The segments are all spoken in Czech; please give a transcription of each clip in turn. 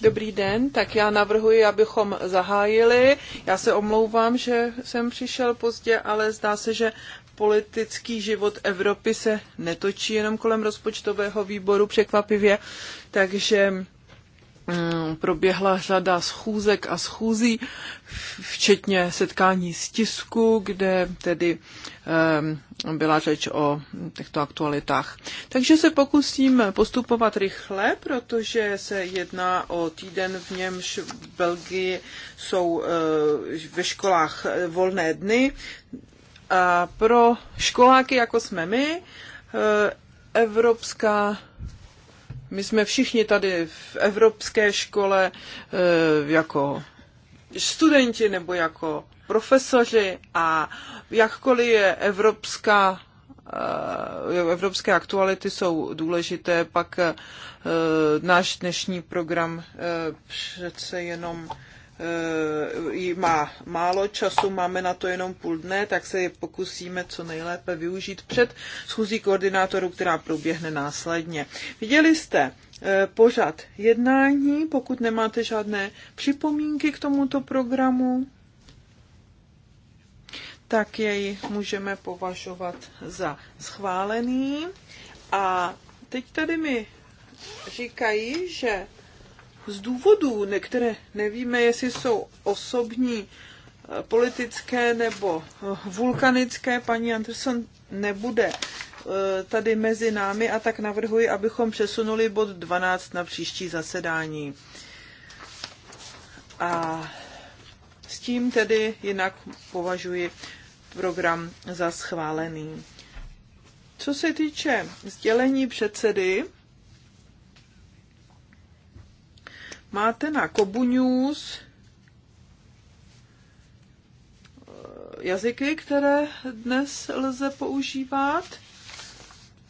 Dobrý den, tak já navrhuji, abychom zahájili. Já se omlouvám, že jsem přišel pozdě, ale zdá se, že politický život Evropy se netočí jenom kolem rozpočtového výboru překvapivě, takže Mm, proběhla řada schůzek a schůzí, včetně setkání z tisku, kde tedy byla řeč o těchto aktualitách. Takže se pokusím postupovat rychle, protože se jedná o týden, v němž v Belgii jsou eh, ve školách eh, volné dny. A pro školáky, jako jsme my, eh, Evropská my jsme všichni tady v evropské škole eh, jako studenti nebo jako profesoři a jakkoliv je evropská eh, evropské aktuality jsou důležité, pak eh, náš dnešní program přece jenom Eh, má málo času, máme na to jenom půl dne, tak se je pokusíme co nejlépe využít před schůzí koordinátorů, která proběhne následně. Viděli jste eh, pořad jednání, pokud nemáte žádné připomínky k tomuto programu, tak jej můžeme považovat za schválený. A teď tady mi říkají, že z důvodů, které nevíme, jestli jsou osobní, eh, politické nebo eh, vulkanické, paní Anderson nebude eh, tady mezi námi a tak navrhuji, abychom přesunuli bod 12 na příští zasedání. A s tím tedy jinak považuji program za schválený. Co se týče sdělení předsedy, máte na Kobu News eh, jazyky, které dnes lze používat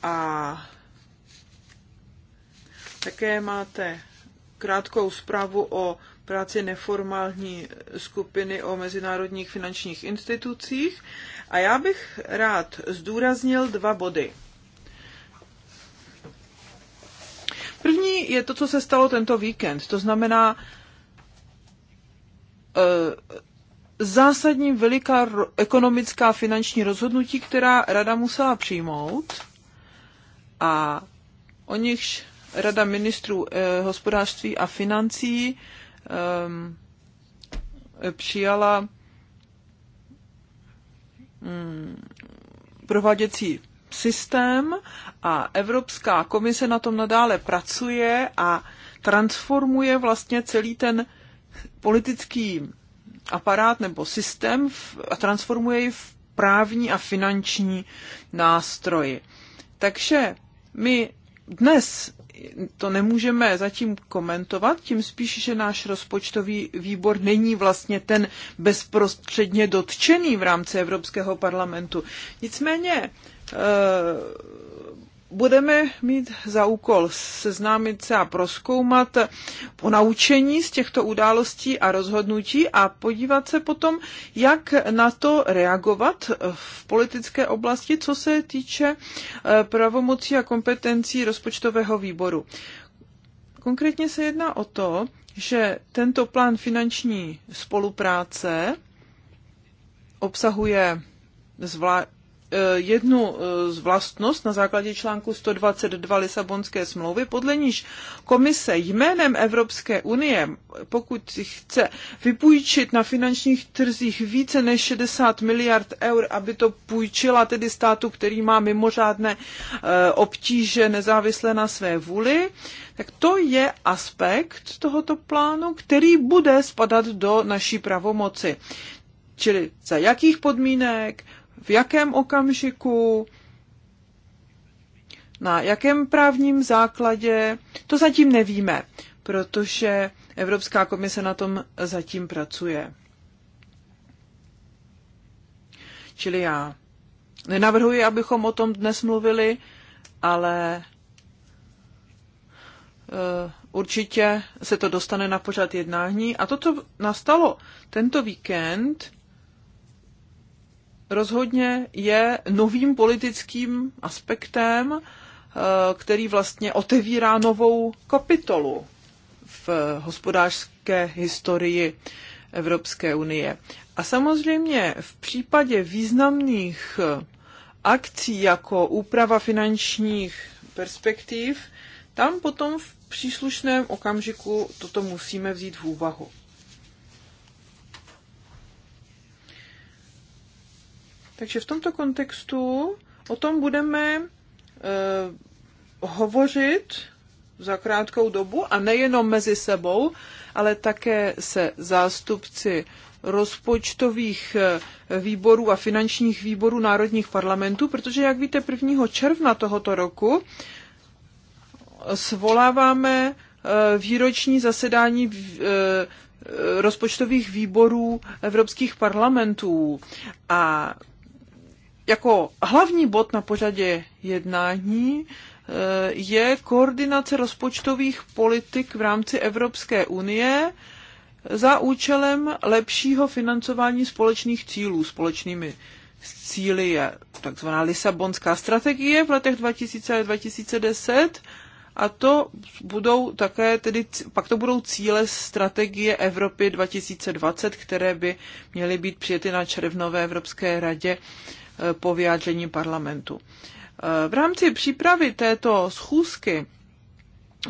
a také máte krátkou zprávu o práci neformální skupiny o mezinárodních finančních institucích. A já bych rád zdůraznil dva body. První je to, co se stalo tento víkend. To znamená uh, zásadní veliká ekonomická finanční rozhodnutí, která rada musela přijmout a o nichž Rada ministrů uh, hospodářství a financí um, přijala um, prováděcí systém a Evropská komise na tom nadále pracuje a transformuje vlastně celý ten politický aparát nebo systém a transformuje ji v právní a finanční nástroji. Takže my dnes to nemůžeme zatím komentovat, tím spíš, že náš rozpočtový výbor není vlastně ten bezprostředně dotčený v rámci Evropského parlamentu. Nicméně Eh, budeme mít za úkol seznámit se a proskoumat ponaučení z těchto událostí a rozhodnutí a podívat se potom, jak na to reagovat v politické oblasti, co se týče eh, pravomocí a kompetencí rozpočtového výboru. Konkrétně se jedná o to, že tento plán finanční spolupráce obsahuje zvlášť Eh, jednu eh, vlastnost na základě článku 122 Lisabonské smlouvy, podle níž komise jménem Evropské unie, pokud chce vypůjčit na finančních trzích více než 60 miliard eur, aby to půjčila tedy státu, který má mimořádné eh, obtíže nezávislé na své vůli, tak to je aspekt tohoto plánu, který bude spadat do naší pravomoci. Čili za jakých podmínek, v jakém okamžiku, na jakém právním základě, to zatím nevíme, protože Evropská komise na tom zatím pracuje. Čili já nenavrhuji, abychom o tom dnes mluvili, ale eh, určitě se to dostane na pořad jednání. A to, co nastalo tento víkend, rozhodně je novým politickým aspektem, eh, který vlastně otevírá novou kapitolu v hospodářské historii Evropské unie. A samozřejmě v případě významných eh, akcí jako úprava finančních perspektiv, tam potom v příslušném okamžiku toto musíme vzít v úvahu. Takže v tomto kontextu o tom budeme e, hovořit za krátkou dobu a nejenom mezi sebou, ale také se zástupci rozpočtových eh, výborů a finančních výborů národních parlamentů, protože, jak víte, 1. června tohoto roku svoláváme eh, výroční zasedání rozpočtových výborů evropských parlamentů. A jako hlavní bod na pořadě jednání eh, je koordinace rozpočtových politik v rámci Evropské unie za účelem lepšího financování společných cílů. Společnými cíly je takzvaná Lisabonská strategie v letech 2000 a 2010 a to budou také tedy, pak to budou cíle strategie Evropy 2020, které by měly být přijety na červnové Evropské radě po vyjádření parlamentu. Eh, v rámci přípravy této schůzky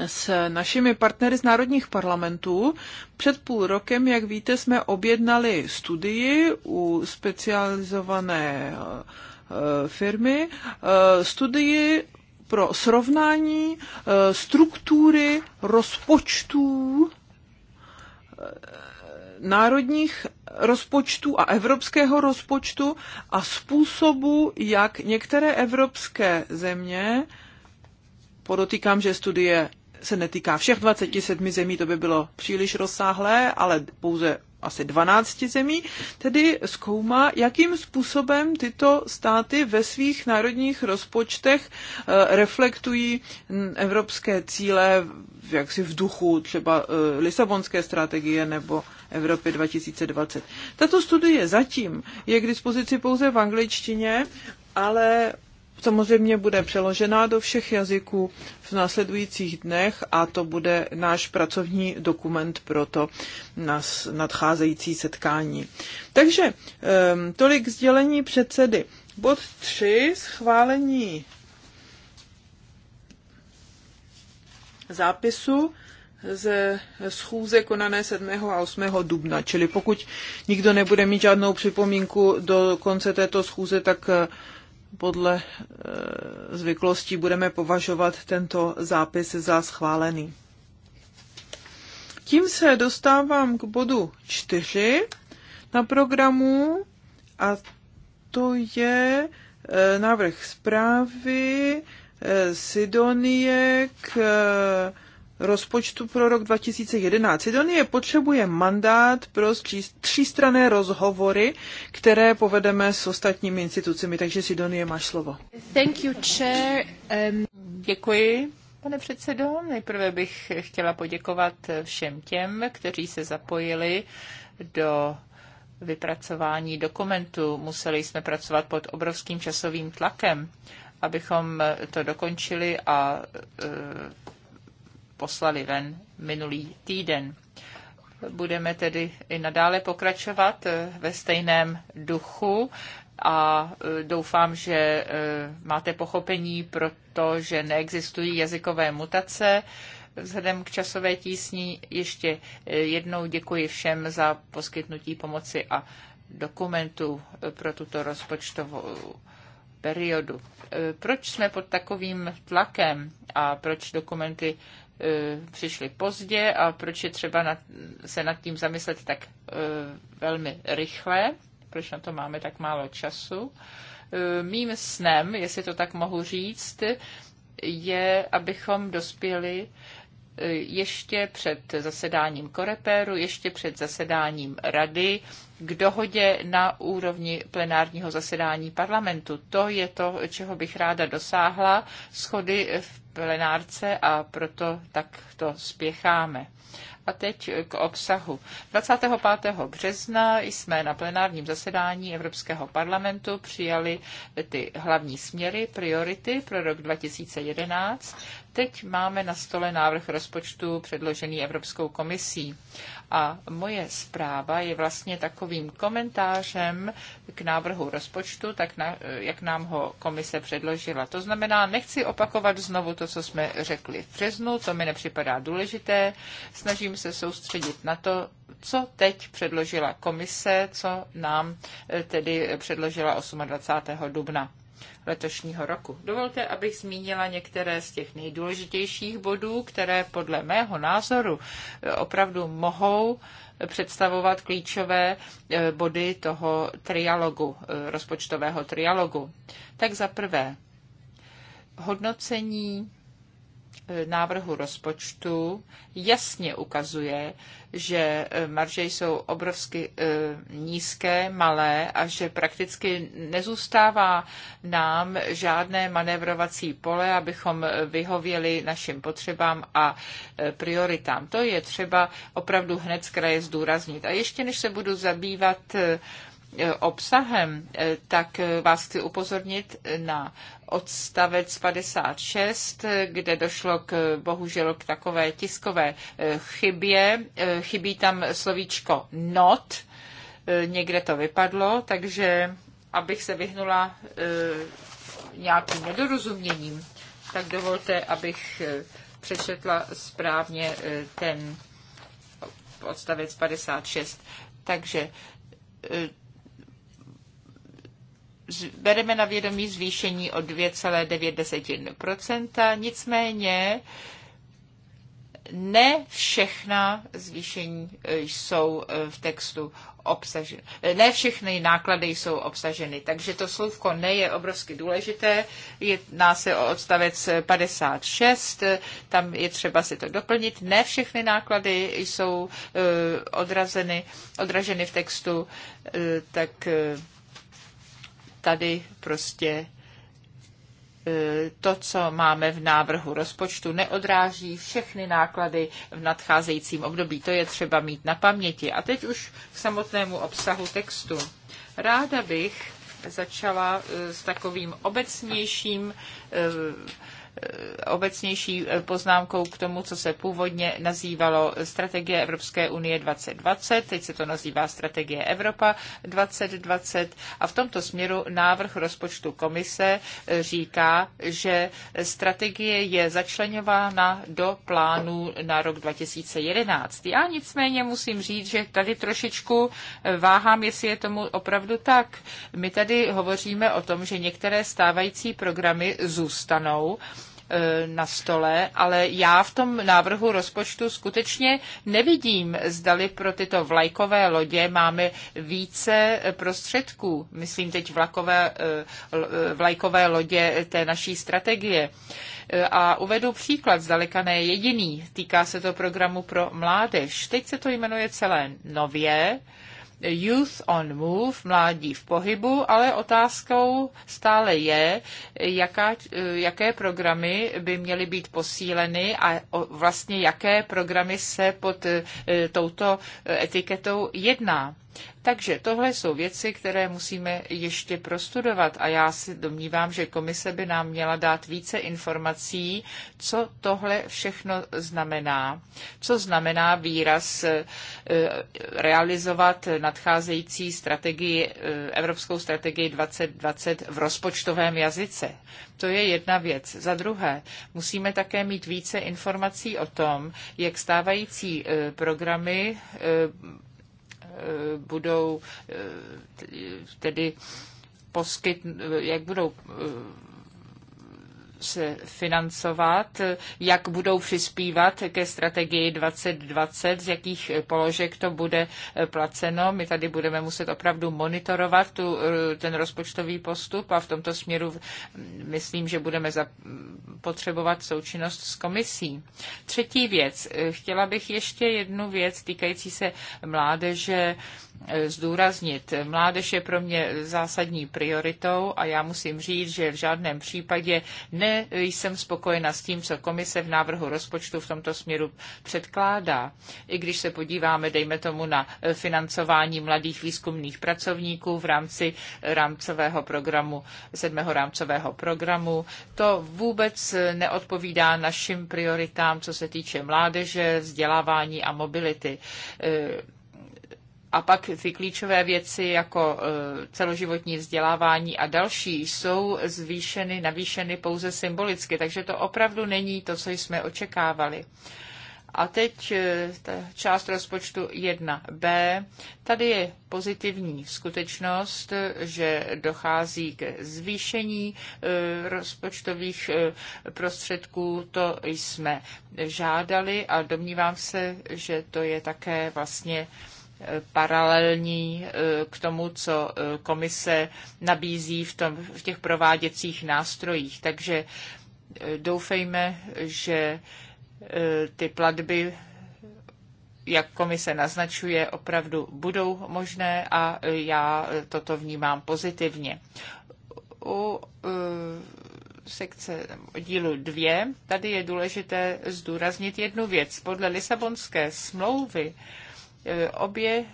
s našimi partnery z národních parlamentů. Před půl rokem, jak víte, jsme objednali studii u specializované eh, firmy, eh, studii pro srovnání struktury rozpočtů národních rozpočtů a evropského rozpočtu a způsobu, jak některé evropské země, podotýkám, že studie se netýká všech 27 zemí, to by bylo příliš rozsáhlé, ale pouze asi 12 zemí, tedy zkoumá, jakým způsobem tyto státy ve svých národních rozpočtech eh, reflektují mm, evropské cíle jaksi v duchu třeba eh, Lisabonské strategie nebo Evropě 2020. Tato studie zatím je k dispozici pouze v angličtině, ale samozřejmě bude přeložená do všech jazyků v následujících dnech a to bude náš pracovní dokument pro to nadcházející setkání. Takže ehm, tolik sdělení předsedy. Bod 3, schválení zápisu ze schůze konané 7. a 8. dubna. Čili pokud nikdo nebude mít žádnou připomínku do konce této schůze, tak eh, podle eh, zvyklostí budeme považovat tento zápis za schválený. Tím se dostávám k bodu 4 na programu a to je eh, návrh zprávy Sidonie k rozpočtu pro rok 2011. Sidonie potřebuje mandát pro třístrané rozhovory, které povedeme s ostatními institucemi. Takže Sidonie, máš slovo. Thank you, chair. Um, děkuji. Pane předsedo, nejprve bych chtěla poděkovat všem těm, kteří se zapojili do vypracování dokumentu. Museli jsme pracovat pod obrovským časovým tlakem, abychom to dokončili a e, poslali ven minulý týden. Budeme tedy i nadále pokračovat eh, ve stejném duchu a eh, doufám, že eh, máte pochopení pro to, že neexistují jazykové mutace. Vzhledem k časové tísni ještě jednou děkuji všem za poskytnutí pomoci a dokumentů pro tuto rozpočtovou periodu. Proč jsme pod takovým tlakem a proč dokumenty E, přišli pozdě a proč je třeba nad, se nad tím zamyslet tak e, velmi rychle, proč na to máme tak málo času. E, mým snem, jestli to tak mohu říct, je, abychom dospěli ještě před zasedáním Korepéru, ještě před zasedáním Rady k dohodě na úrovni plenárního zasedání parlamentu. To je to, čeho bych ráda dosáhla, schody v plenárce a proto tak to spěcháme. A teď k obsahu. 25. března jsme na plenárním zasedání Evropského parlamentu přijali ty hlavní směry, priority pro rok 2011. Teď máme na stole návrh rozpočtu předložený Evropskou komisí. A moje zpráva je vlastně takovým komentářem k návrhu rozpočtu, tak na, jak nám ho komise předložila. To znamená, nechci opakovat znovu to, co jsme řekli v březnu, to mi nepřipadá důležité. Snažím se soustředit na to, co teď předložila komise, co nám tedy předložila 28. dubna letošního roku. Dovolte, abych zmínila některé z těch nejdůležitějších bodů, které podle mého názoru eh, opravdu mohou eh, představovat klíčové eh, body toho trialogu, rozpočtového trialogu. Tak za prvé, hodnocení Eh, návrhu rozpočtu jasně ukazuje, že eh, marže jsou obrovsky eh, nízké, malé a že prakticky nezůstává nám žádné manévrovací pole, abychom vyhověli našim potřebám a prioritám. To je třeba opravdu hned z kraje zdůraznit. A ještě než se budu zabývat obsahem, eh, tak eh, vás chci upozornit na odstavec 56, eh, kde došlo k, bohužel k takové tiskové chybě. Chybí tam slovíčko not, někde to vypadlo, takže abych se vyhnula nějakým nedorozuměním, tak dovolte, abych přečetla správně ten odstavec 56. Takže bereme na vědomí zvýšení o 2,9 nicméně ne všechna zvýšení e, jsou e, v textu obsaženy. E, ne všechny náklady jsou obsaženy, takže to slovko ne je obrovsky důležité. Jedná se o odstavec 56, tam je třeba si to doplnit. Ne všechny náklady jsou odrazeny, odraženy v textu, tak tady prostě e, to, co máme v návrhu rozpočtu, neodráží všechny náklady v nadcházejícím období. To je třeba mít na paměti. A teď už k samotnému obsahu textu. Ráda bych začala e, s takovým obecnějším e, obecnější eh, poznámkou k tomu, co se původně nazývalo strategie Evropské unie 2020, teď se to nazývá strategie Evropa 2020 a v tomto směru návrh rozpočtu komise eh, říká, že strategie je začlenována do plánu na rok 2011. Já nicméně musím říct, že tady trošičku eh, váhám, jestli je tomu opravdu tak. My tady hovoříme o tom, že některé stávající programy zůstanou, E, na stole, ale já v tom návrhu rozpočtu skutečně nevidím, zdali pro tyto vlajkové lodě máme více e, prostředků. Myslím teď vlakové, e, vlajkové lodě té naší strategie. A uvedu příklad, zdaleka ne jediný. Týká se to programu pro mládež. Teď se to jmenuje celé nově Youth on Move, mládí v pohybu, ale otázkou stále je, jaká, jaké programy by měly být posíleny a vlastně jaké programy se pod e, touto e, etiketou jedná. Takže tohle jsou věci, které musíme ještě prostudovat a já si domnívám, že komise by nám měla dát více informací, co tohle všechno znamená. Co znamená výraz eh, realizovat nadcházející strategii, eh, Evropskou strategii 2020 v rozpočtovém jazyce. To je jedna věc. Za druhé, musíme také mít více informací o tom, jak stávající eh, programy Eh, budou eh, tedy poskyt, jak budou eh, se financovat, jak budou přispívat ke strategii 2020, z jakých položek to bude placeno. My tady budeme muset opravdu monitorovat tu, ten rozpočtový postup a v tomto směru myslím, že budeme potřebovat součinnost s komisí. Třetí věc. Chtěla bych ještě jednu věc týkající se mládeže zdůraznit. Mládež je pro mě zásadní prioritou a já musím říct, že v žádném případě nejsem spokojena s tím, co komise v návrhu rozpočtu v tomto směru předkládá. I když se podíváme, dejme tomu, na financování mladých výzkumných pracovníků v rámci rámcového programu, sedmého rámcového programu, to vůbec neodpovídá našim prioritám, co se týče mládeže, vzdělávání a mobility a pak ty klíčové věci jako e, celoživotní vzdělávání a další jsou zvýšeny, navýšeny pouze symbolicky, takže to opravdu není to, co jsme očekávali. A teď e, ta část rozpočtu 1b. Tady je pozitivní skutečnost, že dochází k zvýšení e, rozpočtových prostředků. To jsme žádali a domnívám se, že to je také vlastně paralelní eh, k tomu, co eh, komise nabízí v, tom, v těch prováděcích nástrojích. Takže eh, doufejme, že ty platby jak komise naznačuje, opravdu budou možné a já toto vnímám pozitivně. U sekce dílu 2 tady je důležité zdůraznit jednu věc. Podle Lisabonské smlouvy Eh, obě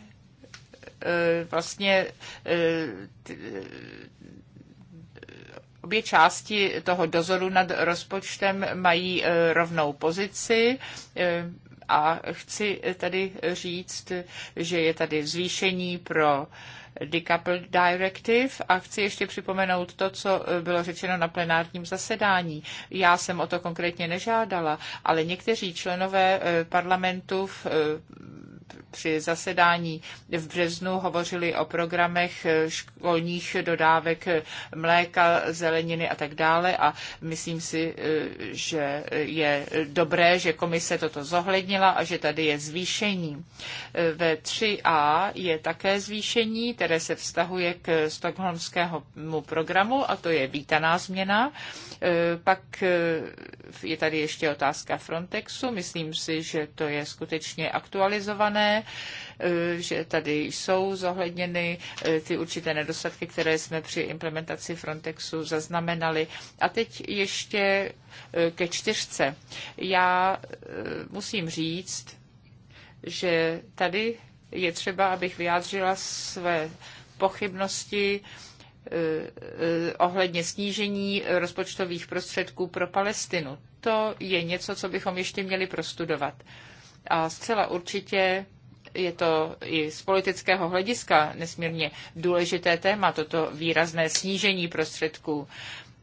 eh, vlastně eh, obě části toho dozoru nad rozpočtem mají rovnou pozici. A chci tady říct, že je tady zvýšení pro Decoupled Directive a chci ještě připomenout to, co bylo řečeno na plenárním zasedání. Já jsem o to konkrétně nežádala, ale někteří členové parlamentu v při zasedání v březnu hovořili o programech školních dodávek mléka, zeleniny a tak dále a myslím si, e, že je dobré, že komise toto zohlednila a že tady je zvýšení. E, ve 3a je také zvýšení, které se vztahuje k stokholmskému programu a to je vítaná změna. E, pak je tady ještě otázka Frontexu. Myslím si, že to je skutečně aktualizované vítáme, eh, že tady jsou zohledněny eh, ty určité nedostatky, které jsme při implementaci Frontexu zaznamenali. A teď ještě eh, ke čtyřce. Já musím říct, že tady je třeba, abych vyjádřila své pochybnosti ohledně snížení rozpočtových prostředků pro Palestinu. To je něco, co bychom ještě měli prostudovat. A zcela určitě je to i z politického hlediska nesmírně důležité téma, toto výrazné snížení prostředků.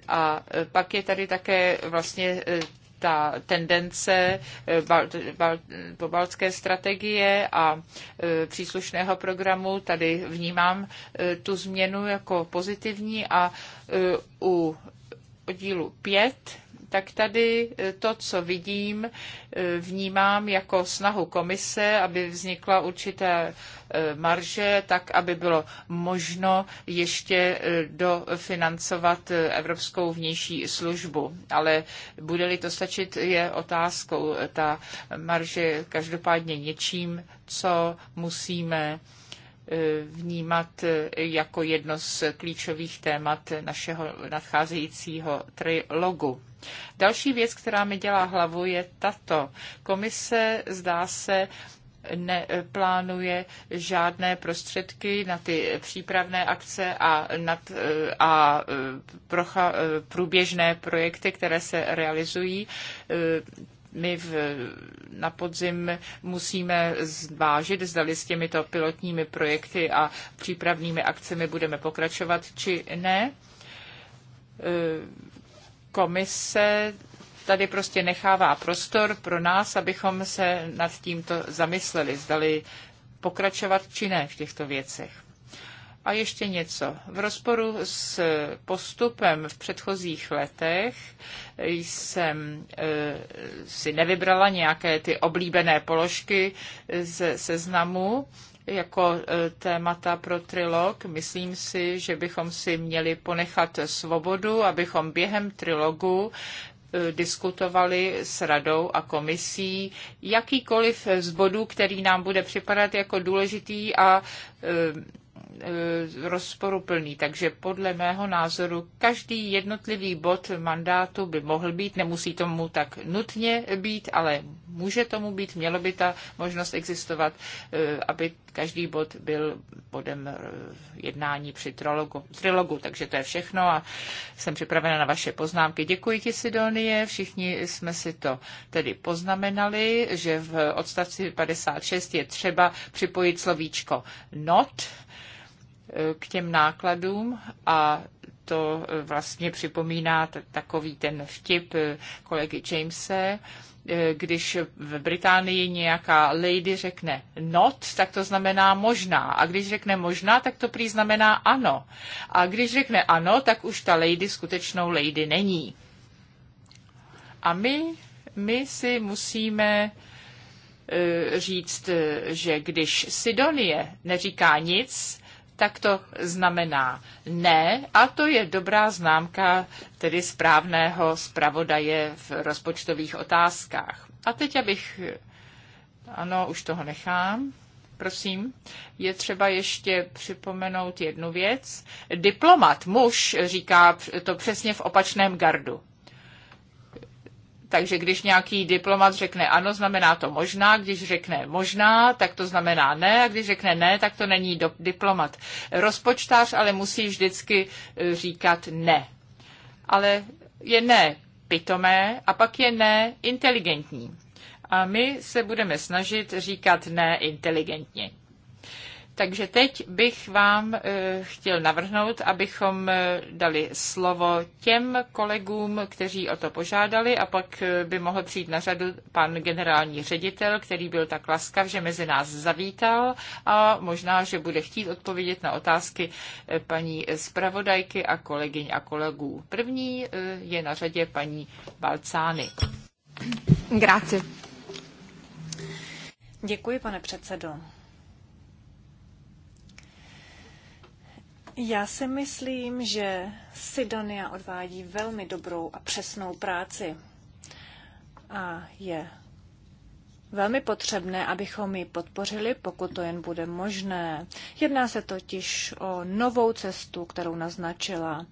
A e, pak je tady také vlastně e, ta tendence e, bal, bal, pobaltské strategie a e, příslušného programu. Tady vnímám e, tu změnu jako pozitivní a e, u oddílu 5 tak tady e, to, co vidím, e, vnímám jako snahu komise, aby vznikla určité e, marže, tak aby bylo možno ještě dofinancovat Evropskou vnější službu. Ale bude-li to stačit, je otázkou. Ta marže každopádně něčím, co musíme Eh, vnímat eh, jako jedno z klíčových témat našeho nadcházejícího trilogu. Další věc, která mi dělá hlavu, je tato. Komise zdá se neplánuje žádné prostředky na ty přípravné akce a, nad, eh, a procha, průběžné projekty, které se realizují my v, na podzim musíme zvážit, zdali s těmito pilotními projekty a přípravnými akcemi budeme pokračovat, či ne. E, komise tady prostě nechává prostor pro nás, abychom se nad tímto zamysleli, zdali pokračovat či ne v těchto věcech. A ještě něco. V rozporu s postupem v předchozích letech jsem e, si nevybrala nějaké ty oblíbené položky ze seznamu, jako e, témata pro trilog. Myslím si, že bychom si měli ponechat svobodu, abychom během trilogu e, diskutovali s radou a komisí jakýkoliv z bodů, který nám bude připadat jako důležitý a Eh, rozporuplný, takže podle mého názoru každý jednotlivý bod mandátu by mohl být, nemusí tomu tak nutně být, ale může tomu být, mělo by ta možnost existovat, eh, aby každý bod byl bodem eh, jednání při trilogu, trilogu. takže to je všechno a jsem připravena na vaše poznámky. Děkuji ti, Sidonie, všichni jsme si to tedy poznamenali, že v odstavci 56 je třeba připojit slovíčko not, k těm nákladům a to vlastně připomíná takový ten vtip eh, kolegy Jamese, eh, když v Británii nějaká lady řekne not, tak to znamená možná. A když řekne možná, tak to prý znamená ano. A když řekne ano, tak už ta lady skutečnou lady není. A my, my si musíme eh, říct, že když Sidonie neříká nic, tak to znamená ne a to je dobrá známka tedy správného zpravodaje v rozpočtových otázkách. A teď, abych, ano, už toho nechám, prosím, je třeba ještě připomenout jednu věc. Diplomat, muž, říká to přesně v opačném gardu. Takže když nějaký diplomat řekne ano, znamená to možná, když řekne možná, tak to znamená ne, a když řekne ne, tak to není do, diplomat. Rozpočtář ale musí vždycky e, říkat ne. Ale je ne pitomé a pak je ne inteligentní. A my se budeme snažit říkat ne inteligentně. Takže teď bych vám eh, chtěl navrhnout, abychom eh, dali slovo těm kolegům, kteří o to požádali a pak eh, by mohl přijít na řadu pan generální ředitel, který byl tak laskav, že mezi nás zavítal a možná, že bude chtít odpovědět na otázky paní zpravodajky a kolegyň a kolegů. První je na řadě paní Balcány. Grazie. Děkuji, pane předsedo. Já si myslím, že Sidonia odvádí velmi dobrou a přesnou práci a je velmi potřebné, abychom ji podpořili, pokud to jen bude možné. Jedná se totiž o novou cestu, kterou naznačila.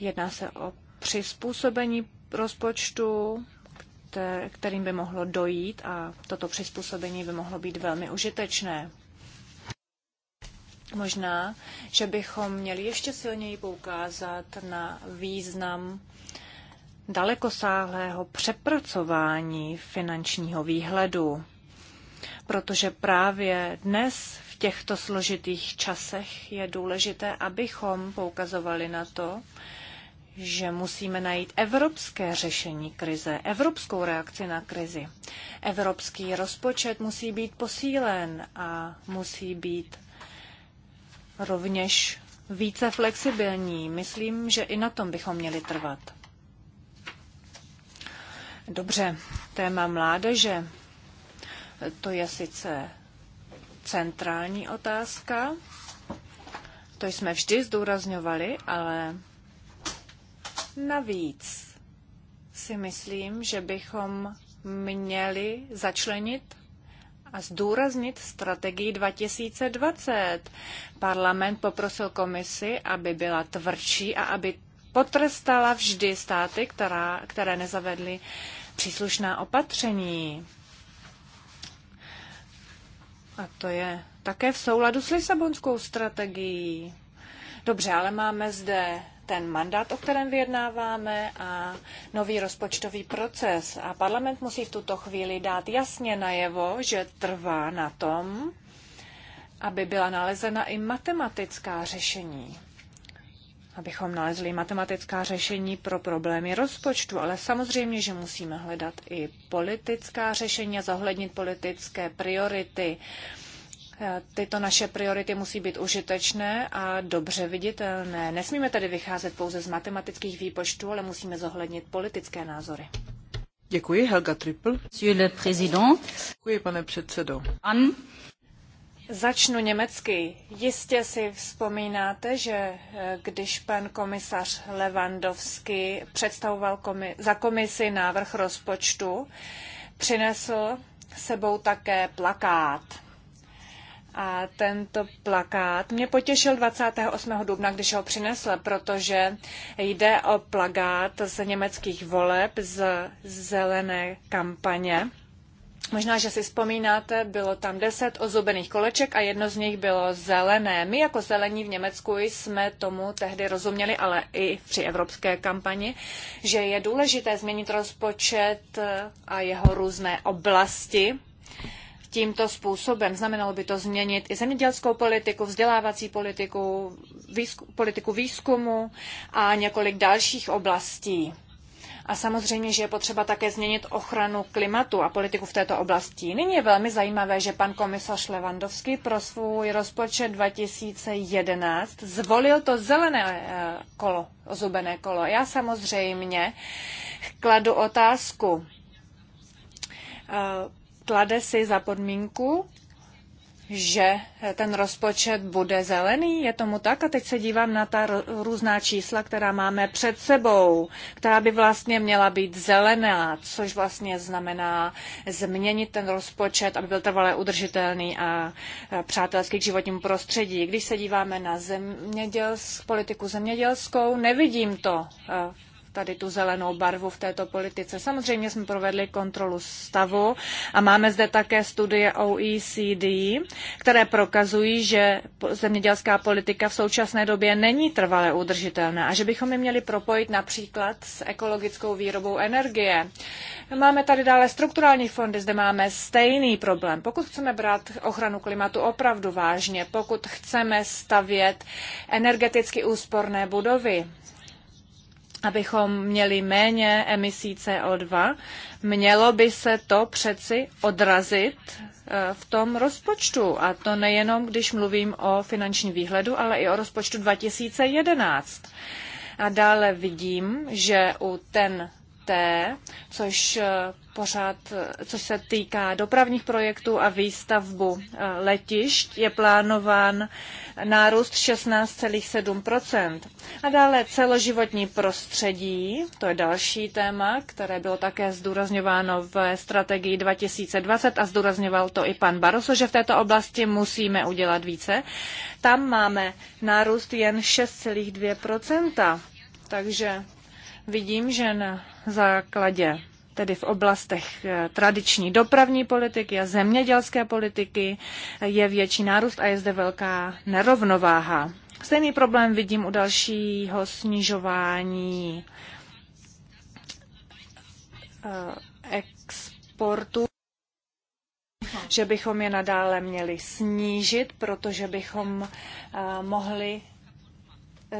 Jedná se o přizpůsobení rozpočtu, kterým by mohlo dojít a toto přizpůsobení by mohlo být velmi užitečné. Možná, že bychom měli ještě silněji poukázat na význam dalekosáhlého přepracování finančního výhledu, protože právě dnes v těchto složitých časech je důležité, abychom poukazovali na to, že musíme najít evropské řešení krize, evropskou reakci na krizi. Evropský rozpočet musí být posílen a musí být rovněž více flexibilní. Myslím, že i na tom bychom měli trvat. Dobře, téma mládeže. To je sice centrální otázka. To jsme vždy zdůrazňovali, ale navíc si myslím, že bychom měli začlenit a zdůraznit strategii 2020. Parlament poprosil komisi, aby byla tvrdší a aby potrestala vždy státy, která, které nezavedly příslušná opatření. A to je také v souladu s Lisabonskou strategií. Dobře, ale máme zde ten mandát, o kterém vyjednáváme a nový rozpočtový proces. A parlament musí v tuto chvíli dát jasně najevo, že trvá na tom, aby byla nalezena i matematická řešení. Abychom nalezli matematická řešení pro problémy rozpočtu, ale samozřejmě, že musíme hledat i politická řešení a zohlednit politické priority. Uh, Tyto naše priority musí být užitečné a dobře viditelné. Nesmíme tedy vycházet pouze z matematických výpočtů, ale musíme zohlednit politické názory. Děkuji, Helga Trippel. Děkuji, pane předsedo. An. Začnu německy. Jistě si vzpomínáte, že eh, když pan komisař Levandovský představoval komi- za komisi návrh rozpočtu, přinesl sebou také plakát a tento plakát mě potěšil 28. dubna, když ho přinesl, protože jde o plakát z německých voleb z zelené kampaně. Možná, že si vzpomínáte, bylo tam deset ozubených koleček a jedno z nich bylo zelené. My jako zelení v Německu jsme tomu tehdy rozuměli, ale i při evropské kampani, že je důležité změnit rozpočet a jeho různé oblasti tímto způsobem. Znamenalo by to změnit i zemědělskou politiku, vzdělávací politiku, výzku, politiku výzkumu a několik dalších oblastí. A samozřejmě, že je potřeba také změnit ochranu klimatu a politiku v této oblasti. Nyní je velmi zajímavé, že pan komisař Levandovský pro svůj rozpočet 2011 zvolil to zelené eh, kolo, ozubené kolo. Já samozřejmě kladu otázku, eh, klade si za podmínku, že ten rozpočet bude zelený. Je tomu tak? A teď se dívám na ta různá čísla, která máme před sebou, která by vlastně měla být zelená, což vlastně znamená změnit ten rozpočet, aby byl trvalé udržitelný a přátelský k životnímu prostředí. Když se díváme na zemědělsk, politiku zemědělskou, nevidím to tady tu zelenou barvu v této politice. Samozřejmě jsme provedli kontrolu stavu a máme zde také studie OECD, které prokazují, že zemědělská politika v současné době není trvale udržitelná a že bychom ji měli propojit například s ekologickou výrobou energie. Máme tady dále strukturální fondy, zde máme stejný problém. Pokud chceme brát ochranu klimatu opravdu vážně, pokud chceme stavět energeticky úsporné budovy, abychom měli méně emisí CO2, mělo by se to přeci odrazit e, v tom rozpočtu. A to nejenom, když mluvím o finančním výhledu, ale i o rozpočtu 2011. A dále vidím, že u ten té, což, eh, pořád, eh, což se týká dopravních projektů a výstavbu eh, letišť, je plánován nárůst 16,7 A dále celoživotní prostředí, to je další téma, které bylo také zdůrazňováno v strategii 2020 a zdůrazňoval to i pan Baroso, že v této oblasti musíme udělat více. Tam máme nárůst jen 6,2 takže vidím, že na základě tedy v oblastech eh, tradiční dopravní politiky a zemědělské politiky je větší nárůst a je zde velká nerovnováha. Stejný problém vidím u dalšího snižování eh, exportu že bychom je nadále měli snížit, protože bychom eh, mohli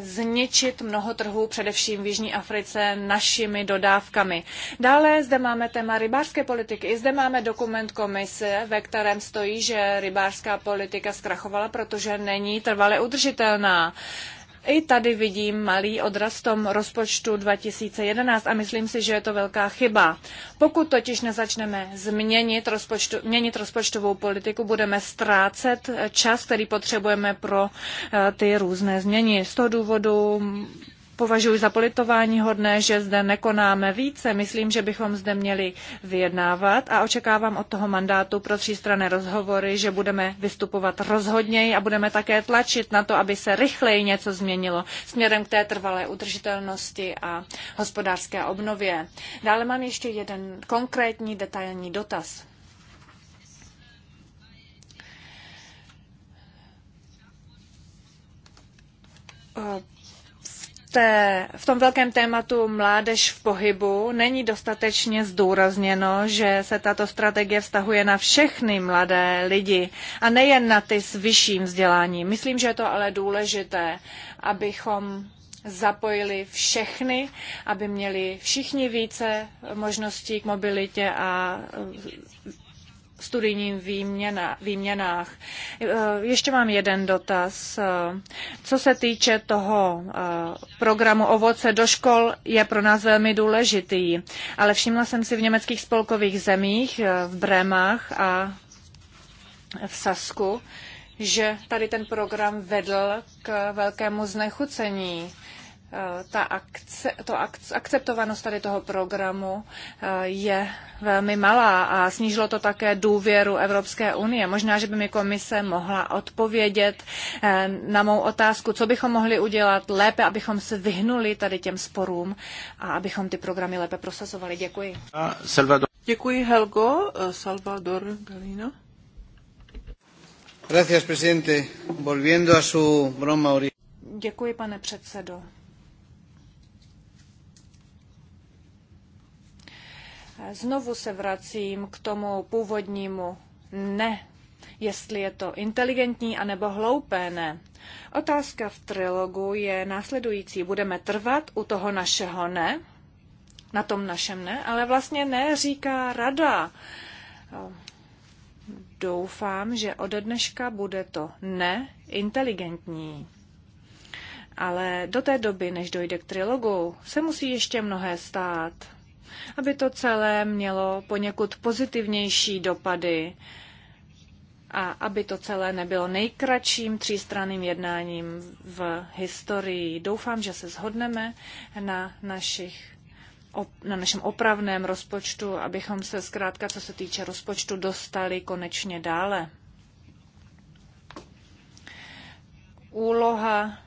zničit mnoho trhů, především v Jižní Africe, našimi dodávkami. Dále zde máme téma rybářské politiky. I zde máme dokument komise, ve kterém stojí, že rybářská politika zkrachovala, protože není trvale udržitelná. I tady vidím malý odraz tom rozpočtu 2011 a myslím si, že je to velká chyba. Pokud totiž nezačneme změnit rozpočtu, měnit rozpočtovou politiku, budeme ztrácet čas, který potřebujeme pro eh, ty různé změny. Z toho důvodu Považuji za politování hodné, že zde nekonáme více. Myslím, že bychom zde měli vyjednávat a očekávám od toho mandátu pro třístranné rozhovory, že budeme vystupovat rozhodněji a budeme také tlačit na to, aby se rychleji něco změnilo směrem k té trvalé udržitelnosti a hospodářské obnově. Dále mám ještě jeden konkrétní detailní dotaz. Uh, té, v tom velkém tématu mládež v pohybu není dostatečně zdůrazněno, že se tato strategie vztahuje na všechny mladé lidi a nejen na ty s vyšším vzděláním. Myslím, že je to ale důležité, abychom zapojili všechny, aby měli všichni více možností k mobilitě a studijním výměna, výměnách. Eh, ještě mám jeden dotaz. Eh, co se týče toho eh, programu Ovoce do škol, je pro nás velmi důležitý, ale všimla jsem si v německých spolkových zemích, v Brémách a v Sasku, že tady ten program vedl k velkému znechucení Eh, ta akce, to akceptovanost tady toho programu eh, je velmi malá a snížilo to také důvěru Evropské unie. Možná, že by mi komise mohla odpovědět eh, na mou otázku, co bychom mohli udělat lépe, abychom se vyhnuli tady těm sporům a abychom ty programy lépe prosazovali. Děkuji. Salvador. Děkuji, Helgo. Salvador Galino. Gracias, presidente. Volviendo a su broma Děkuji, pane předsedo. Znovu se vracím k tomu původnímu ne, jestli je to inteligentní anebo hloupé ne. Otázka v trilogu je následující. Budeme trvat u toho našeho ne, na tom našem ne, ale vlastně ne říká rada. Doufám, že ode dneška bude to ne inteligentní. Ale do té doby, než dojde k trilogu, se musí ještě mnohé stát aby to celé mělo poněkud pozitivnější dopady a aby to celé nebylo nejkratším třístranným jednáním v historii. Doufám, že se shodneme na našich na našem opravném rozpočtu, abychom se zkrátka, co se týče rozpočtu, dostali konečně dále. Úloha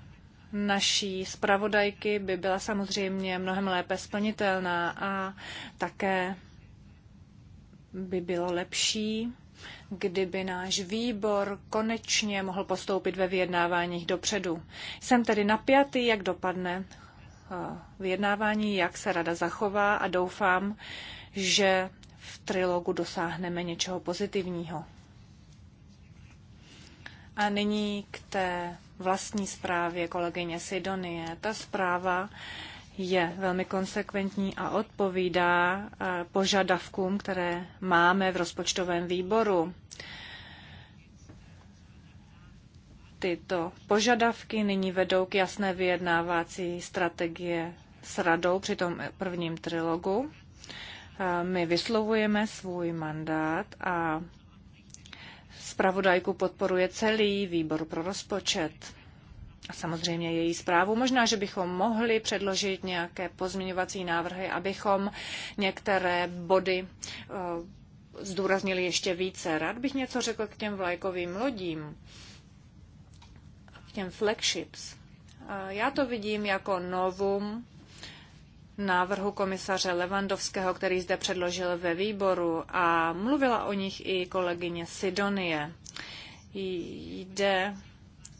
naší zpravodajky by byla samozřejmě mnohem lépe splnitelná a také by bylo lepší, kdyby náš výbor konečně mohl postoupit ve vyjednáváních dopředu. Jsem tedy napjatý, jak dopadne eh, vyjednávání, jak se rada zachová a doufám, že v trilogu dosáhneme něčeho pozitivního. A nyní k té vlastní zprávě kolegyně Sidonie. Ta zpráva je velmi konsekventní a odpovídá eh, požadavkům, které máme v rozpočtovém výboru. Tyto požadavky nyní vedou k jasné vyjednávací strategie s radou při tom prvním trilogu. Eh, my vyslovujeme svůj mandát a Spravodajku podporuje celý výbor pro rozpočet a samozřejmě její zprávu. Možná, že bychom mohli předložit nějaké pozměňovací návrhy, abychom některé body eh, zdůraznili ještě více. Rád bych něco řekl k těm vlajkovým lodím, k těm flagships. Já to vidím jako novum návrhu komisaře Levandovského, který zde předložil ve výboru a mluvila o nich i kolegyně Sidonie. Jde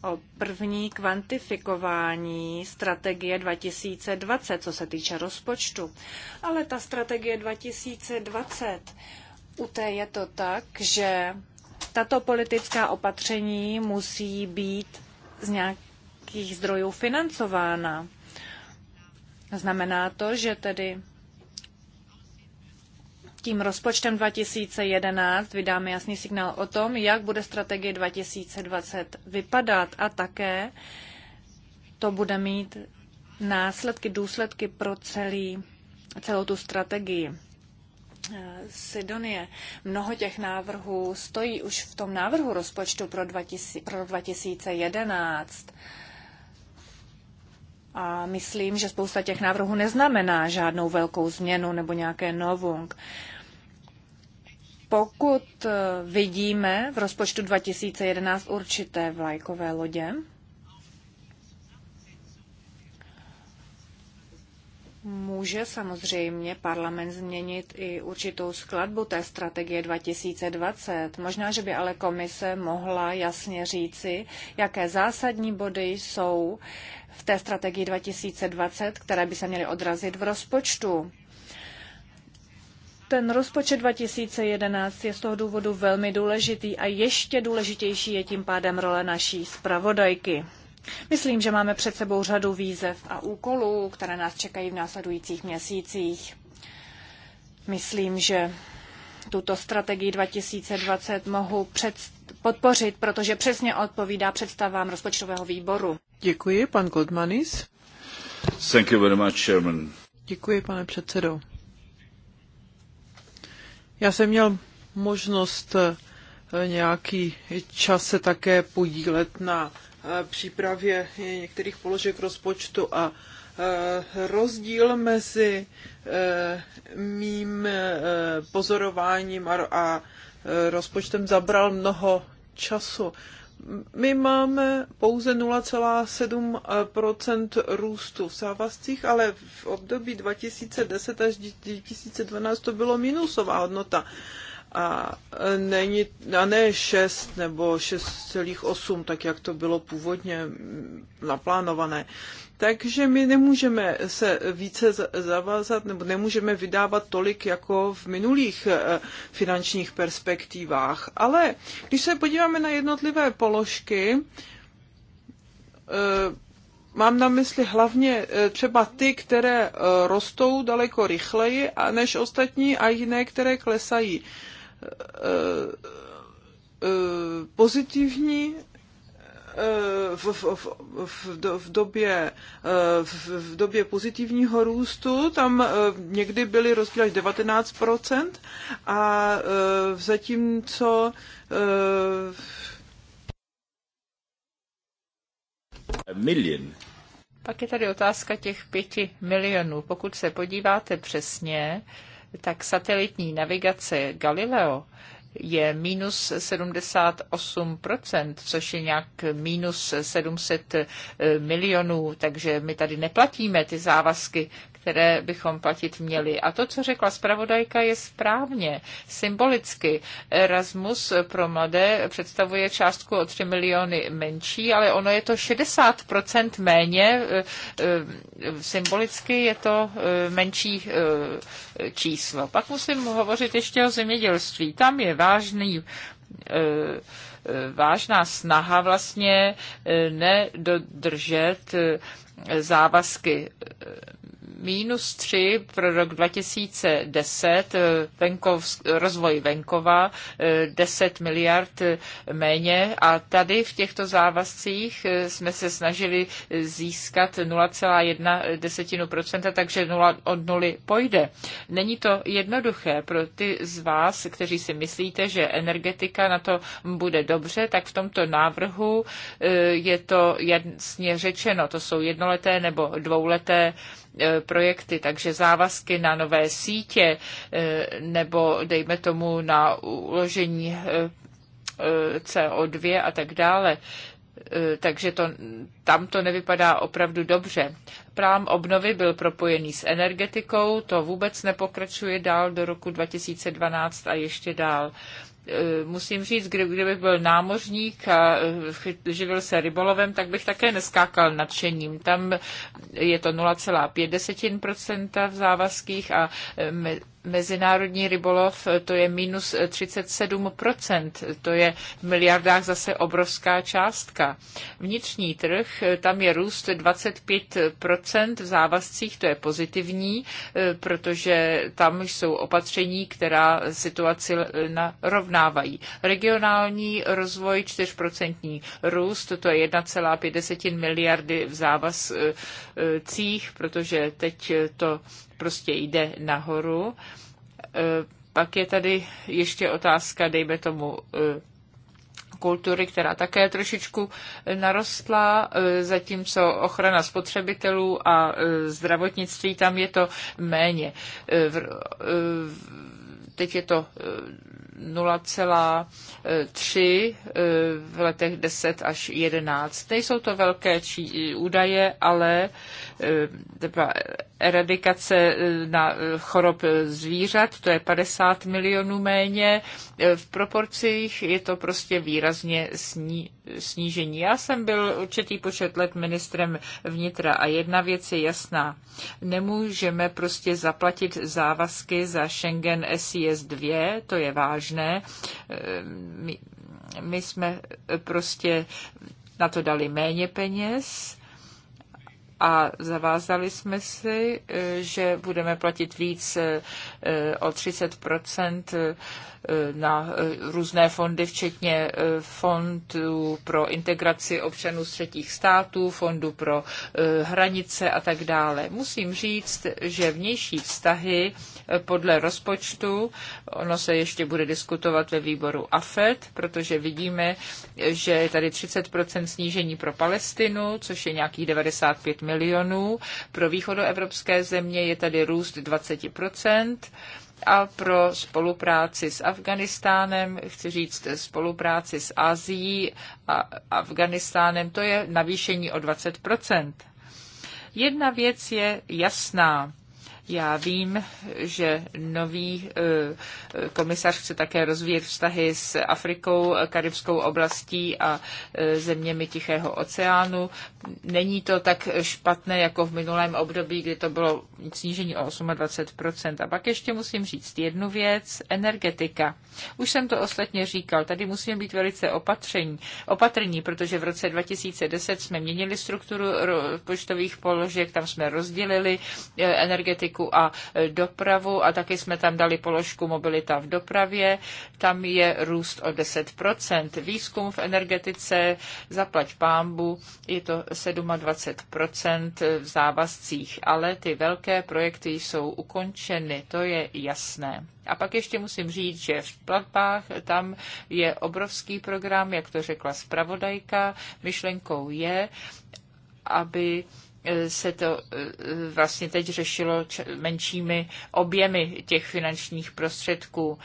o první kvantifikování strategie 2020, co se týče rozpočtu. Ale ta strategie 2020, u té je to tak, že tato politická opatření musí být z nějakých zdrojů financována. Znamená to, že tedy tím rozpočtem 2011 vydáme jasný signál o tom, jak bude strategie 2020 vypadat a také to bude mít následky, důsledky pro celý, celou tu strategii. Sidonie, mnoho těch návrhů stojí už v tom návrhu rozpočtu pro, 2000, pro 2011. A myslím, že spousta těch návrhů neznamená žádnou velkou změnu nebo nějaké novung. Pokud eh, vidíme v rozpočtu 2011 určité vlajkové lodě, Může samozřejmě parlament změnit i určitou skladbu té strategie 2020. Možná, že by ale komise mohla jasně říci, jaké zásadní body jsou v té strategii 2020, které by se měly odrazit v rozpočtu. Ten rozpočet 2011 je z toho důvodu velmi důležitý a ještě důležitější je tím pádem role naší zpravodajky. Myslím, že máme před sebou řadu výzev a úkolů, které nás čekají v následujících měsících. Myslím, že tuto strategii 2020 mohu před, podpořit, protože přesně odpovídá představám rozpočtového výboru. Děkuji, pan Goldmanis. Thank you very much, Chairman. Děkuji, pane předsedo. Já jsem měl možnost eh, nějaký čas se také podílet na E, přípravě některých položek rozpočtu a e, rozdíl mezi e, mým pozorováním a rozpočtem zabral mnoho času. My máme pouze 0,7 růstu v závazcích, ale v období 2010 až 2012 to bylo minusová hodnota a, e, není, a ne 6 nebo 6,8, tak jak to bylo původně naplánované. Takže my nemůžeme se více zavázat nebo nemůžeme vydávat tolik jako v minulých e, finančních perspektivách. Ale když se podíváme na jednotlivé položky, e, mám na mysli hlavně třeba ty, které rostou daleko rychleji než ostatní a jiné, které klesají pozitivní v, v, v, v, době, v, v době pozitivního růstu, tam eh, někdy byly rozdíly až 19%, a eh, zatímco eh, Milion. Pak je tady otázka těch pěti milionů. Pokud se podíváte přesně, tak satelitní navigace Galileo je minus 78%, což je nějak minus 700 milionů, takže my tady neplatíme ty závazky, které bychom platit měli. A to, co řekla zpravodajka, je správně. Symbolicky Erasmus pro mladé představuje částku o 3 miliony menší, ale ono je to 60% méně. E, e, symbolicky je to e, menší číslo. Pak musím hovořit ještě o zemědělství. Tam je vážný vážná snaha vlastně nedodržet závazky minus 3 pro rok 2010, eh, venkov, rozvoj venkova 10 eh, miliard eh, méně a tady v těchto závazcích jsme se snažili získat 0,1%, takže 0 od 0 pojde. Není to jednoduché pro ty z vás, kteří si myslíte, že energetika na to bude dobře, tak v tomto návrhu je to jasně řečeno. To jsou jednoleté nebo dvouleté E, projekty, takže závazky na nové sítě e, nebo dejme tomu na uložení e, CO2 a tak dále. Takže to, tam to nevypadá opravdu dobře. Plán obnovy byl propojený s energetikou, to vůbec nepokračuje dál do roku 2012 a ještě dál. Eh, musím říct, kdybych byl námořník a eh, živil se rybolovem, tak bych také neskákal nadšením. Tam je to 0,5% v závazkých a eh, mezinárodní rybolov, to je minus 37%, to je v miliardách zase obrovská částka. Vnitřní trh, tam je růst 25% v závazcích, to je pozitivní, eh, protože tam jsou opatření, která situaci narovnávají. Regionální rozvoj 4% růst, to je 1,5 miliardy v závazcích, protože teď to prostě jde nahoru. E, pak je tady ještě otázka, dejme tomu, e, kultury, která také trošičku narostla, e, zatímco ochrana spotřebitelů a zdravotnictví, tam je to méně. Teď je to 0,3 v letech 10 až 11. Nejsou to velké údaje, ale Eh, třeba eradikace eh, na eh, chorob zvířat, to je 50 milionů méně. V proporcích je to prostě výrazně sní, snížení. Já jsem byl určitý počet let ministrem vnitra a jedna věc je jasná. Nemůžeme prostě zaplatit závazky za Schengen SIS 2, to je vážné. My, my jsme prostě na to dali méně peněz a zavázali jsme si, eh, že budeme platit víc eh, eh, o 30 Eh, na eh, různé fondy, včetně eh, fondu pro integraci občanů z třetích států, fondu pro hranice a tak dále. Musím říct, že vnější vztahy podle rozpočtu, ono se ještě bude diskutovat ve výboru AFED, protože vidíme, že je tady 30% snížení pro Palestinu, což je nějakých 95 milionů. Pro východoevropské země je tady růst 20% a pro spolupráci s Afganistánem, chci říct spolupráci s Azií a Afganistánem, to je navýšení o 20 Jedna věc je jasná. Já vím, že nový eh, komisař chce také rozvíjet vztahy s Afrikou, Karibskou oblastí a eh, zeměmi Tichého oceánu. Není to tak špatné jako v minulém období, kdy to bylo snížení o 28%. A pak ještě musím říct jednu věc, energetika. Už jsem to ostatně říkal, tady musíme být velice opatření, opatrní, protože v roce 2010 jsme měnili strukturu počtových položek, tam jsme rozdělili eh, energetiku logistiku a e, dopravu a taky jsme tam dali položku mobilita v dopravě. Tam je růst o 10%. Výzkum v energetice, zaplať pámbu, je to 27% v závazcích, ale ty velké projekty jsou ukončeny, to je jasné. A pak ještě musím říct, že v platbách tam je obrovský program, jak to řekla zpravodajka. Myšlenkou je, aby se to eh, vlastně teď řešilo menšími objemy těch finančních prostředků.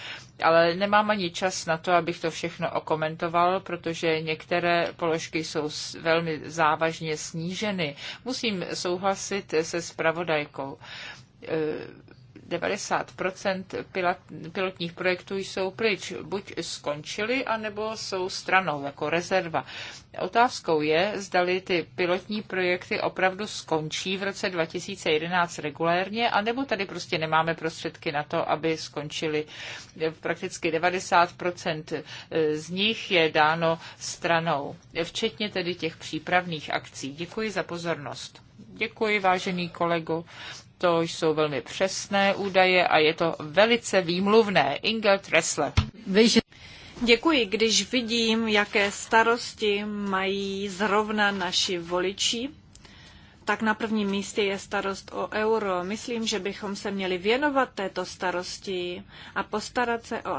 Ale nemám ani čas na to, abych to všechno okomentoval, protože některé položky jsou velmi závažně sníženy. Musím souhlasit se spravodajkou eh, 90 pilotních projektů jsou pryč. Buď skončili, anebo jsou stranou jako rezerva. Otázkou je, zdali ty pilotní projekty opravdu skončí v roce 2011 regulérně, anebo tady prostě nemáme prostředky na to, aby skončili. Prakticky 90 eh, z nich je dáno stranou, včetně tedy těch přípravných akcí. Děkuji za pozornost. Děkuji, vážený kolego. To jsou velmi přesné údaje a je to velice výmluvné. Inge Tressle. Děkuji, když vidím, jaké starosti mají zrovna naši voliči, tak na prvním místě je starost o euro. Myslím, že bychom se měli věnovat této starosti a postarat se o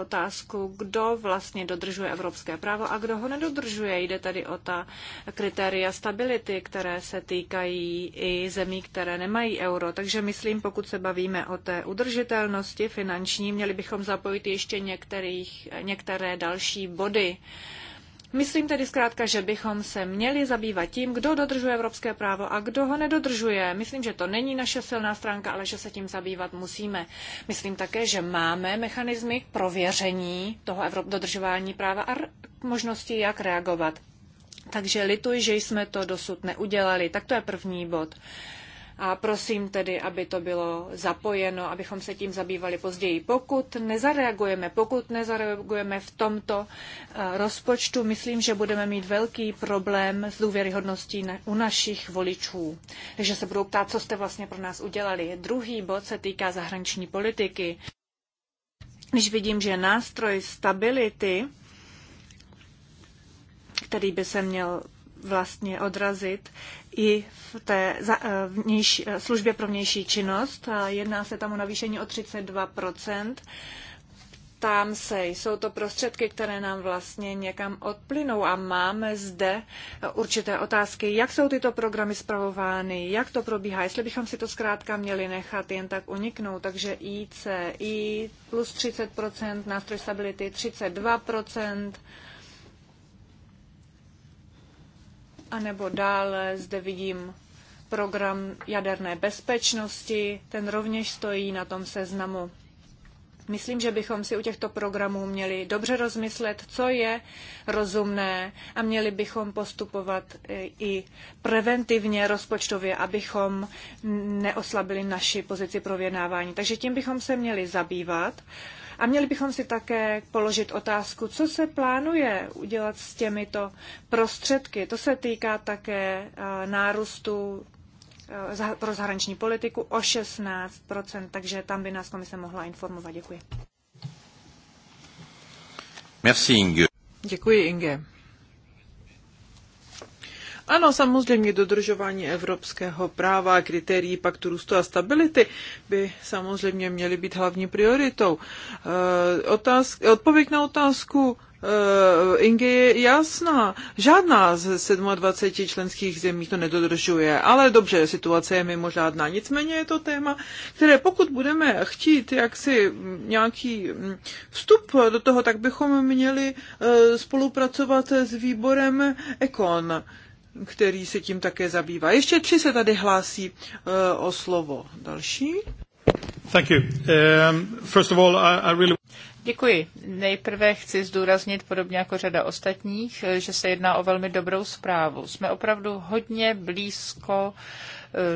otázku, kdo vlastně dodržuje evropské právo a kdo ho nedodržuje. Jde tady o ta kritéria stability, které se týkají i zemí, které nemají euro. Takže myslím, pokud se bavíme o té udržitelnosti finanční, měli bychom zapojit ještě některých, některé další body. Myslím tedy zkrátka, že bychom se měli zabývat tím, kdo dodržuje evropské právo a kdo ho nedodržuje. Myslím, že to není naše silná stránka, ale že se tím zabývat musíme. Myslím také, že máme mechanismy k prověření toho dodržování práva a možnosti, jak reagovat. Takže lituji, že jsme to dosud neudělali. Tak to je první bod. A prosím tedy, aby to bylo zapojeno, abychom se tím zabývali později. Pokud nezareagujeme, pokud nezareagujeme v tomto eh, rozpočtu, myslím, že budeme mít velký problém s důvěryhodností u našich voličů. Takže se budou ptát, co jste vlastně pro nás udělali. Druhý bod se týká zahraniční politiky. Když vidím, že nástroj stability, který by se měl vlastně odrazit i v té eh, vnější, eh, službě pro vnější činnost. Jedná se tam o navýšení o 32 Tam se, jsou to prostředky, které nám vlastně někam odplynou a máme zde eh, určité otázky, jak jsou tyto programy zpravovány, jak to probíhá, jestli bychom si to zkrátka měli nechat jen tak uniknout. Takže IC, I plus 30%, nástroj stability 32%, anebo dále zde vidím program jaderné bezpečnosti, ten rovněž stojí na tom seznamu. Myslím, že bychom si u těchto programů měli dobře rozmyslet, co je rozumné a měli bychom postupovat e, i preventivně rozpočtově, abychom neoslabili naši pozici pro vědnávání. Takže tím bychom se měli zabývat a měli bychom si také položit otázku, co se plánuje udělat s těmito prostředky. To se týká také eh, nárůstu eh, pro zahraniční politiku o 16%, takže tam by nás komise mohla informovat. Děkuji. Merci, Inge. Děkuji, Inge. Ano, samozřejmě dodržování evropského práva a kritérií paktu růstu a stability by samozřejmě měly být hlavní prioritou. Eh, Otázk, odpověď na otázku, eh, Inge je jasná. Žádná z 27 členských zemí to nedodržuje, ale dobře, situace je mimořádná. Nicméně je to téma, které pokud budeme chtít jaksi nějaký hm, vstup do toho, tak bychom měli eh, spolupracovat s výborem Econ který se tím také zabývá. Ještě tři se tady hlásí uh, o slovo. Další. Thank you. Um, first of all, I, I really... Děkuji. Nejprve chci zdůraznit, podobně jako řada ostatních, eh, že se jedná o velmi dobrou zprávu. Jsme opravdu hodně blízko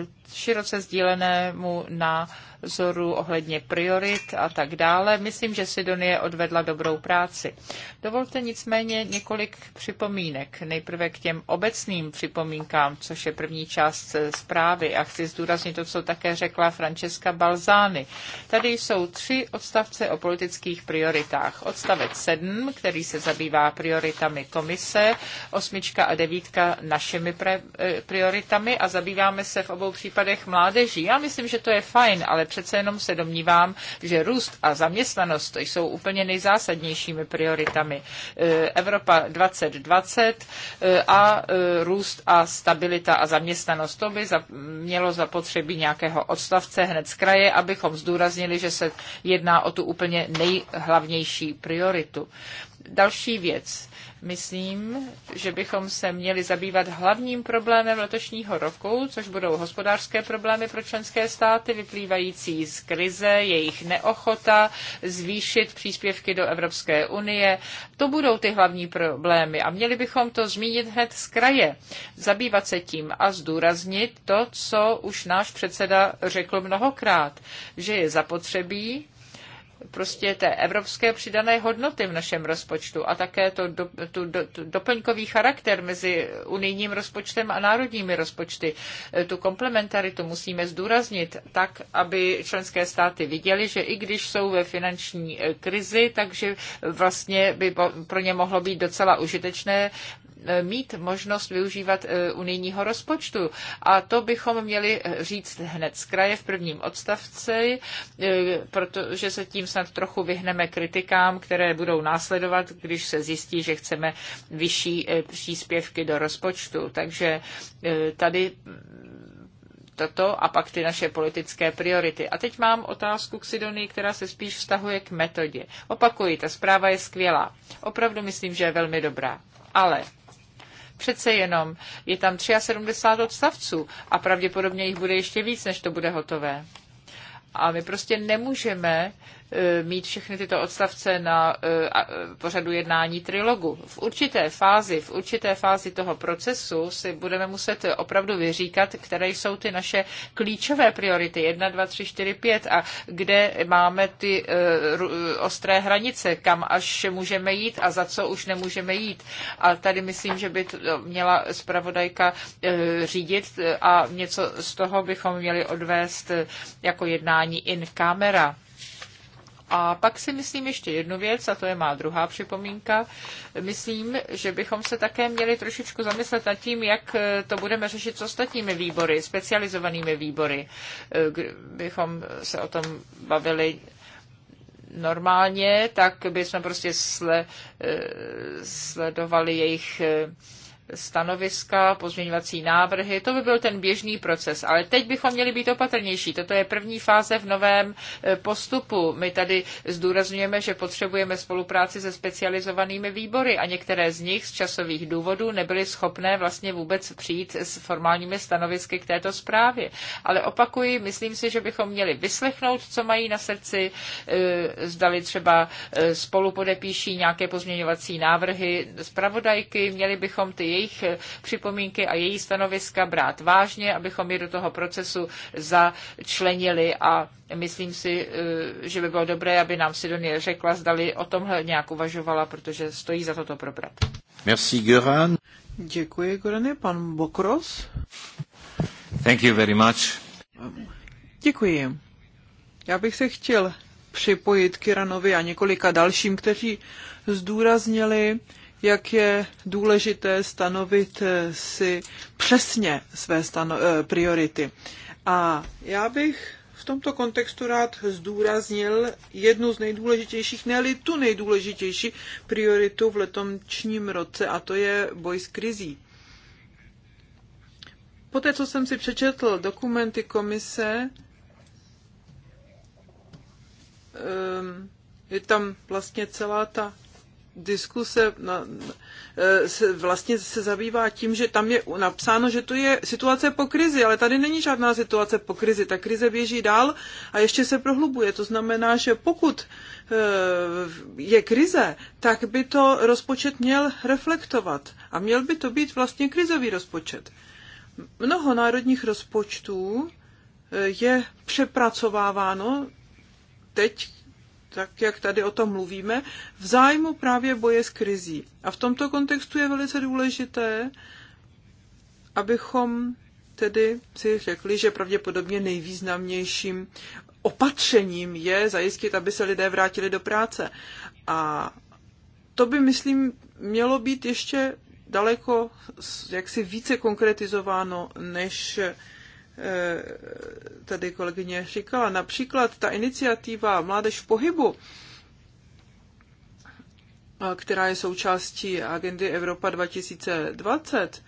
uh, široce sdílenému na uh, vzorů ohledně priorit a tak dále. Myslím, že Sidonie odvedla dobrou práci. Dovolte nicméně několik připomínek. Nejprve k těm obecným připomínkám, což je první část zprávy. A chci zdůraznit to, co také řekla Francesca Balzány. Tady jsou tři odstavce o politických prioritách. Odstavec 7, který se zabývá prioritami komise, osmička a devítka našimi pre, eh, prioritami a zabýváme se v obou případech mládeží. Já myslím, že to je fajn, ale přece jenom se domnívám, že růst a zaměstnanost jsou úplně nejzásadnějšími prioritami. E, Evropa 2020 e, a e, růst a stabilita a zaměstnanost. To by mělo zapotřebí nějakého odstavce hned z kraje, abychom zdůraznili, že se jedná o tu úplně nejhlavnější prioritu. Další věc Myslím, že bychom se měli zabývat hlavním problémem letošního roku, což budou hospodářské problémy pro členské státy vyplývající z krize, jejich neochota zvýšit příspěvky do Evropské unie. To budou ty hlavní problémy a měli bychom to zmínit hned z kraje, zabývat se tím a zdůraznit to, co už náš předseda řekl mnohokrát, že je zapotřebí prostě té evropské přidané hodnoty v našem rozpočtu a také to, do, tu, do, tu doplňkový charakter mezi unijním rozpočtem a národními rozpočty. E, tu komplementaritu musíme zdůraznit tak, aby členské státy viděly, že i když jsou ve finanční e, krizi, takže vlastně by pro ně mohlo být docela užitečné mít možnost využívat eh, unijního rozpočtu. A to bychom měli eh, říct hned z kraje v prvním odstavci, eh, protože se tím snad trochu vyhneme kritikám, které budou následovat, když se zjistí, že chceme vyšší příspěvky do rozpočtu. Takže tady mm, toto a pak ty naše politické priority. A teď mám otázku k Sidonii, která se spíš vztahuje k metodě. Opakuji, ta zpráva je skvělá. Opravdu myslím, že je velmi dobrá. Ale Přece jenom je tam 73 odstavců a pravděpodobně jich bude ještě víc, než to bude hotové. A my prostě nemůžeme Eh, mít všechny tyto odstavce na eh, eh, pořadu jednání trilogu. V určité fázi, v určité fázi toho procesu si budeme muset opravdu vyříkat, které jsou ty naše klíčové priority 1, 2, 3, 4, 5 a kde máme ty ostré hranice, kam až můžeme jít a za co už nemůžeme jít. A tady myslím, že by to měla zpravodajka řídit a něco z toho bychom měli odvést jako jednání in camera. A pak si myslím ještě jednu věc, a to je má druhá připomínka. Myslím, že bychom se také měli trošičku zamyslet nad tím, jak eh, to budeme řešit s ostatními výbory, specializovanými výbory. Eh, bychom se o tom bavili normálně, tak bychom prostě sle, eh, sledovali jejich stanoviska, pozměňovací návrhy. To by byl ten běžný proces. Ale teď bychom měli být opatrnější. Toto je první fáze v novém eh, postupu. My tady zdůrazňujeme, že potřebujeme spolupráci se specializovanými výbory a některé z nich z časových důvodů nebyly schopné vlastně vůbec přijít s formálními stanovisky k této zprávě. Ale opakuji, myslím si, že bychom měli vyslechnout, co mají na srdci, eh, zdali třeba eh, spolu podepíší nějaké pozměňovací návrhy zpravodajky, měli bychom ty jejich eh, připomínky a její stanoviska brát vážně, abychom je do toho procesu začlenili a myslím si, eh, že by bylo dobré, aby nám Sidonie řekla, zdali o tomhle nějak uvažovala, protože stojí za to to probrat. Merci, Göran. Děkuji, Gorane. Pan Bokros? Thank you very much. Děkuji. Já bych se chtěl připojit k Kiranovi a několika dalším, kteří zdůraznili, jak je důležité stanovit eh, si přesně své stano- eh, priority. A já bych v tomto kontextu rád zdůraznil jednu z nejdůležitějších, ne tu nejdůležitější prioritu v letomčním roce, a to je boj s krizí. Poté, co jsem si přečetl dokumenty komise, ehm, je tam vlastně celá ta diskuse na, e, se, vlastně se zabývá tím, že tam je napsáno, že tu je situace po krizi, ale tady není žádná situace po krizi. Ta krize běží dál a ještě se prohlubuje. To znamená, že pokud e, je krize, tak by to rozpočet měl reflektovat a měl by to být vlastně krizový rozpočet. Mnoho národních rozpočtů e, je přepracováváno teď tak jak tady o tom mluvíme, v zájmu právě boje s krizí. A v tomto kontextu je velice důležité, abychom tedy si řekli, že pravděpodobně nejvýznamnějším opatřením je zajistit, aby se lidé vrátili do práce. A to by, myslím, mělo být ještě daleko jaksi více konkretizováno, než Eh, tady kolegyně říkala. Například ta iniciativa Mládež v pohybu, která je součástí agendy Evropa 2020,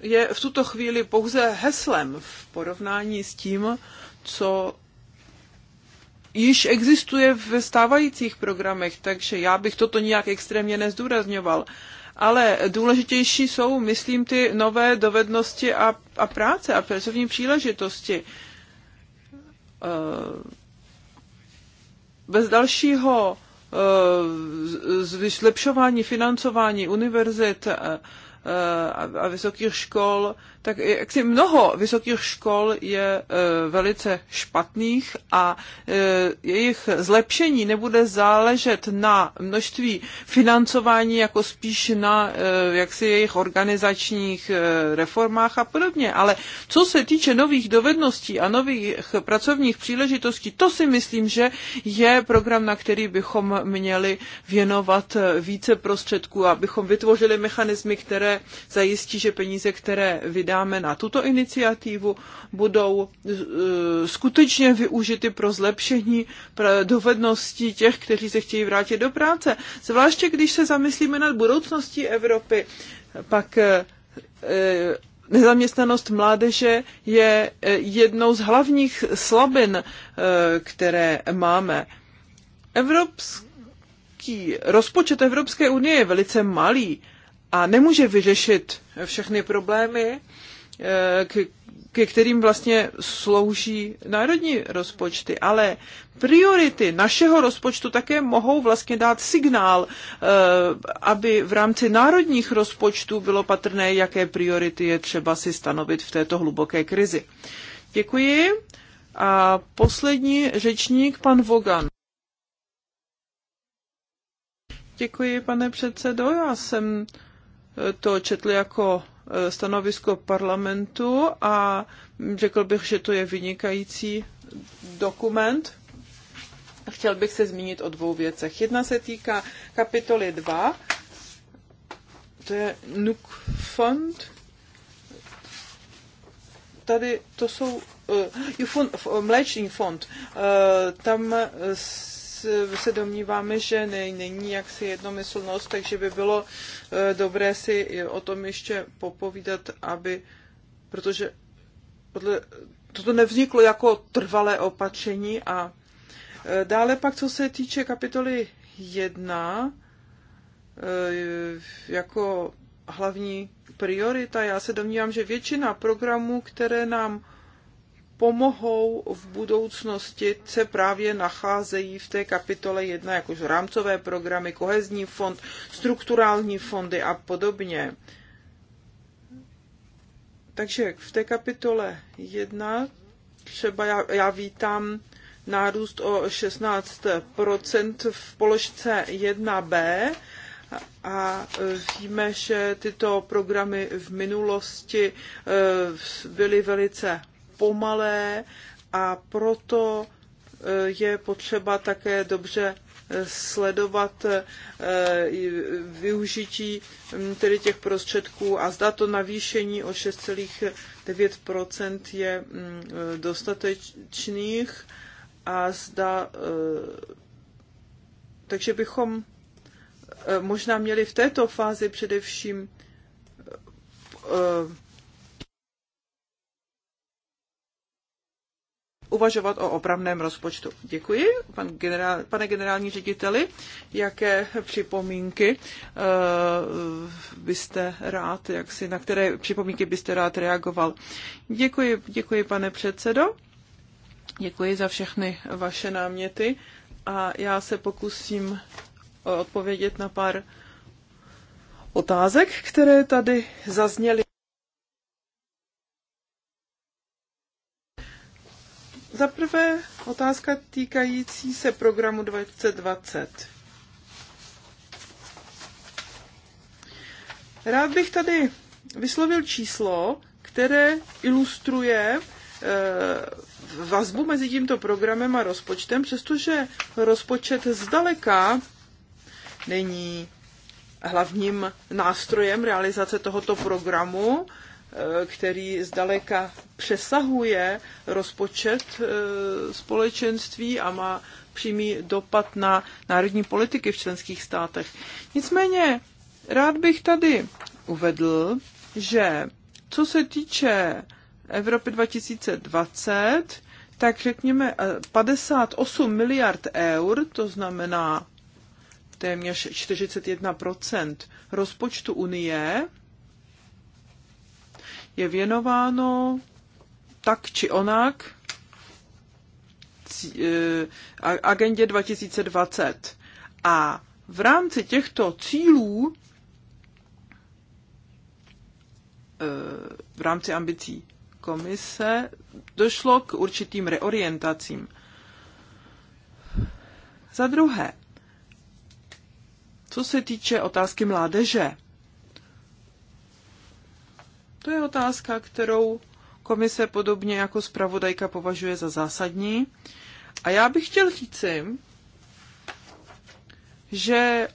je v tuto chvíli pouze heslem v porovnání s tím, co již existuje v stávajících programech, takže já bych toto nijak extrémně nezdůrazňoval ale důležitější jsou, myslím, ty nové dovednosti a, a práce a pracovní příležitosti. Eh, bez dalšího eh, zlepšování financování univerzit eh, a vysokých škol tak jak si mnoho vysokých škol je e, velice špatných a e, jejich zlepšení nebude záležet na množství financování, jako spíš na e, jaksi jejich organizačních reformách a podobně. Ale co se týče nových dovedností a nových pracovních příležitostí, to si myslím, že je program, na který bychom měli věnovat více prostředků, abychom vytvořili mechanismy, které zajistí, že peníze, které vydá vydáme na tuto iniciativu, budou e, skutečně využity pro zlepšení dovedností těch, kteří se chtějí vrátit do práce. Zvláště když se zamyslíme nad budoucností Evropy, pak e, e, Nezaměstnanost mládeže je jednou z hlavních slabin, které máme. Evropský rozpočet Evropské unie je velice malý a nemůže vyřešit všechny problémy ke kterým vlastně slouží národní rozpočty, ale priority našeho rozpočtu také mohou vlastně dát signál, eh, aby v rámci národních rozpočtů bylo patrné, jaké priority je třeba si stanovit v této hluboké krizi. Děkuji. A poslední řečník, pan Vogan. Děkuji, pane předsedo. Já jsem to četl jako Eh, stanovisko parlamentu a řekl bych, že to je vynikající dokument. Chtěl bych se zmínit o dvou věcech. Jedna se týká kapitoly 2, to je NUK fond. Tady to jsou uh, eh, fond, mléčný fond. Uh, tam se domníváme, že ne, není jaksi jednomyslnost, takže by bylo eh, dobré si o tom ještě popovídat, aby, protože podle, toto nevzniklo jako trvalé opatření a eh, dále pak, co se týče kapitoly 1, eh, jako hlavní priorita, já se domnívám, že většina programů, které nám pomohou v budoucnosti, se právě nacházejí v té kapitole 1, jakož rámcové programy, kohezní fond, strukturální fondy a podobně. Takže v té kapitole 1 třeba já, já vítám nárůst o 16% v položce 1b a víme, že tyto programy v minulosti eh, byly velice pomalé a proto eh, je potřeba také dobře eh, sledovat eh, využití hm, tedy těch prostředků a zda to navýšení o 6,9 je hm, dostatečných a zda takže bychom možná měli v této fázi především uvažovat o opravném rozpočtu. Děkuji, pan generál, pane generální řediteli. Jaké připomínky uh, byste rád, jak si, na které připomínky byste rád reagoval? Děkuji, děkuji, pane předsedo. Děkuji za všechny vaše náměty a já se pokusím odpovědět na pár otázek, které tady zazněly. Za prvé otázka týkající se programu 2020. Rád bych tady vyslovil číslo, které ilustruje eh, vazbu mezi tímto programem a rozpočtem, přestože rozpočet zdaleka není hlavním nástrojem realizace tohoto programu, Eh, který zdaleka přesahuje rozpočet eh, společenství a má přímý dopad na národní politiky v členských státech. Nicméně rád bych tady uvedl, že co se týče Evropy 2020, tak řekněme 58 eh, miliard eur, to znamená téměř 41 rozpočtu Unie, je věnováno tak či onak e, agendě 2020. A v rámci těchto cílů, e, v rámci ambicí komise, došlo k určitým reorientacím. Za druhé, co se týče otázky mládeže, to je otázka, kterou komise podobně jako zpravodajka považuje za zásadní. A já bych chtěl říci, že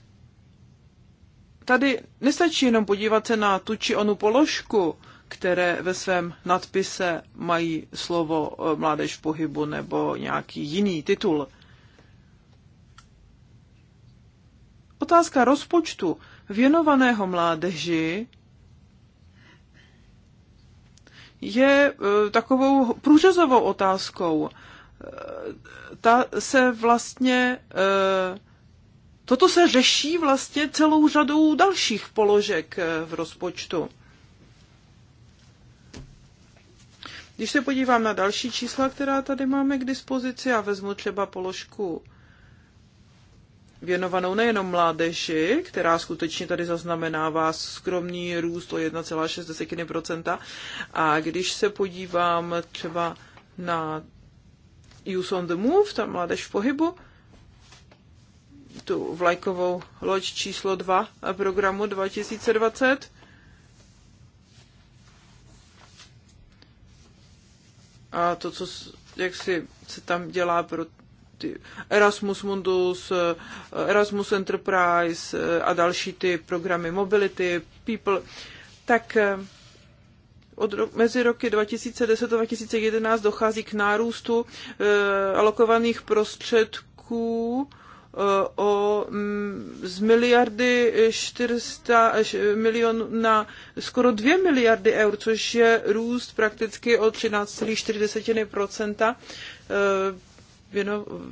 tady nestačí jenom podívat se na tu či onu položku, které ve svém nadpise mají slovo eh, Mládež v pohybu nebo nějaký jiný titul. Otázka rozpočtu věnovaného mládeži je e, takovou průřezovou otázkou. E, ta se vlastně e, Toto se řeší vlastně celou řadou dalších položek v rozpočtu. Když se podívám na další čísla, která tady máme k dispozici, a vezmu třeba položku věnovanou nejenom mládeži, která skutečně tady zaznamenává skromný růst o 1,6%. A když se podívám třeba na Youth on the Move, tam mládež v pohybu, tu vlajkovou loď číslo 2 programu 2020, a to, co jak si se tam dělá pro ty Erasmus Mundus, Erasmus Enterprise a další ty programy Mobility, People, tak eh, od ro- mezi roky 2010 a 2011 dochází k nárůstu eh, alokovaných prostředků eh, o mm, z miliardy 400 eh, milion na skoro 2 miliardy eur, což je růst prakticky o 13,4%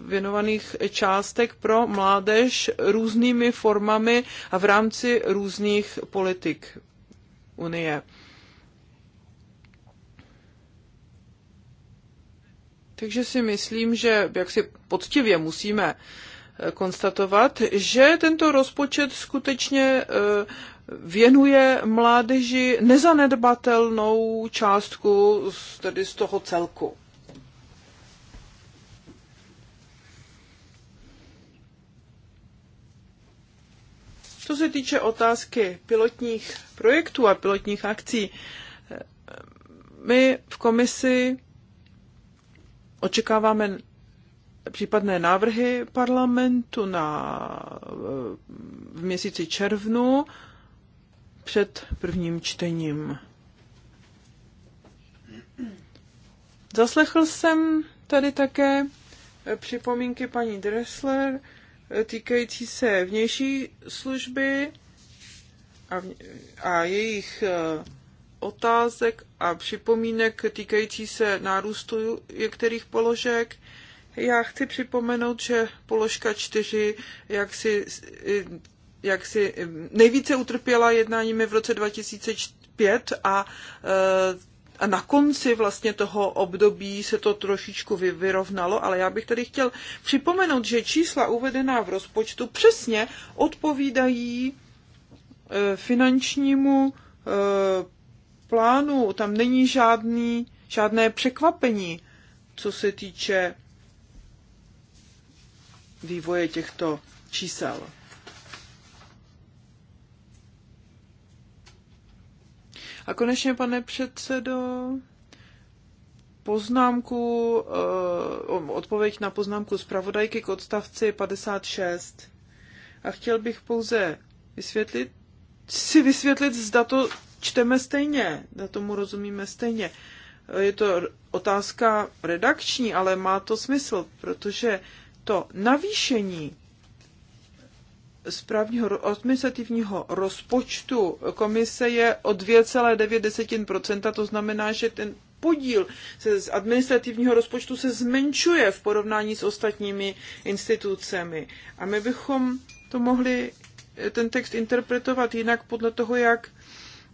věnovaných částek pro mládež různými formami a v rámci různých politik Unie. Takže si myslím, že jak si poctivě musíme eh, konstatovat, že tento rozpočet skutečně eh, věnuje mládeži nezanedbatelnou částku tedy z toho celku. Co se týče otázky pilotních projektů a pilotních akcí, my v komisi očekáváme případné návrhy parlamentu na, v měsíci červnu před prvním čtením. Zaslechl jsem tady také připomínky paní Dressler týkající se vnější služby a, a jejich e, otázek a připomínek týkající se nárůstu některých položek. Já chci připomenout, že položka 4, jak si, e, jak si e, nejvíce utrpěla jednáními v roce 2005 a a na konci vlastně toho období se to trošičku vyrovnalo, ale já bych tady chtěl připomenout, že čísla uvedená v rozpočtu přesně odpovídají e, finančnímu e, plánu. Tam není žádný, žádné překvapení, co se týče vývoje těchto čísel. A konečně, pane předsedo, poznámku, eh, odpověď na poznámku zpravodajky k odstavci 56. A chtěl bych pouze vysvětlit, si vysvětlit, zda to čteme stejně, zda tomu rozumíme stejně. Eh, je to otázka redakční, ale má to smysl, protože to navýšení správního administrativního rozpočtu komise je o 2,9%, to znamená, že ten podíl se z administrativního rozpočtu se zmenšuje v porovnání s ostatními institucemi. A my bychom to mohli eh, ten text interpretovat jinak podle toho, jak,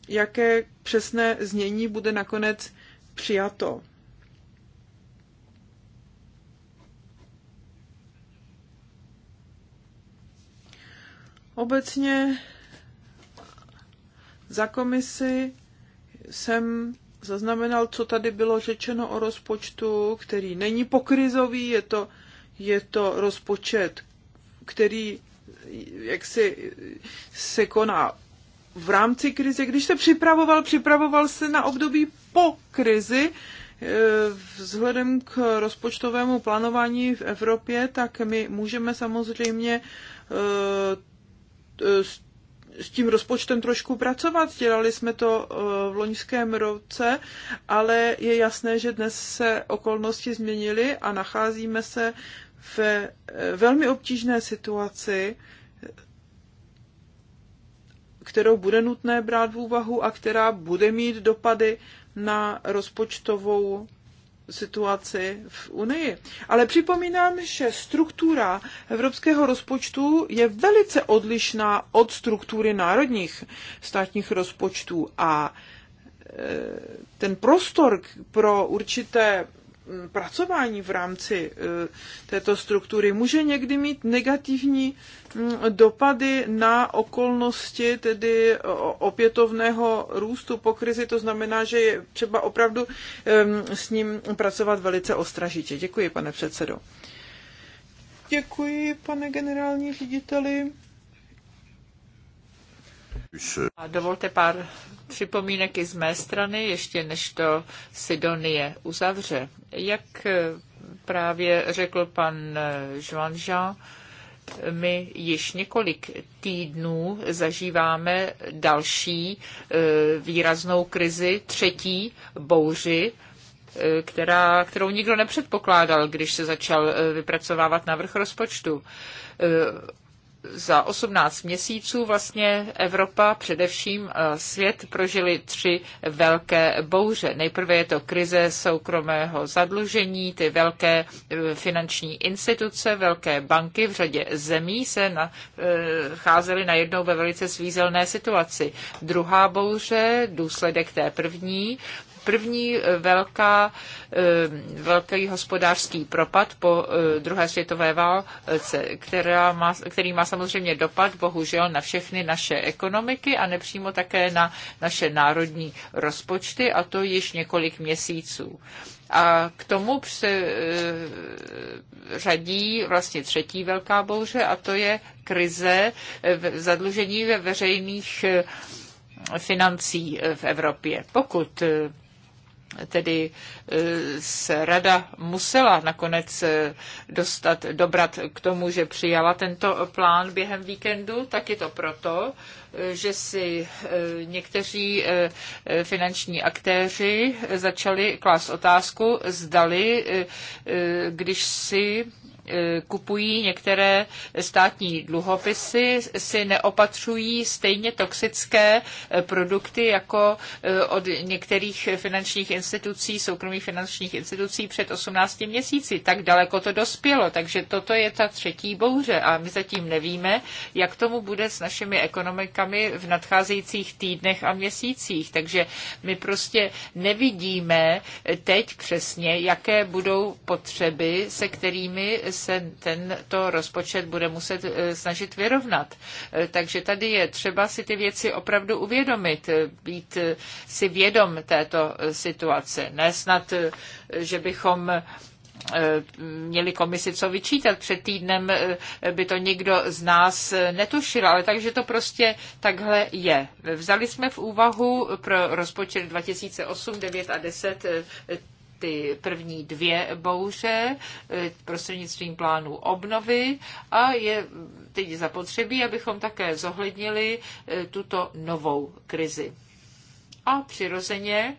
jaké přesné znění bude nakonec přijato. Obecně za komisi jsem zaznamenal, co tady bylo řečeno o rozpočtu, který není pokrizový, je to, je to rozpočet, který jak si, se koná v rámci krize. Když se připravoval, připravoval se na období po krizi, e, Vzhledem k rozpočtovému plánování v Evropě, tak my můžeme samozřejmě e, s tím rozpočtem trošku pracovat. Dělali jsme to eh, v loňském roce, ale je jasné, že dnes se okolnosti změnily a nacházíme se ve eh, velmi obtížné situaci, kterou bude nutné brát v úvahu a která bude mít dopady na rozpočtovou situaci v Unii. Ale připomínám, že struktura evropského rozpočtu je velice odlišná od struktury národních státních rozpočtů a e, ten prostor pro určité pracování v rámci e, této struktury může někdy mít negativní Mm, dopady na okolnosti tedy opětovného růstu po krizi. To znamená, že je třeba opravdu s ním pracovat velice ostražitě. Děkuji, pane předsedo. Děkuji, pane generální řediteli. A dovolte pár připomínek i z mé strany, ještě než to Sidonie uzavře. Jak eh, právě řekl pan eh, Jean-Jean, my již několik týdnů zažíváme další e, výraznou krizi, třetí bouři, e, která, kterou nikdo nepředpokládal, když se začal e, vypracovávat návrh rozpočtu za 18 měsíců vlastně Evropa, především eh, svět, prožili tři velké bouře. Nejprve je to krize soukromého zadlužení, ty velké eh, finanční instituce, velké banky v řadě zemí se nacházely eh, najednou ve velice svízelné situaci. Druhá bouře, důsledek té první, první eh, velká, eh, velký hospodářský propad po eh, druhé světové válce, která má, který má samozřejmě dopad bohužel na všechny naše ekonomiky a nepřímo také na naše národní rozpočty a to již několik měsíců. A k tomu se řadí vlastně třetí velká bouře a to je krize v zadlužení ve veřejných financí v Evropě. Pokud tedy e, se rada musela nakonec e, dostat, dobrat k tomu, že přijala tento plán během víkendu, tak je to proto, e, že si někteří finanční aktéři začali klást otázku, zdali, když si kupují některé státní dluhopisy, si neopatřují stejně toxické eh, produkty jako eh, od některých finančních institucí, soukromých finančních institucí před 18 měsíci. Tak daleko to dospělo, takže toto je ta třetí bouře a my zatím nevíme, jak tomu bude s našimi ekonomikami v nadcházejících týdnech a měsících. Takže my prostě nevidíme teď přesně, jaké budou potřeby, se kterými se tento rozpočet bude muset e, snažit vyrovnat. E, takže tady je třeba si ty věci opravdu uvědomit, e, být si vědom této situace. Ne snad, že bychom měli komisi co vyčítat. Před týdnem by to nikdo z nás netušil, ale takže to prostě takhle je. Vzali jsme v úvahu pro rozpočet 2008, 9 a 10 ty první dvě bouře eh, prostřednictvím plánu obnovy a je teď zapotřebí, abychom také zohlednili eh, tuto novou krizi. A přirozeně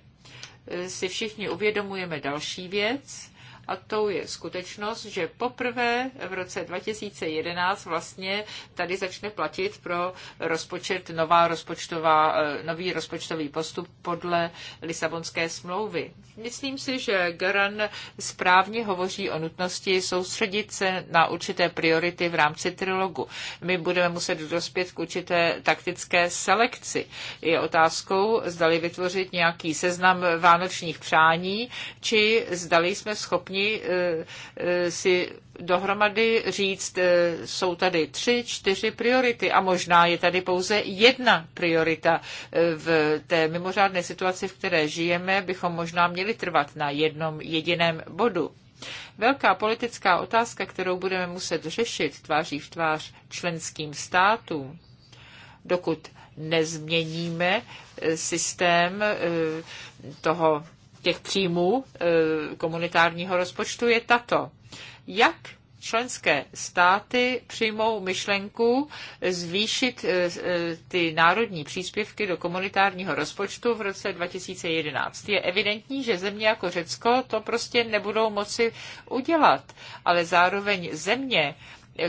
eh, si všichni uvědomujeme další věc, a tou je skutečnost, že poprvé v roce 2011 vlastně tady začne platit pro rozpočet nová rozpočtová, eh, nový rozpočtový postup podle Lisabonské smlouvy. Myslím si, že Garan správně hovoří o nutnosti soustředit se na určité priority v rámci trilogu. My budeme muset dospět k určité taktické selekci. Je otázkou, zdali vytvořit nějaký seznam vánočních přání, či zdali jsme schopni schopni eh, eh, si dohromady říct, eh, jsou tady tři, čtyři priority a možná je tady pouze jedna priorita. V té mimořádné situaci, v které žijeme, bychom možná měli trvat na jednom jediném bodu. Velká politická otázka, kterou budeme muset řešit tváří v tvář členským státům, dokud nezměníme systém toho těch příjmů e, komunitárního rozpočtu je tato. Jak členské státy přijmou myšlenku zvýšit e, e, ty národní příspěvky do komunitárního rozpočtu v roce 2011. Je evidentní, že země jako Řecko to prostě nebudou moci udělat, ale zároveň země,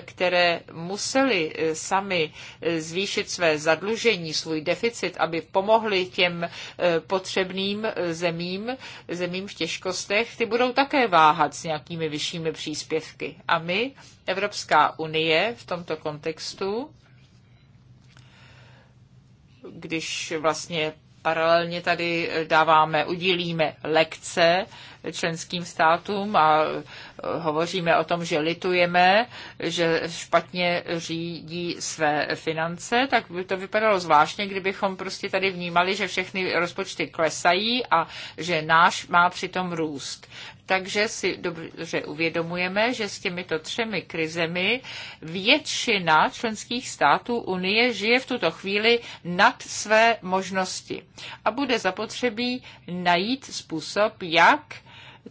které museli eh, sami eh, zvýšit své zadlužení, svůj deficit, aby pomohli těm eh, potřebným zemím, zemím v těžkostech, ty budou také váhat s nějakými vyššími příspěvky. A my, Evropská unie, v tomto kontextu, když vlastně Paralelně tady dáváme, udílíme lekce členským státům a eh, hovoříme o tom, že litujeme, že špatně řídí své finance, tak by to vypadalo zvláštně, kdybychom prostě tady vnímali, že všechny rozpočty klesají a že náš má přitom růst. Takže si dobře uvědomujeme, že s těmito třemi krizemi většina členských států Unie žije v tuto chvíli nad své možnosti a bude zapotřebí najít způsob, jak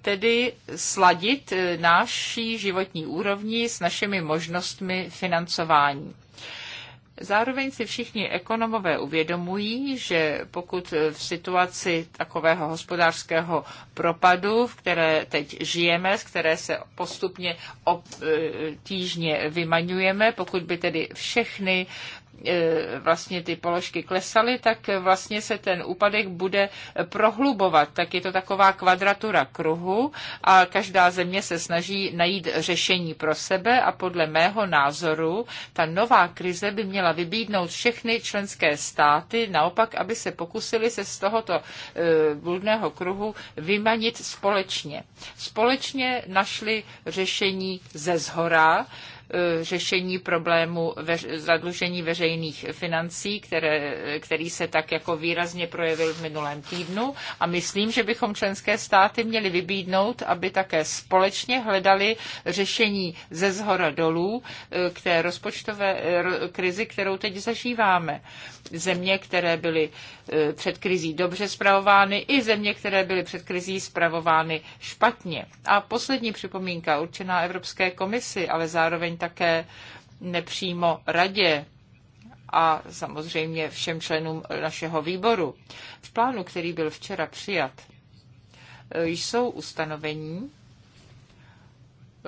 tedy sladit eh, naší životní úrovni s našimi možnostmi financování. Zároveň si všichni ekonomové uvědomují, že pokud v situaci takového hospodářského propadu, v které teď žijeme, z které se postupně obtížně e, e, vymaňujeme, pokud by tedy všechny E, vlastně ty položky klesaly, tak vlastně se ten úpadek bude prohlubovat. Tak je to taková kvadratura kruhu a každá země se snaží najít řešení pro sebe a podle mého názoru ta nová krize by měla vybídnout všechny členské státy, naopak, aby se pokusili se z tohoto e, bludného kruhu vymanit společně. Společně našli řešení ze zhora, E, řešení problému veř, zadlužení veřejných financí, které, který se tak jako výrazně projevil v minulém týdnu. A myslím, že bychom členské státy měli vybídnout, aby také společně hledali řešení ze zhora dolů e, k té rozpočtové e, krizi, kterou teď zažíváme. Země, které byly před krizí dobře zpravovány, i země, které byly před krizí zpravovány špatně. A poslední připomínka určená Evropské komisi, ale zároveň také nepřímo radě a samozřejmě všem členům našeho výboru. V plánu, který byl včera přijat, eh, jsou ustanovení,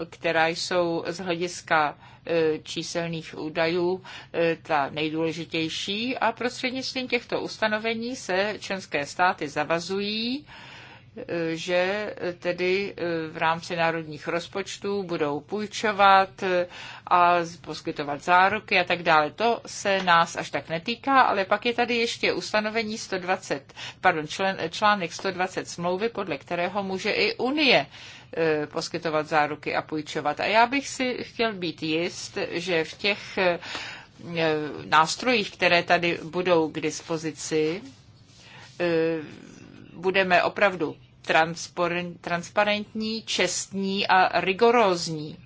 která jsou z hlediska eh, číselných údajů eh, ta nejdůležitější a prostřednictvím těchto ustanovení se členské státy zavazují, že tedy e, v rámci národních rozpočtů budou půjčovat e, a poskytovat záruky a tak dále. To se nás až tak netýká, ale pak je tady ještě ustanovení 120, pardon, člen, článek 120 smlouvy, podle kterého může i Unie e, poskytovat záruky a půjčovat. A já bych si chtěl být jist, že v těch nástrojích, které tady budou k dispozici, budeme opravdu transparentní, čestní a rigorózní.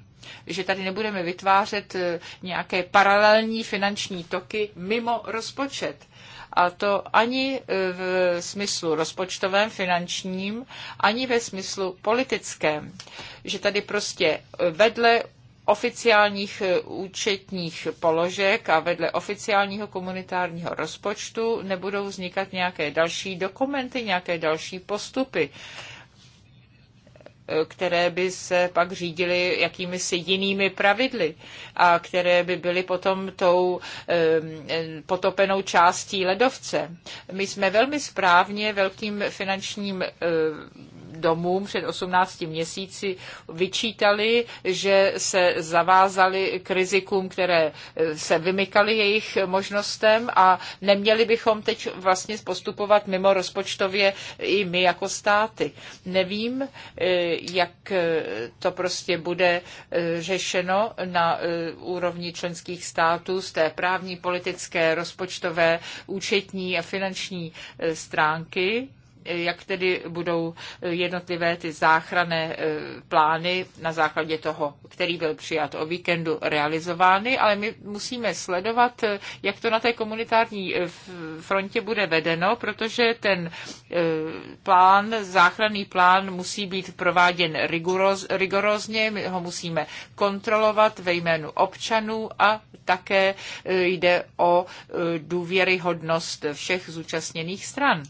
Že tady nebudeme vytvářet e, nějaké paralelní finanční toky mimo rozpočet a to ani e, v smyslu rozpočtovém, finančním, ani ve smyslu politickém. Že tady prostě e, vedle oficiálních eh, účetních položek a vedle oficiálního komunitárního rozpočtu nebudou vznikat nějaké další dokumenty, nějaké další postupy které by se pak řídily jakýmisi jinými pravidly a které by byly potom tou potopenou částí ledovce. My jsme velmi správně velkým finančním eh, domům před 18 měsíci vyčítali, že se zavázali k rizikům, které eh, se vymykaly jejich možnostem a neměli bychom teď vlastně postupovat mimo rozpočtově i my jako státy. Nevím, eh, jak eh, to prostě bude eh, řešeno na eh, úrovni členských států z té právní, politické, rozpočtové, účetní a finanční stránky jak tedy budou jednotlivé ty záchranné eh, plány na základě toho, který byl přijat o víkendu, realizovány, ale my musíme sledovat, eh, jak to na té komunitární eh, frontě bude vedeno, protože ten plán, záchranný plán musí být prováděn rigoróz, rigorózně, my ho musíme kontrolovat ve jménu občanů a také jde o důvěryhodnost všech zúčastněných stran.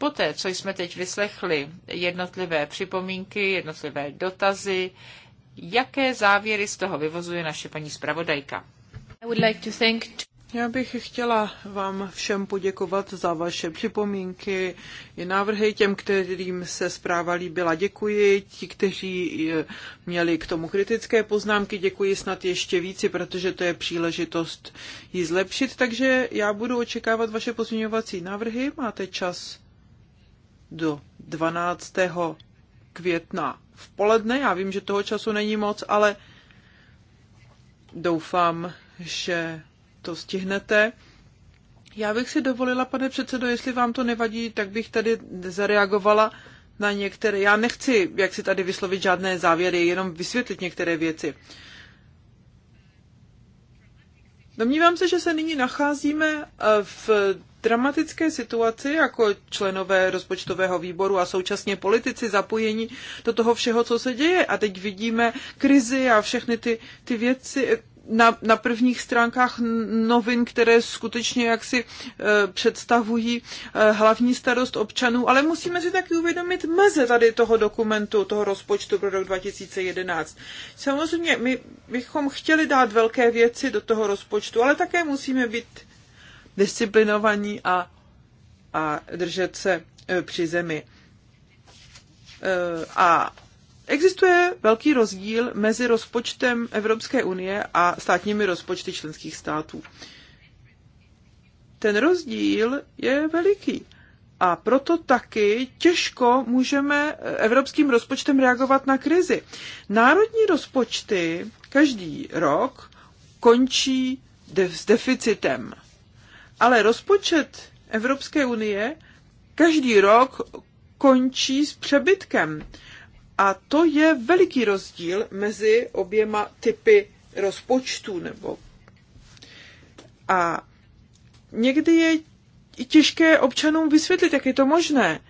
Poté, co jsme teď vyslechli jednotlivé připomínky, jednotlivé dotazy, jaké závěry z toho vyvozuje naše paní zpravodajka? Já bych chtěla vám všem poděkovat za vaše připomínky i návrhy těm, kterým se zpráva líbila. Děkuji. Ti, kteří eh, měli k tomu kritické poznámky, děkuji snad ještě víci, protože to je příležitost ji zlepšit. Takže já budu očekávat vaše pozměňovací návrhy. Máte čas do 12. května v poledne. Já vím, že toho času není moc, ale doufám, že to stihnete. Já bych si dovolila, pane předsedo, jestli vám to nevadí, tak bych tady zareagovala na některé. Já nechci, jak si tady vyslovit žádné závěry, jenom vysvětlit některé věci. Domnívám se, že se nyní nacházíme eh, v dramatické situaci jako členové rozpočtového výboru a současně politici zapojení do toho všeho, co se děje. A teď vidíme krizi a všechny ty, ty věci, na, na prvních stránkách novin, které skutečně jaksi e, představují e, hlavní starost občanů, ale musíme si taky uvědomit meze tady toho dokumentu, toho rozpočtu pro rok 2011. Samozřejmě my bychom chtěli dát velké věci do toho rozpočtu, ale také musíme být disciplinovaní a, a držet se e, při zemi. E, a Existuje velký rozdíl mezi rozpočtem Evropské unie a státními rozpočty členských států. Ten rozdíl je veliký. A proto taky těžko můžeme e, evropským rozpočtem reagovat na krizi. Národní rozpočty každý rok končí de- s deficitem ale rozpočet Evropské unie každý rok končí s přebytkem. A to je veliký rozdíl mezi oběma typy rozpočtů. Nebo... A někdy je těžké občanům vysvětlit, jak je to možné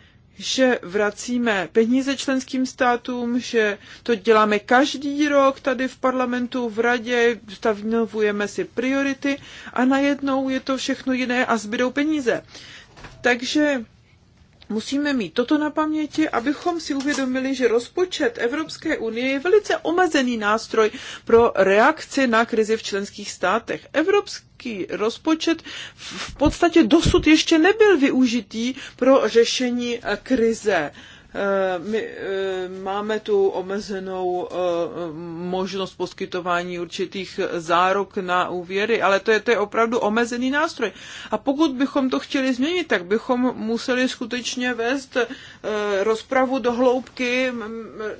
že vracíme peníze členským státům, že to děláme každý rok tady v parlamentu, v radě, stanovujeme si priority a najednou je to všechno jiné a zbydou peníze. Takže musíme mít toto na paměti, abychom si uvědomili, že rozpočet Evropské unie je velice omezený nástroj pro reakci na krizi v členských státech. Evropský rozpočet v podstatě dosud ještě nebyl využitý pro řešení krize Eh, my eh, máme tu omezenou eh, možnost poskytování určitých zárok na úvěry, ale to je, to je opravdu omezený nástroj. A pokud bychom to chtěli změnit, tak bychom museli skutečně vést rozpravu do hloubky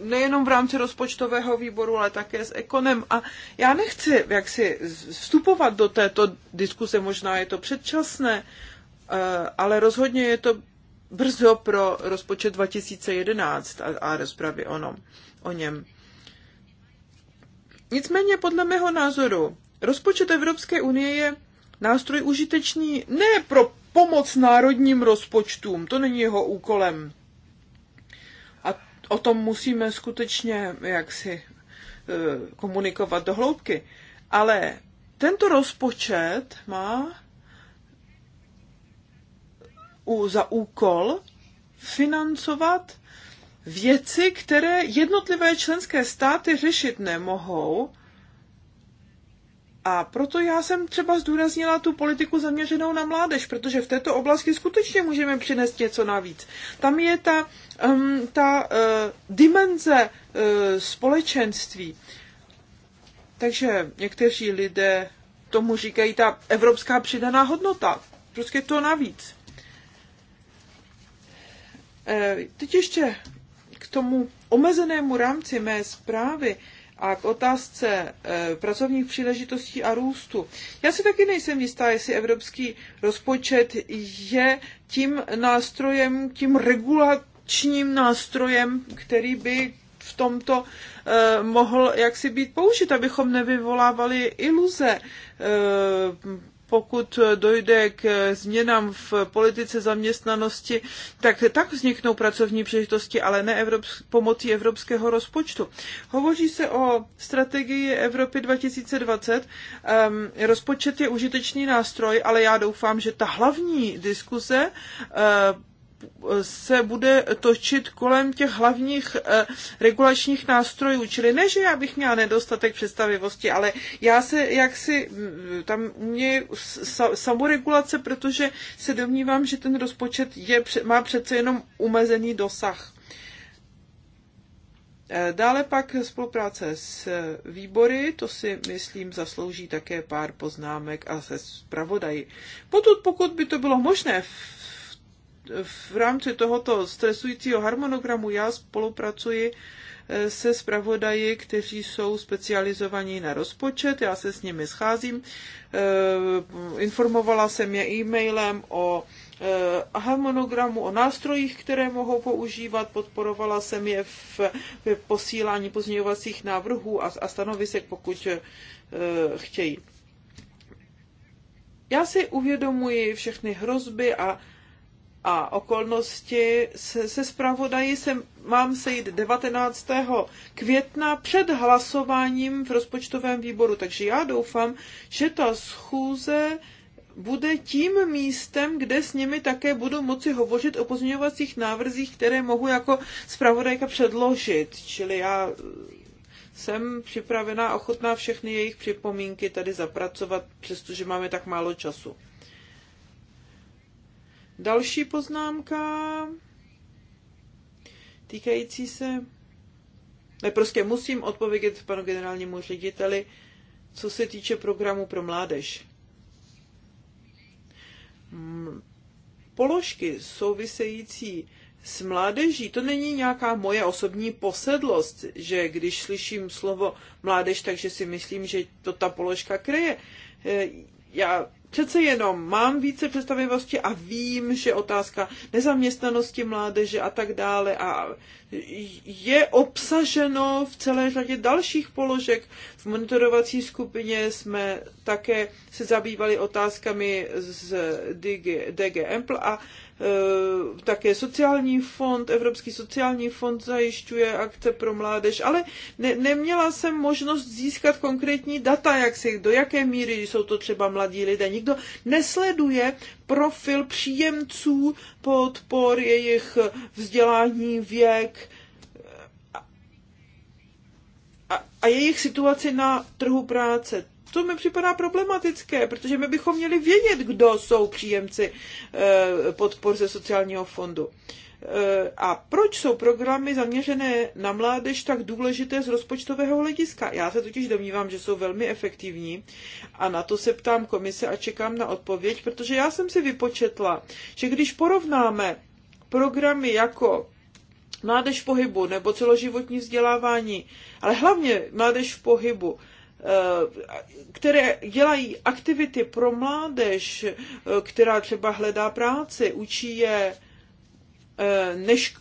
nejenom v rámci rozpočtového výboru, ale také s ekonem. A já nechci jaksi vstupovat do této diskuse, možná je to předčasné, ale rozhodně je to brzo pro rozpočet 2011 a, a rozpravy o, nom, o něm. Nicméně podle mého názoru rozpočet Evropské unie je nástroj užitečný ne pro pomoc národním rozpočtům, to není jeho úkolem. A o tom musíme skutečně jaksi e, komunikovat do hloubky. Ale tento rozpočet má za úkol financovat věci, které jednotlivé členské státy řešit nemohou. A proto já jsem třeba zdůraznila tu politiku zaměřenou na mládež, protože v této oblasti skutečně můžeme přinést něco navíc. Tam je ta, um, ta uh, dimenze uh, společenství. Takže někteří lidé tomu říkají ta evropská přidaná hodnota. Prostě to navíc. Eh, teď ještě k tomu omezenému rámci mé zprávy a k otázce eh, pracovních příležitostí a růstu. Já si taky nejsem jistá, jestli evropský rozpočet je tím nástrojem, tím regulačním nástrojem, který by v tomto eh, mohl jaksi být použit, abychom nevyvolávali iluze pokud dojde k změnám v politice zaměstnanosti, tak tak vzniknou pracovní příležitosti, ale ne Evropsk- pomocí evropského rozpočtu. Hovoří se o strategii Evropy 2020. Um, ehm, rozpočet je užitečný nástroj, ale já doufám, že ta hlavní diskuze uh, se bude točit kolem těch hlavních eh, regulačních nástrojů. Čili ne, že já bych měla nedostatek představivosti, ale já se jaksi mm, tam u mě samoregulace, protože se domnívám, že ten rozpočet je, má přece jenom umezený dosah. Eh, dále pak spolupráce s výbory, to si myslím zaslouží také pár poznámek a se zpravodají. Potud, pokud by to bylo možné v rámci tohoto stresujícího harmonogramu já spolupracuji eh, se zpravodaji, kteří jsou specializovaní na rozpočet. Já se s nimi scházím. Eh, informovala jsem je e-mailem o eh, harmonogramu, o nástrojích, které mohou používat. Podporovala jsem je v posílání pozměňovacích návrhů a stanovisek, pokud chtějí. Já si uvědomuji všechny hrozby a a okolnosti se, se zpravodají se, mám sejít 19. května před hlasováním v rozpočtovém výboru. Takže já doufám, že ta schůze bude tím místem, kde s nimi také budu moci hovořit o pozměňovacích návrzích, které mohu jako zpravodajka předložit. Čili já eh, jsem připravená ochotná všechny jejich připomínky tady zapracovat, přestože máme tak málo času. Další poznámka týkající se... Ne, prostě musím odpovědět panu generálnímu řediteli, co se týče programu pro mládež. Položky související s mládeží, to není nějaká moje osobní posedlost, že když slyším slovo mládež, takže si myslím, že to ta položka kryje. E, já přece jenom mám více představivosti a vím, že otázka nezaměstnanosti mládeže a tak dále a je obsaženo v celé řadě dalších položek. V monitorovací skupině jsme také se zabývali otázkami z DG, DG Ample a Eh, také sociální fond, Evropský sociální fond zajišťuje akce pro mládež, ale ne, neměla jsem možnost získat konkrétní data, jak se, do jaké míry jsou to třeba mladí lidé. Nikdo nesleduje profil příjemců podpor, jejich vzdělání, věk, a, a jejich situaci na trhu práce to mi připadá problematické, protože my bychom měli vědět, kdo jsou příjemci eh, podpor ze sociálního fondu. Eh, a proč jsou programy zaměřené na mládež tak důležité z rozpočtového hlediska? Já se totiž domnívám, že jsou velmi efektivní a na to se ptám komise a čekám na odpověď, protože já jsem si vypočetla, že když porovnáme programy jako mládež v pohybu nebo celoživotní vzdělávání, ale hlavně mládež v pohybu, Eh, které dělají aktivity pro mládež, eh, která třeba hledá práci, učí je eh, než,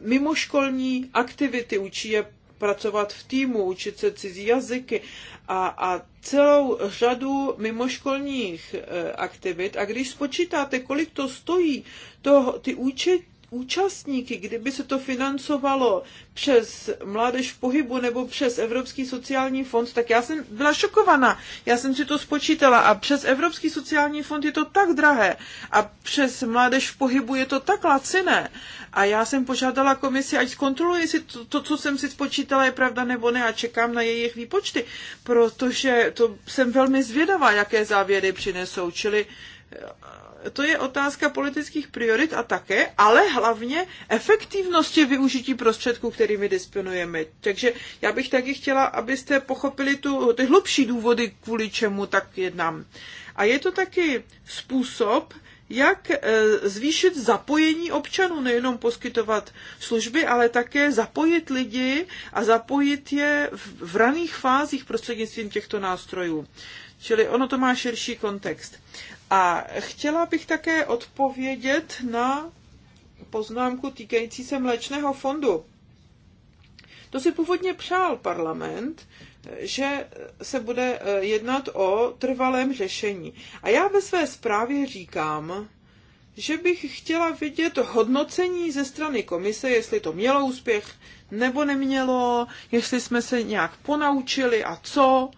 mimoškolní aktivity, učí je pracovat v týmu, učit se cizí jazyky a, a celou řadu mimoškolních aktivit. A když spočítáte, kolik to stojí, to, ty účet, účastníky, kdyby se to financovalo přes Mládež v pohybu nebo přes Evropský sociální fond, tak já jsem byla šokovaná. Já jsem si to spočítala a přes Evropský sociální fond je to tak drahé a přes Mládež v pohybu je to tak laciné. A já jsem požádala komisi, ať zkontroluje, jestli to, to, co jsem si spočítala, je pravda nebo ne a čekám na jejich výpočty, protože to jsem velmi zvědavá, jaké závěry přinesou. Čili to je otázka politických priorit a také, ale hlavně efektivnosti využití prostředků, kterými disponujeme. Takže já bych taky chtěla, abyste pochopili tu, ty hlubší důvody, kvůli čemu tak jednám. A je to taky způsob, jak e, zvýšit zapojení občanů, nejenom poskytovat služby, ale také zapojit lidi a zapojit je v raných fázích prostřednictvím těchto nástrojů. Čili ono to má širší kontext. A chtěla bych také odpovědět na poznámku týkající se mléčného fondu. To si původně přál parlament, že se bude eh, jednat o trvalém řešení. A já ve své zprávě říkám, že bych chtěla vidět hodnocení ze strany komise, jestli to mělo úspěch nebo nemělo, jestli jsme se nějak ponaučili a co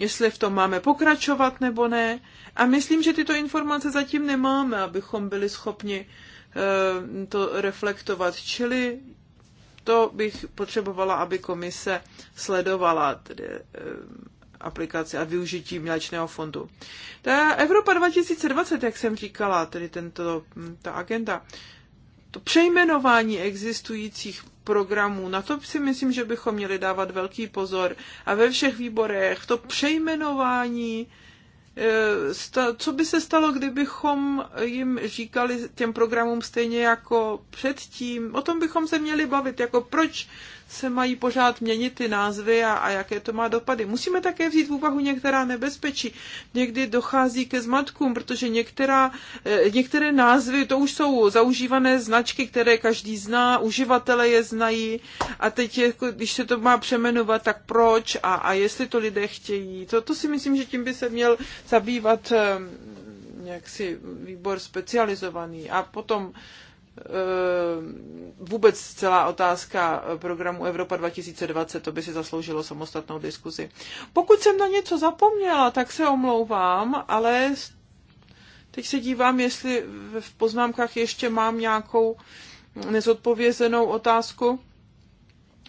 jestli v tom máme pokračovat nebo ne. A myslím, že tyto informace zatím nemáme, abychom byli schopni eh, to reflektovat. Čili to bych potřebovala, aby komise sledovala tedy eh, aplikaci a využití mléčného fondu. Ta Evropa 2020, jak jsem říkala, tedy tento, ta agenda, to přejmenování existujících programů. Na to si myslím, že bychom měli dávat velký pozor. A ve všech výborech to přejmenování, e, co by se stalo, kdybychom jim říkali těm programům stejně jako předtím? O tom bychom se měli bavit, jako proč se mají pořád měnit ty názvy a, a jaké to má dopady. Musíme také vzít v úvahu některá nebezpečí. Někdy dochází ke zmatkům, protože některá, eh, některé názvy, to už jsou zaužívané značky, které každý zná, uživatele je znají a teď, jako, když se to má přemenovat, tak proč a, a jestli to lidé chtějí. To, to si myslím, že tím by se měl zabývat eh, jaksi výbor specializovaný. A potom Eh, vůbec celá otázka programu Evropa 2020, to by si zasloužilo samostatnou diskuzi. Pokud jsem na něco zapomněla, tak se omlouvám, ale teď se dívám, jestli v poznámkách ještě mám nějakou nezodpovězenou otázku.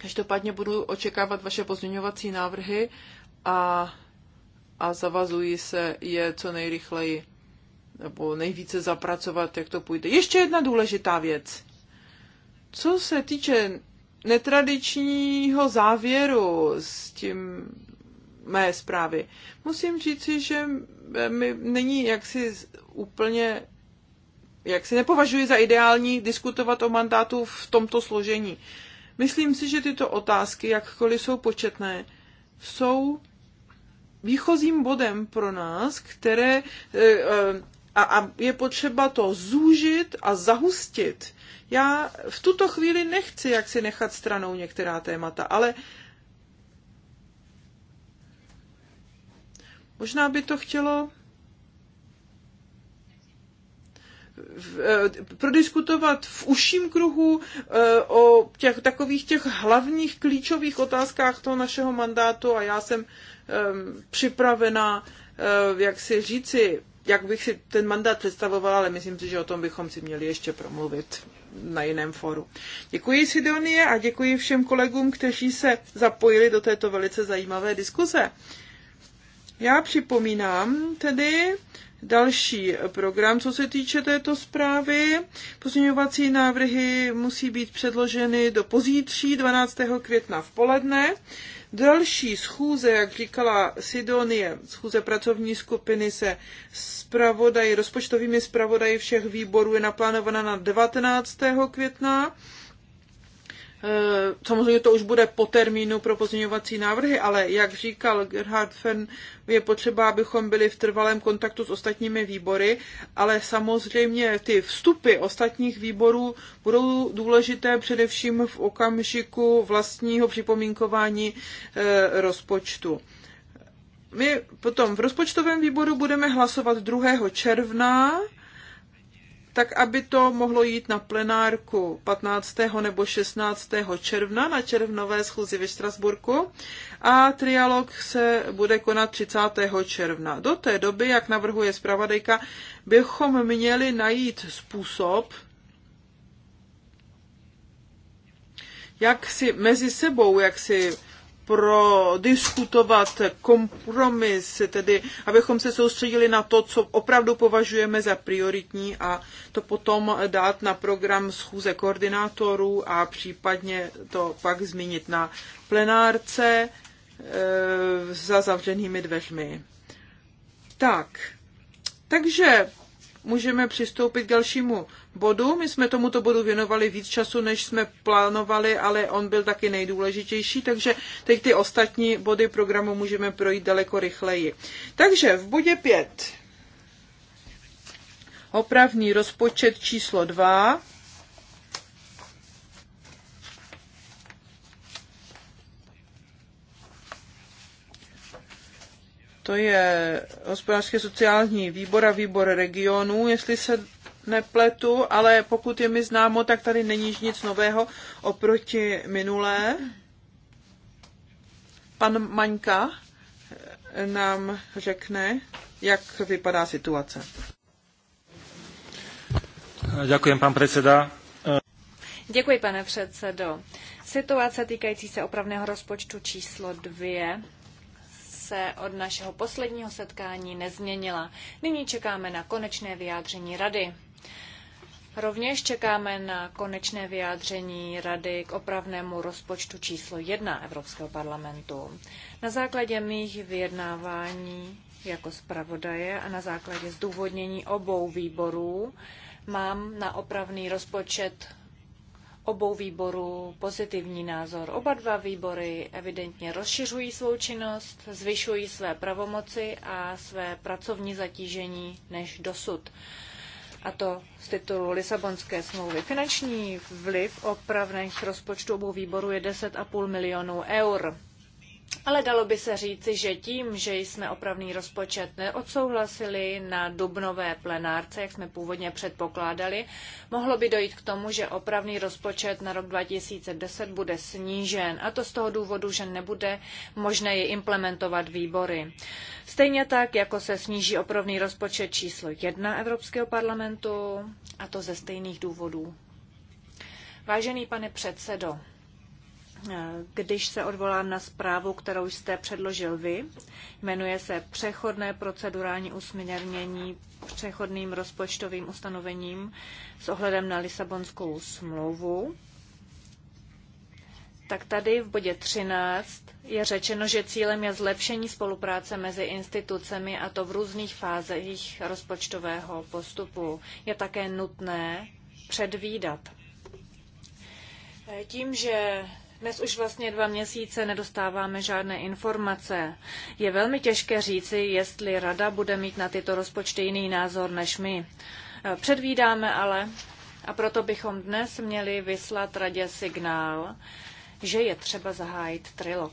Každopádně budu očekávat vaše pozměňovací návrhy a, a zavazuji se je co nejrychleji nebo nejvíce zapracovat, jak to půjde. Ještě jedna důležitá věc. Co se týče netradičního závěru s tím mé zprávy, musím říci, že mi není jaksi úplně jak si nepovažuji za ideální diskutovat o mandátu v tomto složení. Myslím si, že tyto otázky, jakkoliv jsou početné, jsou výchozím bodem pro nás, které eh, eh, a, a je potřeba to zúžit a zahustit. Já v tuto chvíli nechci jak si nechat stranou některá témata, ale možná by to chtělo eh, prodiskutovat v uším kruhu eh, o těch takových těch hlavních klíčových otázkách toho našeho mandátu a já jsem ehm, připravena, eh, jak si říci, jak bych si ten mandát představovala, ale myslím si, že o tom bychom si měli ještě promluvit na jiném foru. Děkuji Sidonie a děkuji všem kolegům, kteří se zapojili do této velice zajímavé diskuze. Já připomínám tedy další program, co se týče této zprávy. Pozměňovací návrhy musí být předloženy do pozítří 12. května v poledne. Další schůze, jak říkala Sidonie, schůze pracovní skupiny se zpravodají, rozpočtovými zpravodaji všech výborů je naplánovaná na 19. května Eh, samozřejmě to už bude po termínu pro pozměňovací návrhy, ale jak říkal Gerhard Fern, je potřeba, abychom byli v trvalém kontaktu s ostatními výbory, ale samozřejmě ty vstupy ostatních výborů budou důležité především v okamžiku vlastního připomínkování eh, rozpočtu. My potom v rozpočtovém výboru budeme hlasovat 2. června tak aby to mohlo jít na plenárku 15. nebo 16. června na červnové schůzi ve Štrasburku a trialog se bude konat 30. června. Do té doby, jak navrhuje zpravodajka, bychom měli najít způsob, jak si mezi sebou, jak si prodiskutovat kompromis, tedy abychom se soustředili na to, co opravdu považujeme za prioritní a to potom dát na program schůze koordinátorů a případně to pak zmínit na plenárce eh, za zavřenými dveřmi. Tak, takže můžeme přistoupit k dalšímu bodu. My jsme tomuto bodu věnovali víc času, než jsme plánovali, ale on byl taky nejdůležitější, takže teď ty ostatní body programu můžeme projít daleko rychleji. Takže v bodě 5 opravný rozpočet číslo 2 to je hospodářské sociální výbor a výbor regionů, jestli se nepletu, ale pokud je mi známo, tak tady není nic nového oproti minulé. Pan Maňka nám řekne, jak vypadá situace. Děkuji, pan předseda. Děkuji, pane předsedo. Situace týkající se opravného rozpočtu číslo dvě se od našeho posledního setkání nezměnila. Nyní čekáme na konečné vyjádření rady. Rovněž čekáme na konečné vyjádření Rady k opravnému rozpočtu číslo 1 Evropského parlamentu. Na základě mých vyjednávání jako zpravodaje a na základě zdůvodnění obou výborů mám na opravný rozpočet obou výborů pozitivní názor. Oba dva výbory evidentně rozšiřují svou činnost, zvyšují své pravomoci a své pracovní zatížení než dosud. A to z titulu Lisabonské smlouvy. Finanční vliv opravných rozpočtů obou výborů je 10,5 milionů eur. Ale dalo by se říci, že tím, že jsme opravný rozpočet neodsouhlasili na dubnové plenárce, jak jsme původně předpokládali, mohlo by dojít k tomu, že opravný rozpočet na rok 2010 bude snížen. A to z toho důvodu, že nebude možné ji implementovat výbory. Stejně tak, jako se sníží opravný rozpočet číslo 1 Evropského parlamentu, a to ze stejných důvodů. Vážený pane předsedo, když se odvolám na zprávu, kterou jste předložil vy. Jmenuje se Přechodné procedurální usměrnění přechodným rozpočtovým ustanovením s ohledem na Lisabonskou smlouvu. Tak tady v bodě 13 je řečeno, že cílem je zlepšení spolupráce mezi institucemi a to v různých fázích rozpočtového postupu. Je také nutné předvídat tím, že dnes už vlastně dva měsíce nedostáváme žádné informace. Je velmi těžké říci, jestli rada bude mít na tyto rozpočty jiný názor než my. Eh, předvídáme ale, a proto bychom dnes měli vyslat radě signál, že je třeba zahájit trilog.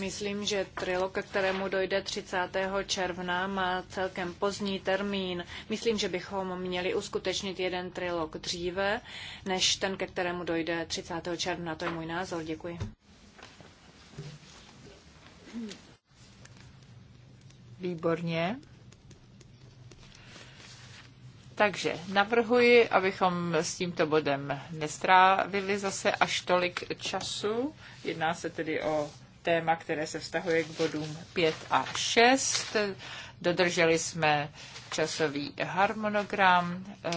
Myslím, že trilog, ke kterému dojde 30. června, má celkem pozdní termín. Myslím, že bychom měli uskutečnit jeden trilog dříve, než ten, ke kterému dojde 30. června. To je můj názor. Děkuji. Výborně. Takže navrhuji, abychom s tímto bodem nestrávili zase až tolik času. Jedná se tedy o téma, které se vztahuje k bodům 5 a 6. Dodrželi jsme časový harmonogram eh,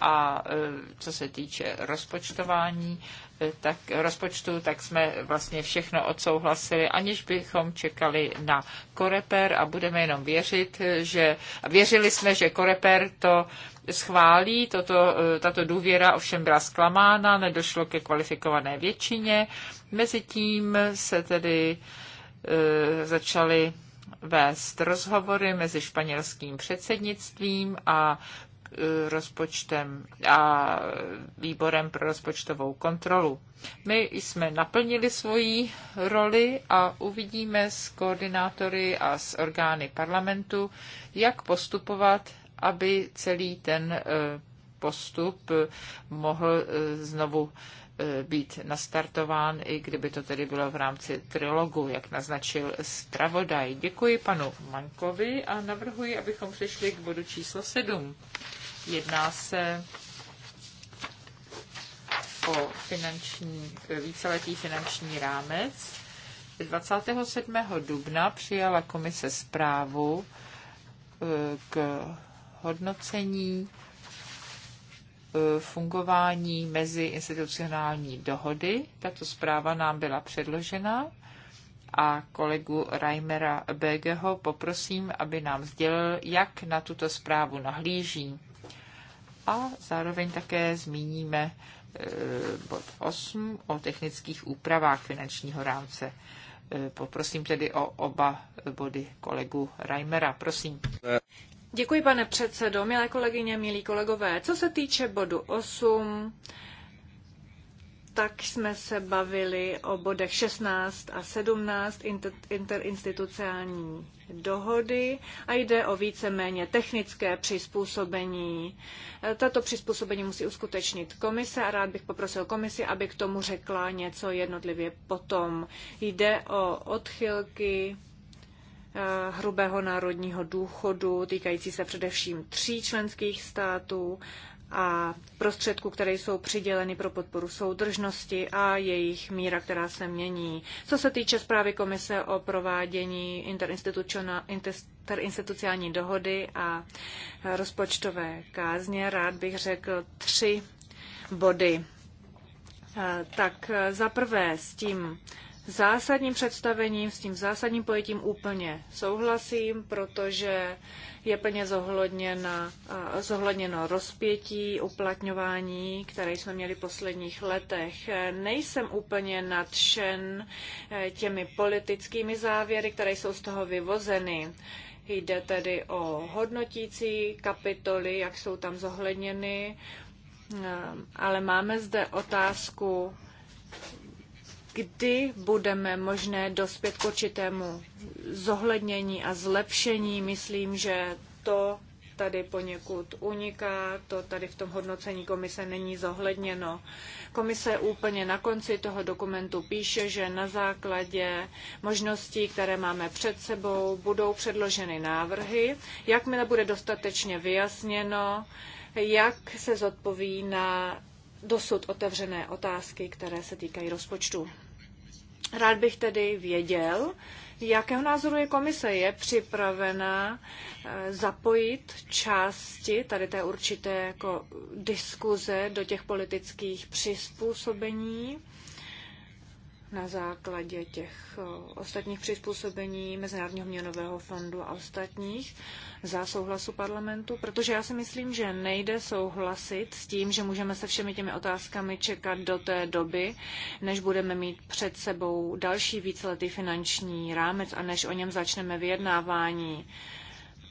a eh, co se týče rozpočtování, eh, tak rozpočtu, tak jsme vlastně všechno odsouhlasili, aniž bychom čekali na Koreper a budeme jenom věřit, že věřili jsme, že Koreper to schválí, toto, tato důvěra ovšem byla zklamána, nedošlo ke kvalifikované většině Mezitím se tedy e, začaly vést rozhovory mezi španělským předsednictvím a eh, rozpočtem a výborem pro rozpočtovou kontrolu. My jsme naplnili svoji roli a uvidíme s koordinátory a s orgány parlamentu, jak postupovat, aby celý ten eh, postup mohl znovu E, být nastartován, i kdyby to tedy bylo v rámci trilogu, jak naznačil zpravodaj. Děkuji panu Mankovi a navrhuji, abychom přešli k bodu číslo 7. Jedná se o finanční, e, víceletý finanční rámec. 27. dubna přijala komise zprávu e, k hodnocení E, fungování mezi institucionální dohody. Tato zpráva nám byla předložena a kolegu Reimera Begeho poprosím, aby nám sdělil, jak na tuto zprávu nahlíží. A zároveň také zmíníme e, bod 8 o technických úpravách finančního rámce. E, poprosím tedy o oba body kolegu Reimera. Prosím. Děkuji, pane předsedo, milé kolegyně, milí kolegové. Co se týče bodu 8, tak jsme se bavili o bodech 16 a 17 interinstitucionální dohody a jde o víceméně technické přizpůsobení. Tato přizpůsobení musí uskutečnit komise a rád bych poprosil komisi, aby k tomu řekla něco jednotlivě potom. Jde o odchylky Eh, hrubého národního důchodu, týkající se především tří členských států a prostředků, které jsou přiděleny pro podporu soudržnosti a jejich míra, která se mění. Co se týče zprávy komise o provádění interinstitucionální dohody a rozpočtové kázně, rád bych řekl tři body. Eh, tak eh, za prvé s tím zásadním představením, s tím zásadním pojetím úplně souhlasím, protože je plně zohledněno eh, zohledněno rozpětí, uplatňování, které jsme měli v posledních letech. Nejsem úplně nadšen eh, těmi politickými závěry, které jsou z toho vyvozeny. Jde tedy o hodnotící kapitoly, jak jsou tam zohledněny, eh, ale máme zde otázku kdy budeme možné dospět k určitému zohlednění a zlepšení. Myslím, že to tady poněkud uniká, to tady v tom hodnocení komise není zohledněno. Komise úplně na konci toho dokumentu píše, že na základě možností, které máme před sebou, budou předloženy návrhy. Jakmile bude dostatečně vyjasněno, jak se zodpoví na dosud otevřené otázky, které se týkají rozpočtu. Rád bych tedy věděl, jakého názoru je komise. Je připravena eh, zapojit části tady té určité jako diskuze do těch politických přizpůsobení? na základě těch eh, ostatních přizpůsobení Mezinárodního měnového fondu a ostatních za souhlasu parlamentu, protože já si myslím, že nejde souhlasit s tím, že můžeme se všemi těmi otázkami čekat do té doby, než budeme mít před sebou další víceletý finanční rámec a než o něm začneme vyjednávání.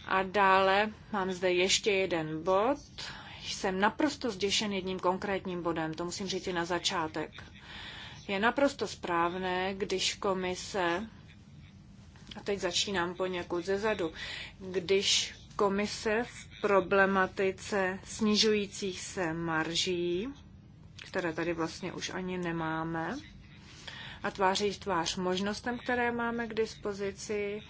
A dále mám zde ještě jeden bod. Jsem naprosto zděšen jedním konkrétním bodem, to musím říct i na začátek. Je naprosto správné, když komise, a teď začínám poněkud zezadu, když komise v problematice snižujících se marží, které tady vlastně už ani nemáme, a tváří tvář možnostem, které máme k dispozici,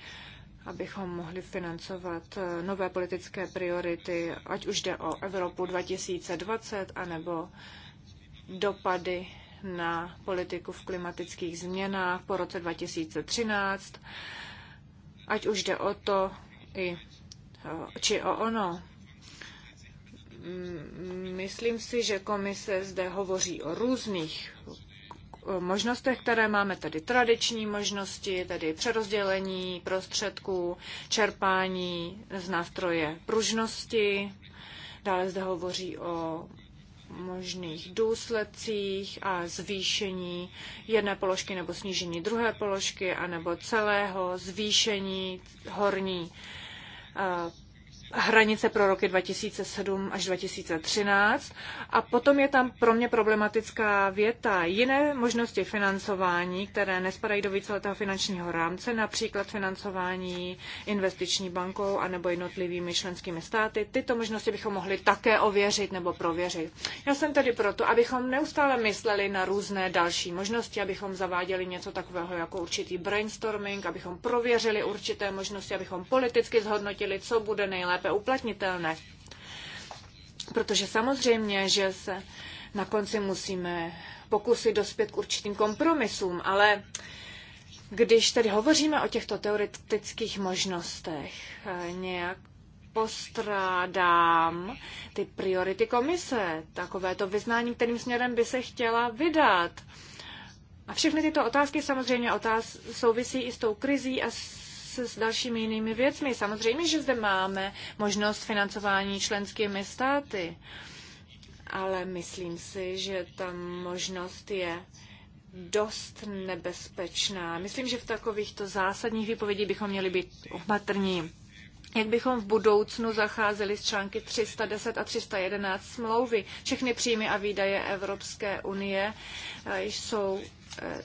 abychom mohli financovat eh, nové politické priority, ať už jde o Evropu 2020, anebo dopady na politiku v klimatických změnách po roce 2013, ať už jde o to i, eh, či o ono. Mm, myslím si, že komise zde hovoří o různých eh, možnostech, které máme, tedy tradiční možnosti, tedy přerozdělení prostředků, čerpání z nástroje pružnosti. Dále zde hovoří o možných důsledcích a zvýšení jedné položky nebo snížení druhé položky, anebo celého zvýšení horní eh, hranice pro roky 2007 až 2013. A potom je tam pro mě problematická věta. Jiné možnosti financování, které nespadají do víceletého finančního rámce, například financování investiční bankou anebo jednotlivými členskými státy, tyto možnosti bychom mohli také ověřit nebo prověřit. Já jsem tedy proto, abychom neustále mysleli na různé další možnosti, abychom zaváděli něco takového jako určitý brainstorming, abychom prověřili určité možnosti, abychom politicky zhodnotili, co bude nejlépe lépe uplatnitelné. Protože samozřejmě, že se na konci musíme pokusit dospět k určitým kompromisům, ale když tedy hovoříme o těchto teoretických možnostech, nějak postrádám ty priority komise, takové to vyznání, kterým směrem by se chtěla vydat. A všechny tyto otázky samozřejmě otáz souvisí i s tou krizí a s s dalšími jinými věcmi. Samozřejmě, že zde máme možnost financování členskými státy, ale myslím si, že ta možnost je dost nebezpečná. Myslím, že v takovýchto zásadních výpovědí bychom měli být opatrní. Jak bychom v budoucnu zacházeli s články 310 a 311 smlouvy? Všechny příjmy a výdaje Evropské unie eh, jsou eh,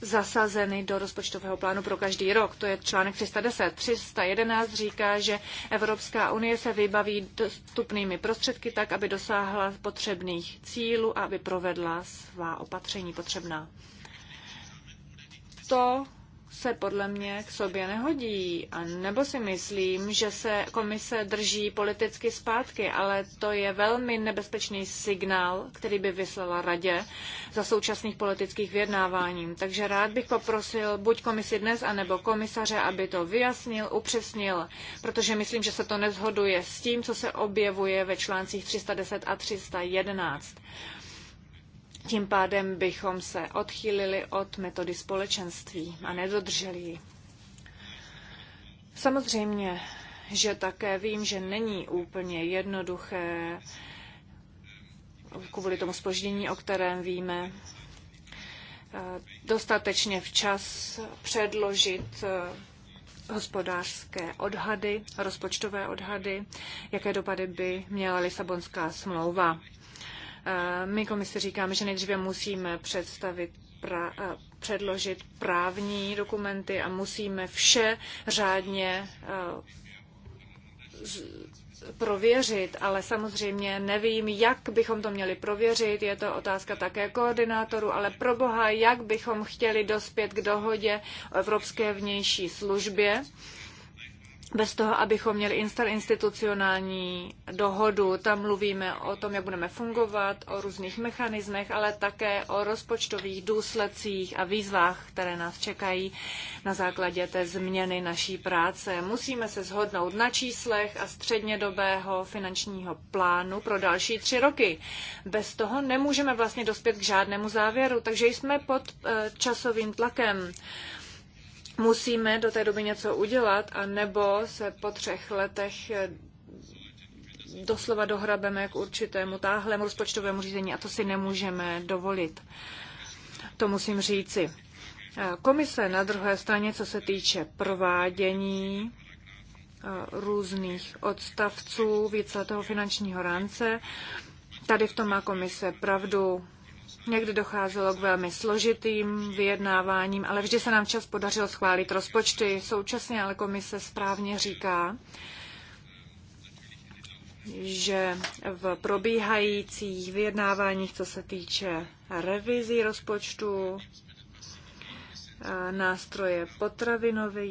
zasazeny do rozpočtového plánu pro každý rok. To je článek 310. 311 říká, že Evropská unie se vybaví dostupnými prostředky tak, aby dosáhla potřebných cílů a aby provedla svá opatření potřebná. To se podle mě k sobě nehodí. A nebo si myslím, že se komise drží politicky zpátky, ale to je velmi nebezpečný signál, který by vyslala radě za současných politických vyjednávání. Takže rád bych poprosil buď komisi dnes, anebo komisaře, aby to vyjasnil, upřesnil, protože myslím, že se to nezhoduje s tím, co se objevuje ve článcích 310 a 311. Tím pádem bychom se odchýlili od metody společenství a nedodrželi ji. Samozřejmě, že také vím, že není úplně jednoduché kvůli tomu spoždění, o kterém víme, eh, dostatečně včas předložit eh, hospodářské odhady, rozpočtové odhady, jaké dopady by měla Lisabonská smlouva. My komisi říkáme, že nejdříve musíme představit pra, předložit právní dokumenty a musíme vše řádně prověřit, ale samozřejmě nevím, jak bychom to měli prověřit. Je to otázka také koordinátoru, ale pro boha, jak bychom chtěli dospět k dohodě o Evropské vnější službě bez toho, abychom měli interinstitucionální dohodu. Tam mluvíme o tom, jak budeme fungovat, o různých mechanismech, ale také o rozpočtových důsledcích a výzvách, které nás čekají na základě té změny naší práce. Musíme se shodnout na číslech a střednědobého finančního plánu pro další tři roky. Bez toho nemůžeme vlastně dospět k žádnému závěru, takže jsme pod eh, časovým tlakem musíme do té doby něco udělat, a nebo se po třech letech eh, doslova dohrabeme k určitému táhlému rozpočtovému řízení a to si nemůžeme dovolit. To musím říci. Eh, komise na druhé straně, co se týče provádění eh, různých odstavců víceletého finančního rámce, tady v tom má komise pravdu. Někdy docházelo k velmi složitým vyjednáváním, ale vždy se nám čas podařilo schválit rozpočty. Současně ale komise správně říká, že v probíhajících vyjednáváních, co se týče revizí rozpočtu, nástroje potravinové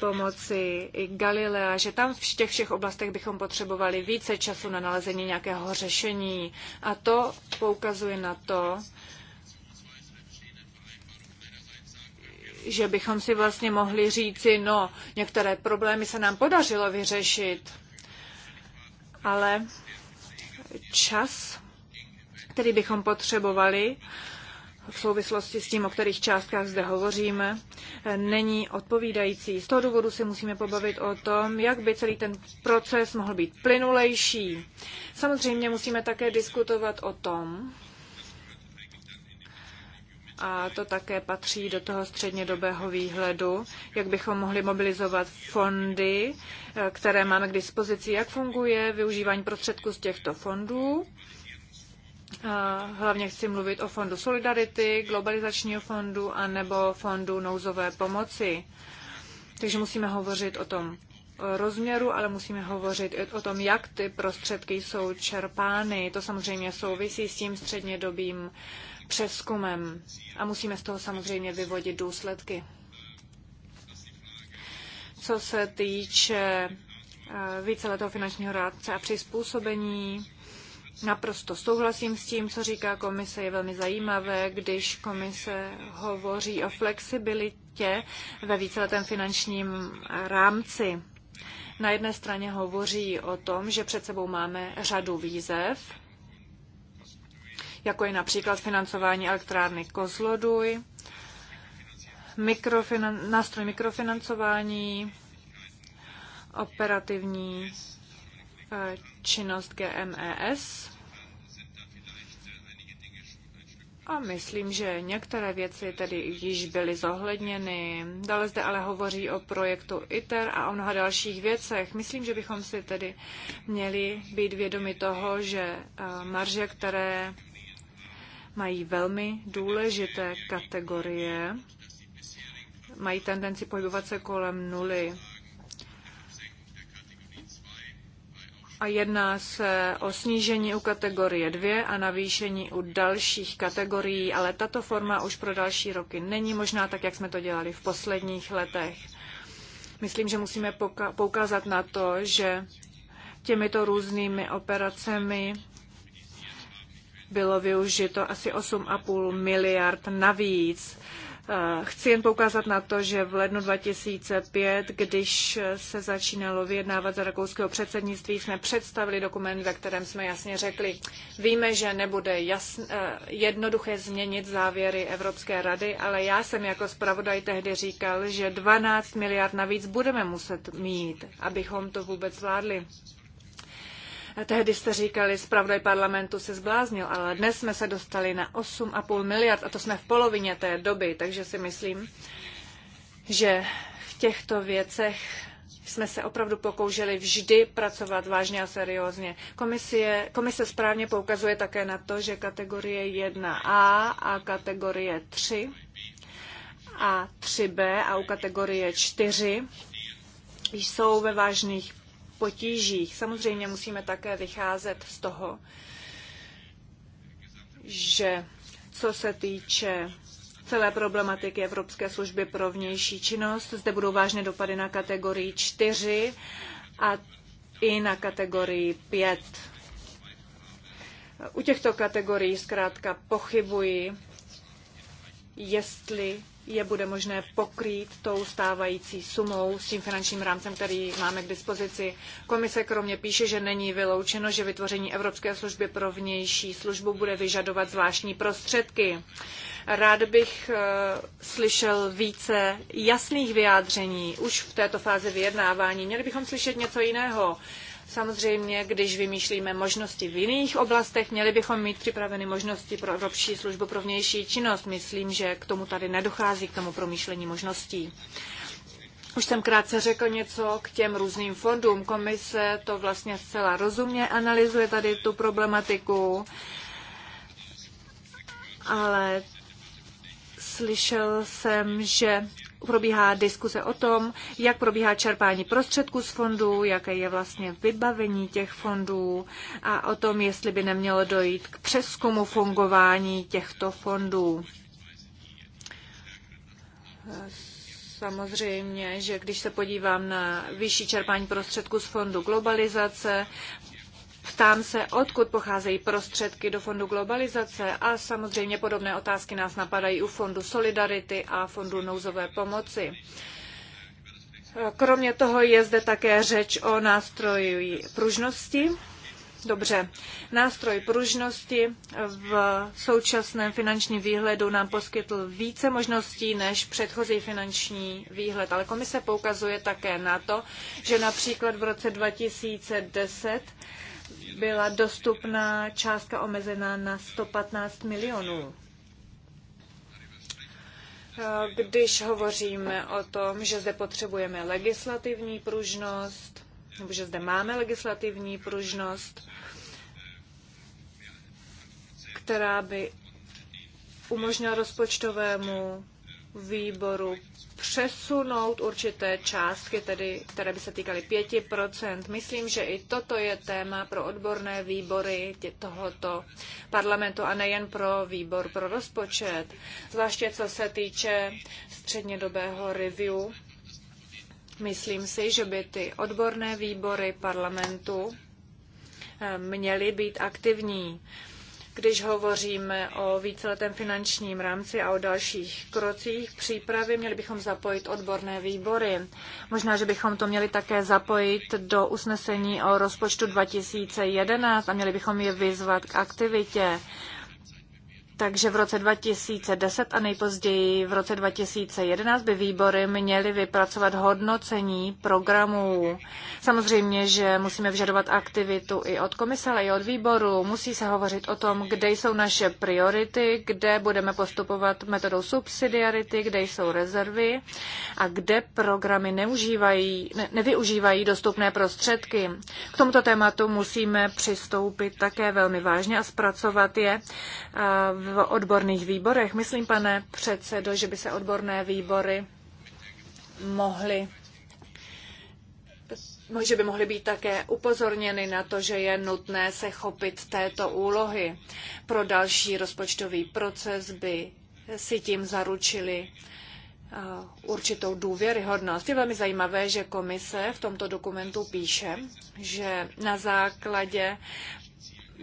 pomoci i Galilea, že tam v těch všech oblastech bychom potřebovali více času na nalezení nějakého řešení. A to poukazuje na to, že bychom si vlastně mohli říci, no, některé problémy se nám podařilo vyřešit, ale čas, který bychom potřebovali, v souvislosti s tím, o kterých částkách zde hovoříme, eh, není odpovídající. Z toho důvodu se musíme pobavit o tom, jak by celý ten proces mohl být plynulejší. Samozřejmě musíme také diskutovat o tom, a to také patří do toho střednědobého výhledu, jak bychom mohli mobilizovat fondy, eh, které máme k dispozici, jak funguje využívání prostředků z těchto fondů Hlavně chci mluvit o fondu Solidarity, globalizačního fondu a nebo fondu nouzové pomoci. Takže musíme hovořit o tom rozměru, ale musíme hovořit i o tom, jak ty prostředky jsou čerpány. To samozřejmě souvisí s tím střednědobým přeskumem a musíme z toho samozřejmě vyvodit důsledky. Co se týče eh, víceletého finančního rádce a přizpůsobení, Naprosto souhlasím s tím, co říká komise. Je velmi zajímavé, když komise hovoří o flexibilitě ve víceletém finančním rámci. Na jedné straně hovoří o tom, že před sebou máme řadu výzev, jako je například financování elektrárny Kozloduj, mikrofinan- nástroj mikrofinancování, operativní činnost GMES. A myslím, že některé věci tedy již byly zohledněny. Dále zde ale hovoří o projektu ITER a o mnoha dalších věcech. Myslím, že bychom si tedy měli být vědomi toho, že eh, marže, které mají velmi důležité kategorie, mají tendenci pohybovat se kolem nuly. a jedná se o snížení u kategorie 2 a navýšení u dalších kategorií, ale tato forma už pro další roky není možná tak, jak jsme to dělali v posledních letech. Myslím, že musíme poukázat na to, že těmito různými operacemi bylo využito asi 8,5 miliard navíc. Chci jen poukázat na to, že v lednu 2005, když se začínalo vyjednávat za rakouského předsednictví, jsme představili dokument, ve kterém jsme jasně řekli, víme, že nebude jasn, eh, jednoduché změnit závěry Evropské rady, ale já jsem jako zpravodaj tehdy říkal, že 12 miliard navíc budeme muset mít, abychom to vůbec zvládli. Tehdy jste říkali, zpravodaj parlamentu se zbláznil, ale dnes jsme se dostali na 8,5 miliard a to jsme v polovině té doby, takže si myslím, že v těchto věcech jsme se opravdu pokoušeli vždy pracovat vážně a seriózně. Komisie, komise správně poukazuje také na to, že kategorie 1A a kategorie 3 a 3B a u kategorie 4 jsou ve vážných potížích. Samozřejmě musíme také vycházet z toho, že co se týče celé problematiky Evropské služby pro vnější činnost, zde budou vážné dopady na kategorii 4 a i na kategorii 5. U těchto kategorií zkrátka pochybuji, jestli je bude možné pokrýt tou stávající sumou s tím finančním rámcem, který máme k dispozici. Komise kromě píše, že není vyloučeno, že vytvoření Evropské služby pro vnější službu bude vyžadovat zvláštní prostředky. Rád bych eh, slyšel více jasných vyjádření už v této fázi vyjednávání. Měli bychom slyšet něco jiného Samozřejmě, když vymýšlíme možnosti v jiných oblastech, měli bychom mít připraveny možnosti pro Evropští službu pro vnější činnost. Myslím, že k tomu tady nedochází, k tomu promýšlení možností. Už jsem krátce řekl něco k těm různým fondům. Komise to vlastně zcela rozumně analyzuje tady tu problematiku, ale slyšel jsem, že probíhá diskuse o tom, jak probíhá čerpání prostředků z fondů, jaké je vlastně vybavení těch fondů a o tom, jestli by nemělo dojít k přeskumu fungování těchto fondů. Samozřejmě, že když se podívám na vyšší čerpání prostředků z fondu globalizace, Ptám se, odkud pocházejí prostředky do Fondu globalizace a samozřejmě podobné otázky nás napadají u Fondu Solidarity a Fondu nouzové pomoci. Kromě toho je zde také řeč o nástroji pružnosti Dobře, nástroj pružnosti v současném finančním výhledu nám poskytl více možností než předchozí finanční výhled, ale komise poukazuje také na to, že například v roce 2010 byla dostupná částka omezená na 115 milionů. Když hovoříme o tom, že zde potřebujeme legislativní pružnost, nebo že zde máme legislativní pružnost, která by umožnila rozpočtovému výboru přesunout určité částky, tedy, které by se týkaly 5%. Myslím, že i toto je téma pro odborné výbory tohoto parlamentu a nejen pro výbor pro rozpočet, zvláště co se týče střednědobého review Myslím si, že by ty odborné výbory parlamentu eh, měly být aktivní. Když hovoříme o víceletém finančním rámci a o dalších krocích přípravy, měli bychom zapojit odborné výbory. Možná, že bychom to měli také zapojit do usnesení o rozpočtu 2011 a měli bychom je vyzvat k aktivitě. Takže v roce 2010 a nejpozději v roce 2011 by výbory měly vypracovat hodnocení programů. Samozřejmě, že musíme vyžadovat aktivitu i od komise, ale i od výboru. Musí se hovořit o tom, kde jsou naše priority, kde budeme postupovat metodou subsidiarity, kde jsou rezervy a kde programy neužívají, ne, nevyužívají dostupné prostředky. K tomuto tématu musíme přistoupit také velmi vážně a zpracovat je v odborných výborech. Myslím, pane předsedo, že by se odborné výbory mohly že by mohly být také upozorněny na to, že je nutné se chopit této úlohy. Pro další rozpočtový proces by si tím zaručili eh, určitou důvěryhodnost. Je velmi zajímavé, že komise v tomto dokumentu píše, že na základě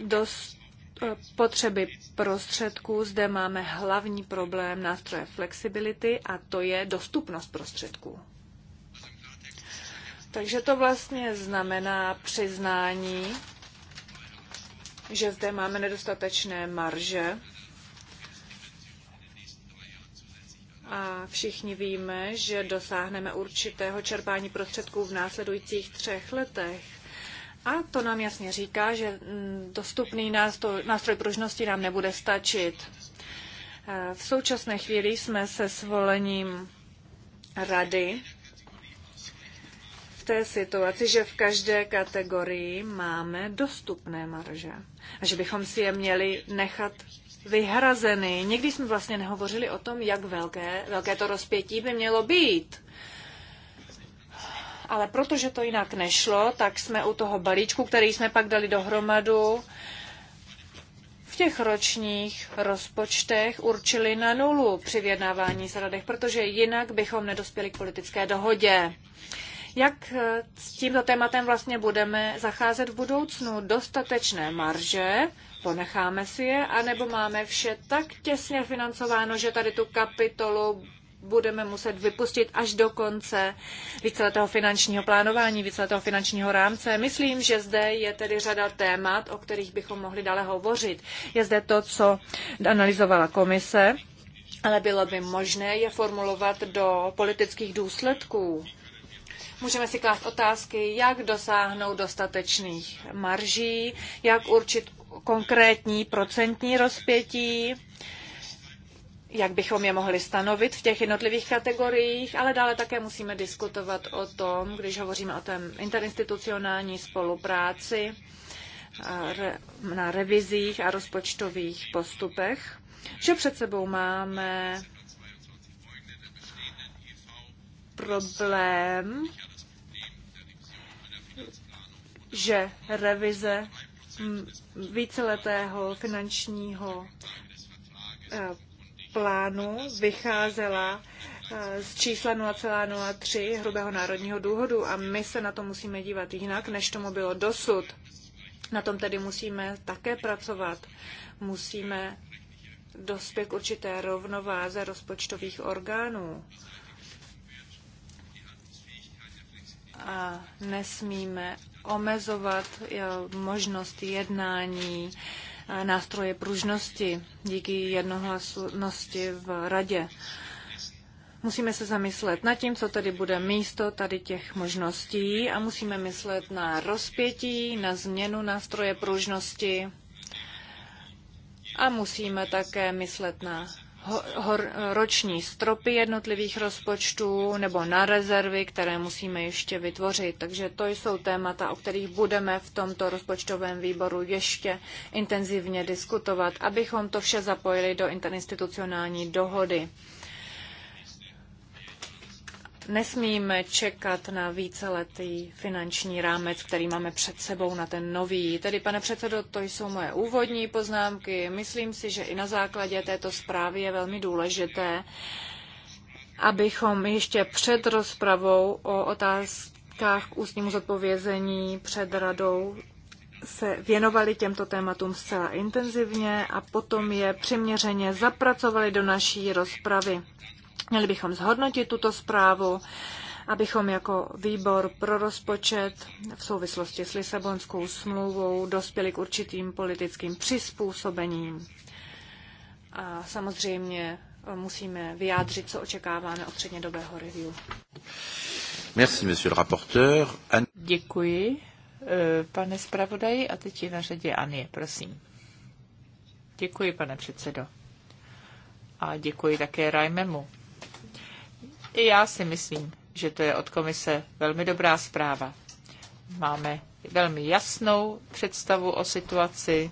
dost potřeby prostředků zde máme hlavní problém nástroje flexibility a to je dostupnost prostředků. Takže to vlastně znamená přiznání, že zde máme nedostatečné marže a všichni víme, že dosáhneme určitého čerpání prostředků v následujících třech letech a to nám jasně říká, že mm, dostupný nástroj, nástroj pružnosti nám nebude stačit. E, v současné chvíli jsme se svolením rady v té situaci, že v každé kategorii máme dostupné marže a že bychom si je měli nechat vyhrazeny. Někdy jsme vlastně nehovořili o tom, jak velké, velké to rozpětí by mělo být ale protože to jinak nešlo, tak jsme u toho balíčku, který jsme pak dali dohromadu, v těch ročních rozpočtech určili na nulu při vyjednávání s radech, protože jinak bychom nedospěli k politické dohodě. Jak eh, s tímto tématem vlastně budeme zacházet v budoucnu? Dostatečné marže, ponecháme si je, anebo máme vše tak těsně financováno, že tady tu kapitolu budeme muset vypustit až do konce víceletého finančního plánování, víceletého finančního rámce. Myslím, že zde je tedy řada témat, o kterých bychom mohli dále hovořit. Je zde to, co analyzovala komise, ale bylo by možné je formulovat do politických důsledků. Můžeme si klást otázky, jak dosáhnout dostatečných marží, jak určit konkrétní procentní rozpětí, jak bychom je mohli stanovit v těch jednotlivých kategoriích, ale dále také musíme diskutovat o tom, když hovoříme o té interinstitucionální spolupráci na revizích a rozpočtových postupech, že před sebou máme problém, že revize víceletého finančního eh, plánu vycházela eh, z čísla 0,03 hrubého národního důhodu a my se na to musíme dívat jinak, než tomu bylo dosud. Na tom tedy musíme také pracovat. Musíme dospět k určité rovnováze rozpočtových orgánů. A nesmíme omezovat možnost jednání, nástroje pružnosti díky jednohlasnosti v radě. Musíme se zamyslet nad tím, co tady bude místo tady těch možností a musíme myslet na rozpětí, na změnu nástroje pružnosti a musíme také myslet na roční stropy jednotlivých rozpočtů nebo na rezervy, které musíme ještě vytvořit. Takže to jsou témata, o kterých budeme v tomto rozpočtovém výboru ještě intenzivně diskutovat, abychom to vše zapojili do interinstitucionální dohody. Nesmíme čekat na víceletý finanční rámec, který máme před sebou na ten nový. Tedy, pane předsedo, to jsou moje úvodní poznámky. Myslím si, že i na základě této zprávy je velmi důležité, abychom ještě před rozpravou o otázkách k ústnímu zodpovězení před radou se věnovali těmto tématům zcela intenzivně a potom je přiměřeně zapracovali do naší rozpravy. Měli bychom zhodnotit tuto zprávu, abychom jako výbor pro rozpočet v souvislosti s Lisabonskou smlouvou dospěli k určitým politickým přizpůsobením. A samozřejmě eh, musíme vyjádřit, co očekáváme od střednědobého review. Merci, monsieur le rapporteur. An... Děkuji, eh, pane zpravodaji. A teď je na řadě Anie, prosím. Děkuji, pane předsedo. A děkuji také Rajmemu i já si myslím, že to je od komise velmi dobrá zpráva. Máme velmi jasnou představu o situaci,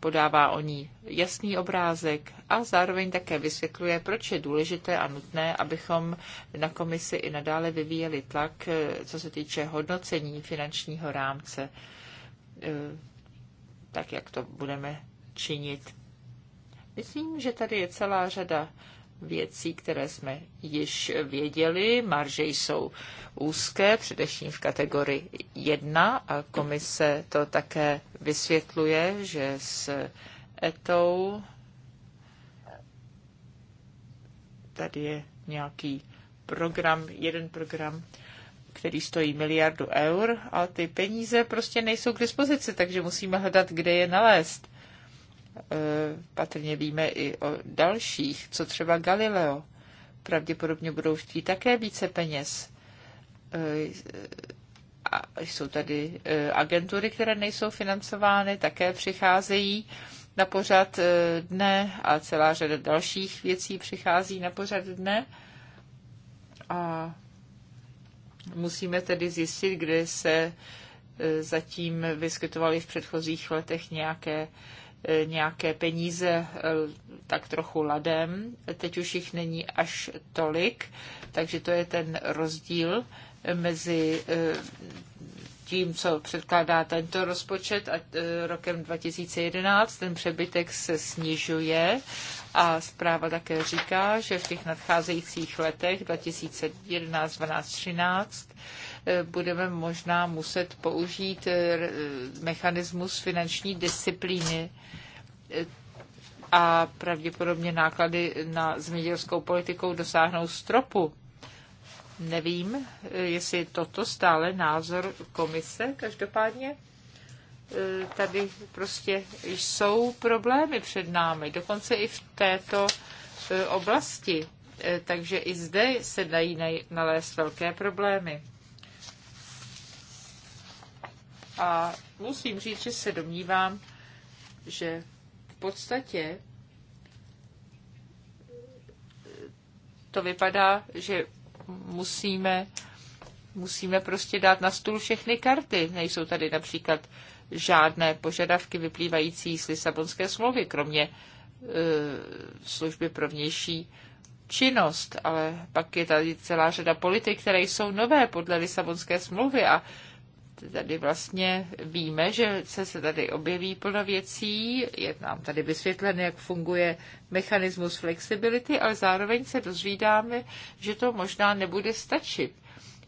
podává o ní jasný obrázek a zároveň také vysvětluje, proč je důležité a nutné, abychom na komisi i nadále vyvíjeli tlak, eh, co se týče hodnocení finančního rámce, eh, tak jak to budeme činit. Myslím, že tady je celá řada věcí, které jsme již věděli. Marže jsou úzké, především v kategorii 1 a komise to také vysvětluje, že s etou tady je nějaký program, jeden program, který stojí miliardu eur, ale ty peníze prostě nejsou k dispozici, takže musíme hledat, kde je nalézt. Eh, patrně víme i o dalších, co třeba Galileo. Pravděpodobně budou chtít také více peněz. Eh, a jsou tady eh, agentury, které nejsou financovány, také přicházejí na pořad dne a celá řada dalších věcí přichází na pořad dne. A musíme tedy zjistit, kde se zatím vyskytovaly v předchozích letech nějaké nějaké peníze eh, tak trochu ladem. Teď už jich není až tolik, takže to je ten rozdíl mezi eh, tím, co předkládá tento rozpočet a eh, rokem 2011 ten přebytek se snižuje a zpráva také říká, že v těch nadcházejících letech 2011, 12, 13 budeme možná muset použít eh, mechanismus finanční disciplíny eh, a pravděpodobně náklady na zemědělskou politikou dosáhnou stropu. Nevím, eh, jestli je toto stále názor komise. Každopádně tady prostě jsou problémy před námi, dokonce i v této oblasti. Takže i zde se dají nalézt velké problémy a musím říct, že se domnívám, že v podstatě to vypadá, že musíme, musíme prostě dát na stůl všechny karty. Nejsou tady například žádné požadavky vyplývající z Lisabonské smlouvy, kromě e, služby pro vnější činnost, ale pak je tady celá řada politik, které jsou nové podle Lisabonské smlouvy a tady vlastně víme, že se, se tady objeví plno věcí, je nám tady vysvětlen, jak funguje mechanismus flexibility, ale zároveň se dozvídáme, že to možná nebude stačit.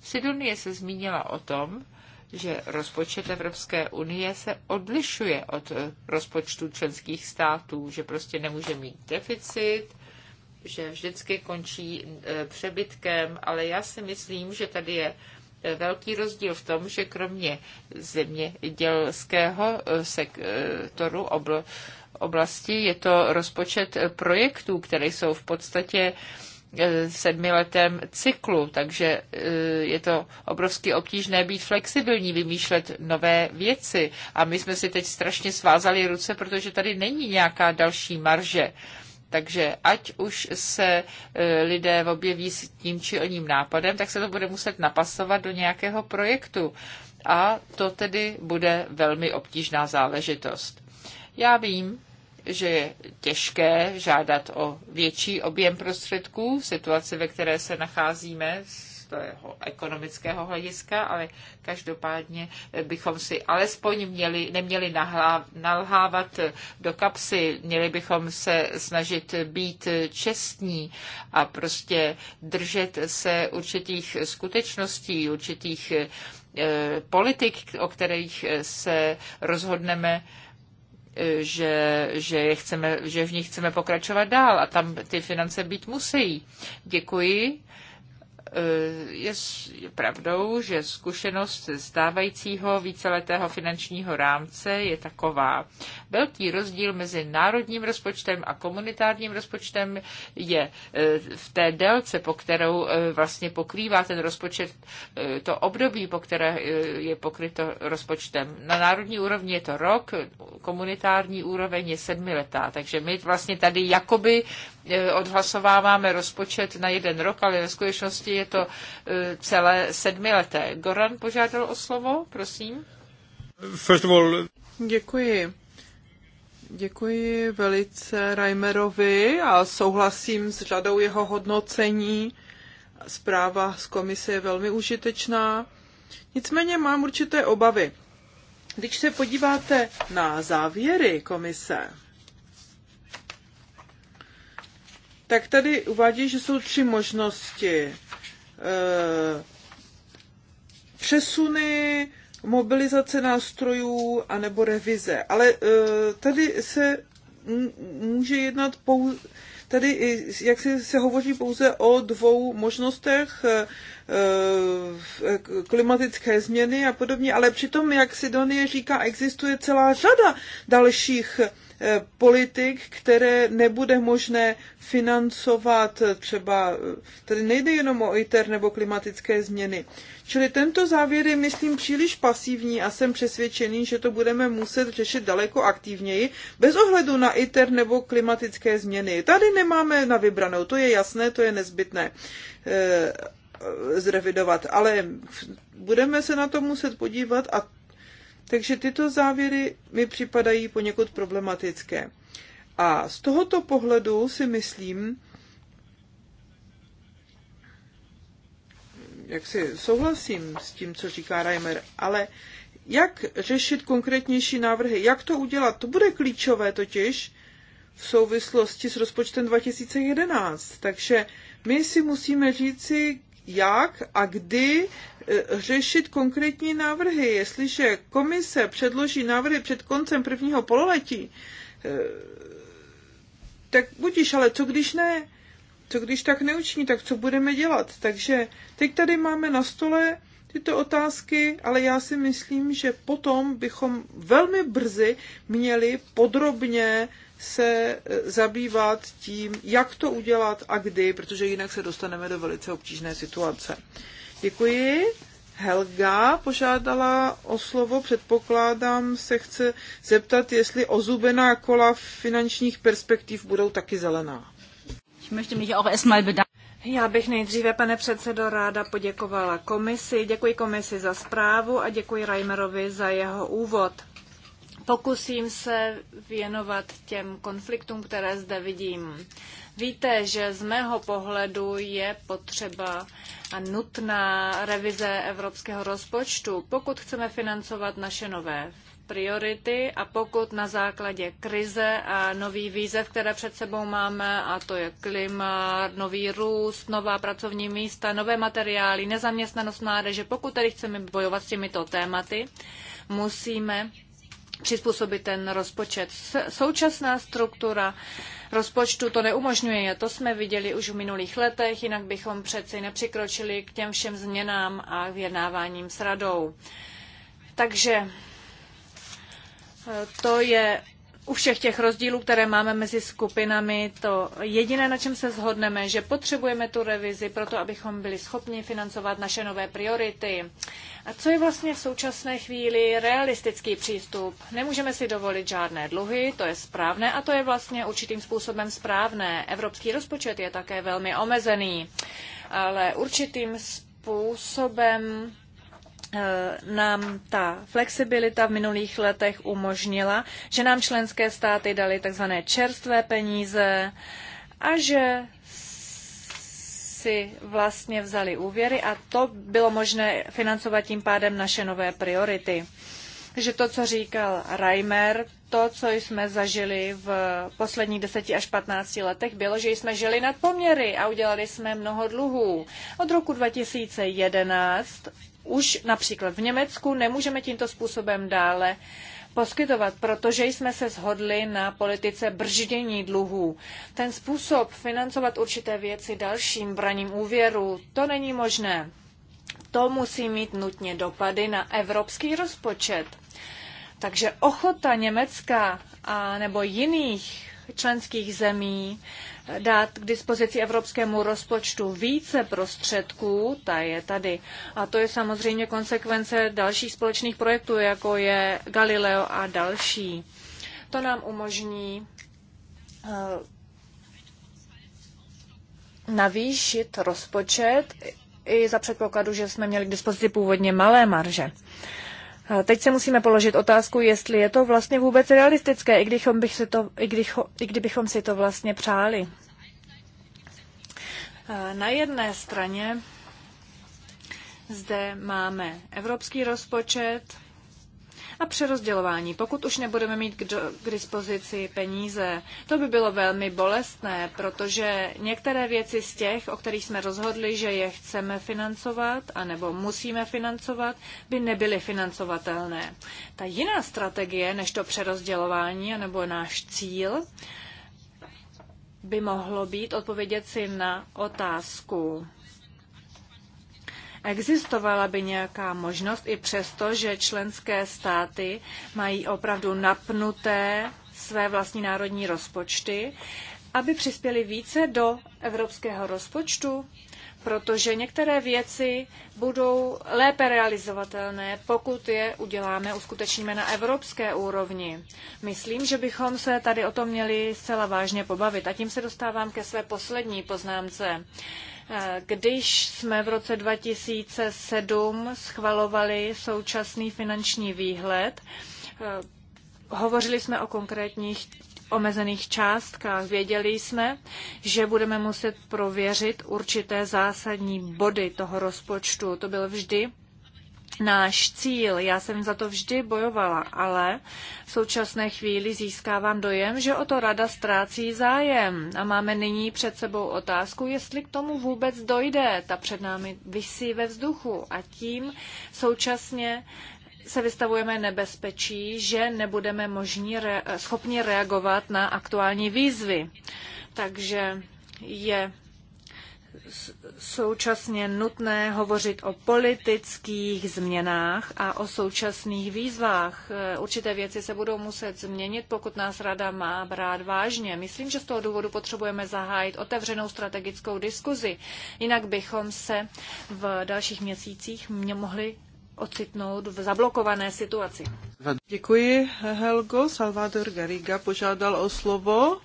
Sidonie se zmínila o tom, že rozpočet Evropské unie se odlišuje od rozpočtu členských států, že prostě nemůže mít deficit, že vždycky končí eh, přebytkem, ale já si myslím, že tady je velký rozdíl v tom, že kromě zemědělského eh, sektoru obl, oblasti je to rozpočet projektů, které jsou v podstatě eh, sedmiletém cyklu, takže eh, je to obrovsky obtížné být flexibilní, vymýšlet nové věci. A my jsme si teď strašně svázali ruce, protože tady není nějaká další marže. Takže ať už se e, lidé objeví s tím či oním nápadem, tak se to bude muset napasovat do nějakého projektu. A to tedy bude velmi obtížná záležitost. Já vím, že je těžké žádat o větší objem prostředků v situaci, ve které se nacházíme, toho ekonomického hlediska, ale každopádně bychom si alespoň měli, neměli nahlá, nalhávat do kapsy, měli bychom se snažit být čestní a prostě držet se určitých skutečností, určitých eh, politik, o kterých se rozhodneme, eh, že, že, je chceme, že v nich chceme pokračovat dál a tam ty finance být musí. Děkuji. Eh, je pravdou, že zkušenost stávajícího víceletého finančního rámce je taková. Velký rozdíl mezi národním rozpočtem a komunitárním rozpočtem je eh, v té délce, po kterou eh, vlastně pokrývá ten rozpočet, to období, po které je pokryto rozpočtem. Na národní úrovni je to rok, komunitární úroveň je sedmiletá, takže my vlastně tady jakoby E, odhlasováváme rozpočet na jeden rok, ale ve skutečnosti je to e, celé sedmileté. Goran požádal o slovo, prosím. First of all... Děkuji. Děkuji velice Reimerovi a souhlasím s řadou jeho hodnocení. Zpráva z komise je velmi užitečná. Nicméně mám určité obavy. Když se podíváte na závěry komise, tak tady uvádí, že jsou tři možnosti. E, přesuny, mobilizace nástrojů anebo revize. Ale e, tady se může jednat pouze, tady jak se, se hovoří pouze o dvou možnostech e, klimatické změny a podobně, ale přitom, jak Sidonie říká, existuje celá řada dalších Eh, politik, které nebude možné financovat eh, třeba, eh, tady nejde jenom o ITER nebo klimatické změny. Čili tento závěr je, myslím, příliš pasivní a jsem přesvědčený, že to budeme muset řešit daleko aktivněji, bez ohledu na ITER nebo klimatické změny. Tady nemáme na vybranou, to je jasné, to je nezbytné zrevidovat, ale budeme se na to muset podívat a takže tyto závěry mi připadají poněkud problematické. A z tohoto pohledu si myslím, jak si souhlasím s tím, co říká Reimer, ale jak řešit konkrétnější návrhy, jak to udělat, to bude klíčové totiž v souvislosti s rozpočtem 2011. Takže my si musíme říci, jak a kdy E, řešit konkrétní návrhy. Jestliže komise předloží návrhy před koncem prvního pololetí, e, tak budíš, ale co když ne? Co když tak neuční, tak co budeme dělat? Takže teď tady máme na stole tyto otázky, ale já si myslím, že potom bychom velmi brzy měli podrobně se e, zabývat tím, jak to udělat a kdy, protože jinak se dostaneme do velice obtížné situace. Děkuji. Helga požádala o slovo, předpokládám, se chce zeptat, jestli ozubená kola finančních perspektiv budou taky zelená. Já bych nejdříve, pane předsedo, ráda poděkovala komisi. Děkuji komisi za zprávu a děkuji Reimerovi za jeho úvod. Pokusím se věnovat těm konfliktům, které zde vidím. Víte, že z mého pohledu je potřeba a nutná revize evropského rozpočtu, pokud chceme financovat naše nové priority a pokud na základě krize a nových výzev, které před sebou máme, a to je klima, nový růst, nová pracovní místa, nové materiály, nezaměstnanost mládeže, pokud tedy chceme bojovat s těmito tématy, musíme přizpůsobit ten rozpočet. Současná struktura rozpočtu to neumožňuje. To jsme viděli už v minulých letech, jinak bychom přeci nepřikročili k těm všem změnám a vyjednáváním s radou. Takže eh, to je u všech těch rozdílů, které máme mezi skupinami, to jediné, na čem se shodneme, že potřebujeme tu revizi proto, abychom byli schopni financovat naše nové priority. A co je vlastně v současné chvíli realistický přístup? Nemůžeme si dovolit žádné dluhy, to je správné a to je vlastně určitým způsobem správné. Evropský rozpočet je také velmi omezený, ale určitým způsobem Eh, nám ta flexibilita v minulých letech umožnila, že nám členské státy dali tzv. čerstvé peníze a že si vlastně vzali úvěry a to bylo možné financovat tím pádem naše nové priority. Takže to, co říkal Reimer, to, co jsme zažili v posledních 10 až 15 letech, bylo, že jsme žili nad poměry a udělali jsme mnoho dluhů. Od roku 2011 už například v Německu nemůžeme tímto způsobem dále poskytovat, protože jsme se shodli na politice brždění dluhů. Ten způsob financovat určité věci dalším braním úvěru, to není možné. To musí mít nutně dopady na evropský rozpočet. Takže ochota Německa a nebo jiných členských zemí dát k dispozici evropskému rozpočtu více prostředků, ta je tady. A to je samozřejmě konsekvence dalších společných projektů, jako je Galileo a další. To nám umožní eh, navýšit rozpočet i za předpokladu, že jsme měli k dispozici původně malé marže. Teď se musíme položit otázku, jestli je to vlastně vůbec realistické, i, kdychom bych si to, i, kdycho, i kdybychom si to vlastně přáli. Na jedné straně zde máme evropský rozpočet, a přerozdělování, pokud už nebudeme mít k, do, k dispozici peníze. To by bylo velmi bolestné, protože některé věci z těch, o kterých jsme rozhodli, že je chceme financovat anebo musíme financovat, by nebyly financovatelné. Ta jiná strategie, než to přerozdělování anebo náš cíl, by mohlo být odpovědět si na otázku, Existovala by nějaká možnost i přesto, že členské státy mají opravdu napnuté své vlastní národní rozpočty, aby přispěli více do evropského rozpočtu, protože některé věci budou lépe realizovatelné, pokud je uděláme, uskutečníme na evropské úrovni. Myslím, že bychom se tady o tom měli zcela vážně pobavit. A tím se dostávám ke své poslední poznámce. Uh, Eh, když jsme v roce 2007 schvalovali současný finanční výhled, eh, hovořili jsme o konkrétních omezených částkách. Věděli jsme, že budeme muset prověřit určité zásadní body toho rozpočtu. To byl vždy náš cíl. Já jsem za to vždy bojovala, ale v současné chvíli získávám dojem, že o to rada ztrácí zájem. A máme nyní před sebou otázku, jestli k tomu vůbec dojde. Ta před námi vysí ve vzduchu a tím současně se vystavujeme nebezpečí, že nebudeme možní re- schopni reagovat na aktuální výzvy. Takže je současně nutné hovořit o politických změnách a o současných výzvách. E, určité věci se budou muset změnit, pokud nás rada má brát vážně. Myslím, že z toho důvodu potřebujeme zahájit otevřenou strategickou diskuzi. Jinak bychom se v dalších měsících mě mohli ocitnout v zablokované situaci. Děkuji, Helgo. Salvador Garriga požádal o slovo.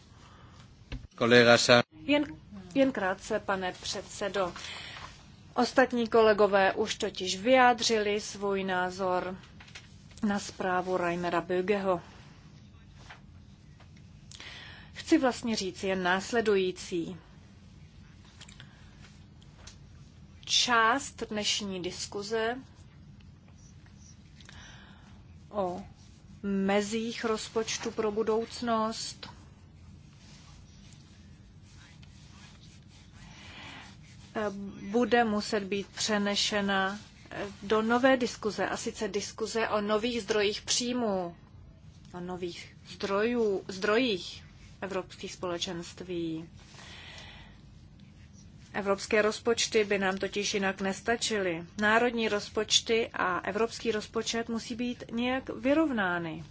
Kolega Jen jen krátce, pane předsedo. Ostatní kolegové už totiž vyjádřili svůj názor na zprávu Rainera Bögeho. Chci vlastně říct jen následující. Část dnešní diskuze o mezích rozpočtu pro budoucnost bude muset být přenešena do nové diskuze, a sice diskuze o nových zdrojích příjmů, o nových zdrojů, zdrojích evropských společenství. Evropské rozpočty by nám totiž jinak nestačily. Národní rozpočty a evropský rozpočet musí být nějak vyrovnány.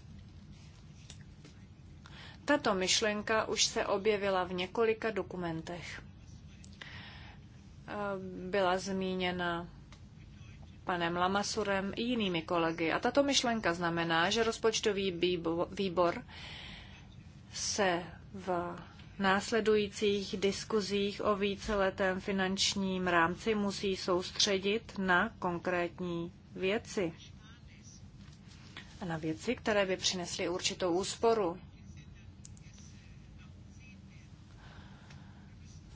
Tato myšlenka už se objevila v několika dokumentech. Eh, byla zmíněna panem Lamasurem i jinými kolegy. A tato myšlenka znamená, že rozpočtový výbor se v následujících diskuzích o víceletém finančním rámci musí soustředit na konkrétní věci. A na věci, které by přinesly určitou úsporu.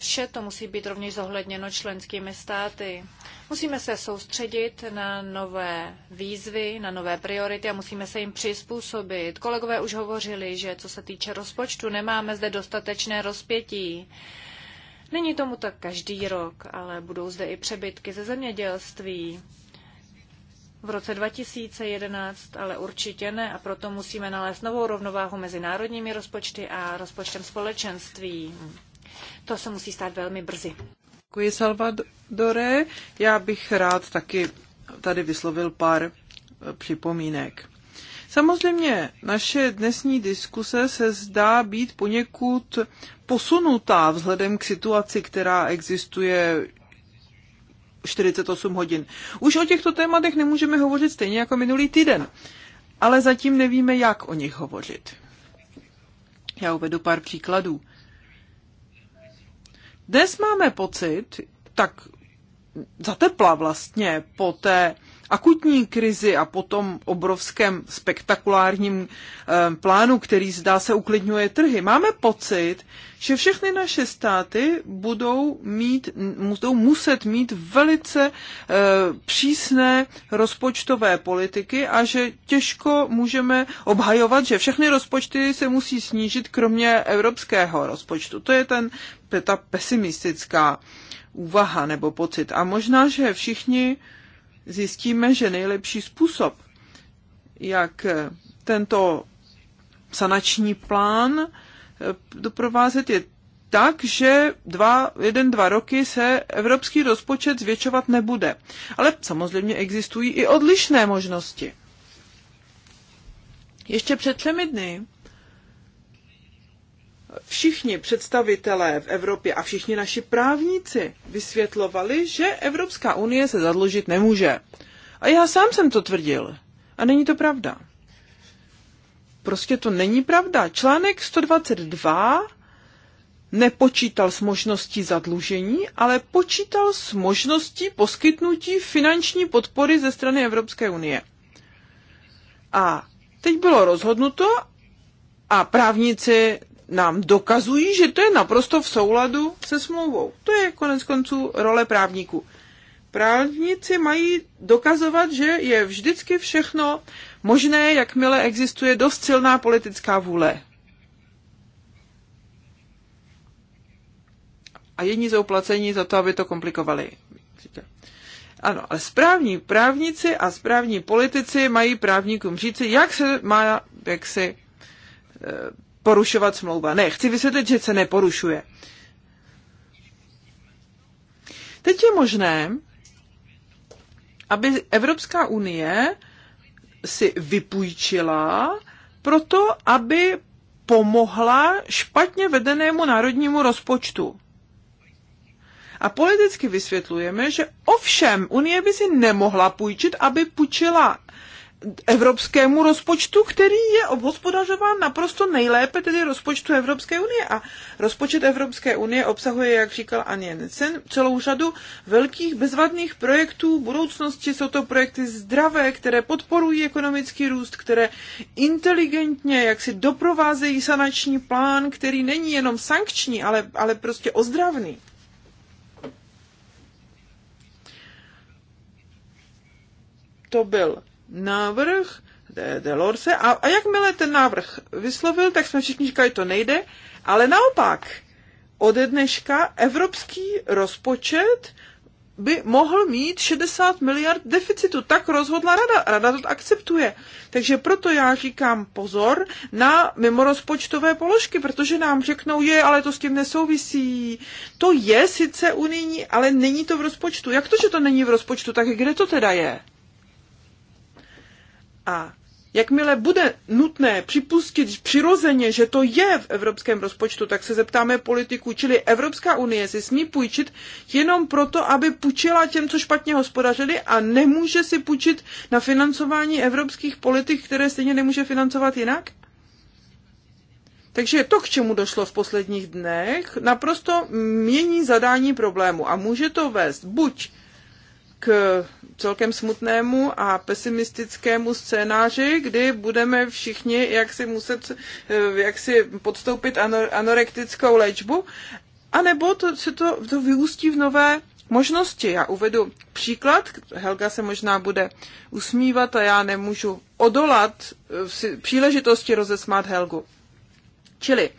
Vše to musí být rovněž zohledněno členskými státy. Musíme se soustředit na nové výzvy, na nové priority a musíme se jim přizpůsobit. Kolegové už hovořili, že co se týče rozpočtu, nemáme zde dostatečné rozpětí. Není tomu tak každý rok, ale budou zde i přebytky ze zemědělství. V roce 2011 ale určitě ne a proto musíme nalézt novou rovnováhu mezi národními rozpočty a rozpočtem společenství. To se musí stát velmi brzy. Děkuji, Salvadore. Já bych rád taky tady vyslovil pár eh, připomínek. Samozřejmě naše dnesní diskuse se zdá být poněkud posunutá vzhledem k situaci, která existuje 48 hodin. Už o těchto tématech nemůžeme hovořit stejně jako minulý týden, ale zatím nevíme, jak o nich hovořit. Já uvedu pár příkladů. Dnes máme pocit, tak zatepla vlastně po té akutní krizi a potom obrovském spektakulárním eh, plánu, který zdá se uklidňuje trhy, máme pocit, že všechny naše státy budou, mít, budou muset mít velice eh, přísné rozpočtové politiky a že těžko můžeme obhajovat, že všechny rozpočty se musí snížit, kromě evropského rozpočtu. To je ten, ta pesimistická úvaha nebo pocit. A možná, že všichni zjistíme, že nejlepší způsob, jak tento sanační plán eh, doprovázet je tak, že dva, jeden, dva roky se evropský rozpočet zvětšovat nebude. Ale samozřejmě existují i odlišné možnosti. Ještě před třemi dny všichni představitelé v Evropě a všichni naši právníci vysvětlovali, že Evropská unie se zadlužit nemůže. A já sám jsem to tvrdil. A není to pravda. Prostě to není pravda. Článek 122 nepočítal s možností zadlužení, ale počítal s možností poskytnutí finanční podpory ze strany Evropské unie. A teď bylo rozhodnuto a právníci nám dokazují, že to je naprosto v souladu se smlouvou. To je konec konců role právníků. Právníci mají dokazovat, že je vždycky všechno možné, jakmile existuje dost silná politická vůle. A jedni jsou placení za to, aby to komplikovali. Ano, ale správní právníci a správní politici mají právníkům říci, jak se má jak si porušovat smlouva. Ne, chci vysvětlit, že se neporušuje. Teď je možné, aby Evropská unie si vypůjčila proto, aby pomohla špatně vedenému národnímu rozpočtu. A politicky vysvětlujeme, že ovšem Unie by si nemohla půjčit, aby půjčila evropskému rozpočtu, který je obhospodařován naprosto nejlépe, tedy rozpočtu Evropské unie. A rozpočet Evropské unie obsahuje, jak říkal Ann Jensen, celou řadu velkých bezvadných projektů budoucnosti. Jsou to projekty zdravé, které podporují ekonomický růst, které inteligentně jak si doprovázejí sanační plán, který není jenom sankční, ale, ale prostě ozdravný. To byl návrh Delorse a, a jakmile ten návrh vyslovil, tak jsme všichni říkali, to nejde, ale naopak, ode dneška evropský rozpočet by mohl mít 60 miliard deficitu. Tak rozhodla rada. Rada to akceptuje. Takže proto já říkám pozor na mimorozpočtové položky, protože nám řeknou, je, ale to s tím nesouvisí. To je sice unijní, ale není to v rozpočtu. Jak to, že to není v rozpočtu, tak kde to teda je? A jakmile bude nutné připustit přirozeně, že to je v evropském rozpočtu, tak se zeptáme politiků, čili Evropská unie si smí půjčit jenom proto, aby půjčila těm, co špatně hospodařili a nemůže si půjčit na financování evropských politik, které stejně nemůže financovat jinak? Takže to, k čemu došlo v posledních dnech, naprosto mění zadání problému a může to vést buď k celkem smutnému a pesimistickému scénáři, kdy budeme všichni jaksi muset eh, jaksi podstoupit anorektickou léčbu, anebo to, se to, to vyústí v nové možnosti. Já uvedu příklad, Helga se možná bude usmívat a já nemůžu odolat v eh, příležitosti rozesmát Helgu. Čili,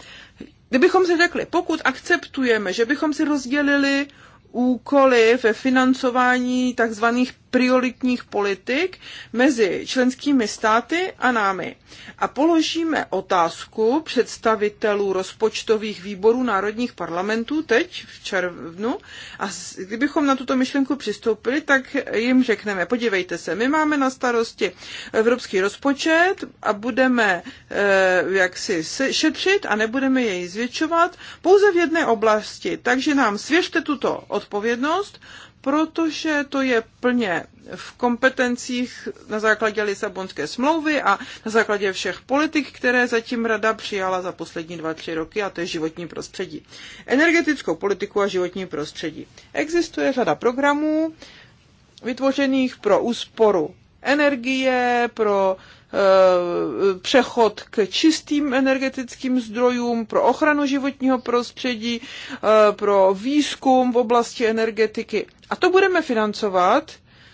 kdybychom si řekli, pokud akceptujeme, že bychom si rozdělili úkoly ve financování takzvaných prioritních politik mezi členskými státy a námi. A položíme otázku představitelů rozpočtových výborů národních parlamentů teď v červnu a kdybychom na tuto myšlenku přistoupili, tak jim řekneme, podívejte se, my máme na starosti evropský rozpočet a budeme eh, jaksi šetřit a nebudeme jej zvětšovat pouze v jedné oblasti, takže nám svěřte tuto odpovědnost, protože to je plně v kompetencích na základě Lisabonské smlouvy a na základě všech politik, které zatím Rada přijala za poslední dva, tři roky, a to je životní prostředí. Energetickou politiku a životní prostředí. Existuje řada programů vytvořených pro úsporu energie, pro Eh, přechod k čistým energetickým zdrojům, pro ochranu životního prostředí, eh, pro výzkum v oblasti energetiky. A to budeme financovat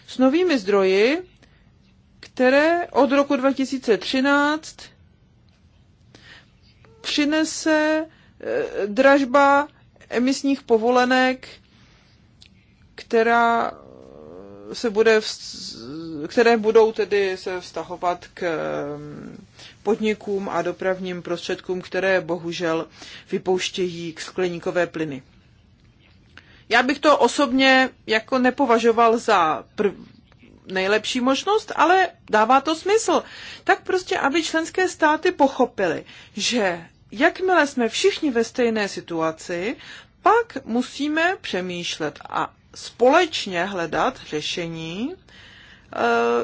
s novými zdroji, které od roku 2013 přinese eh, dražba emisních povolenek, která se bude, které budou tedy se vztahovat k mm, podnikům a dopravním prostředkům, které bohužel vypouštějí k skleníkové plyny. Já bych to osobně jako nepovažoval za prv, nejlepší možnost, ale dává to smysl. Tak prostě, aby členské státy pochopily, že jakmile jsme všichni ve stejné situaci, pak musíme přemýšlet a společně hledat řešení, eh,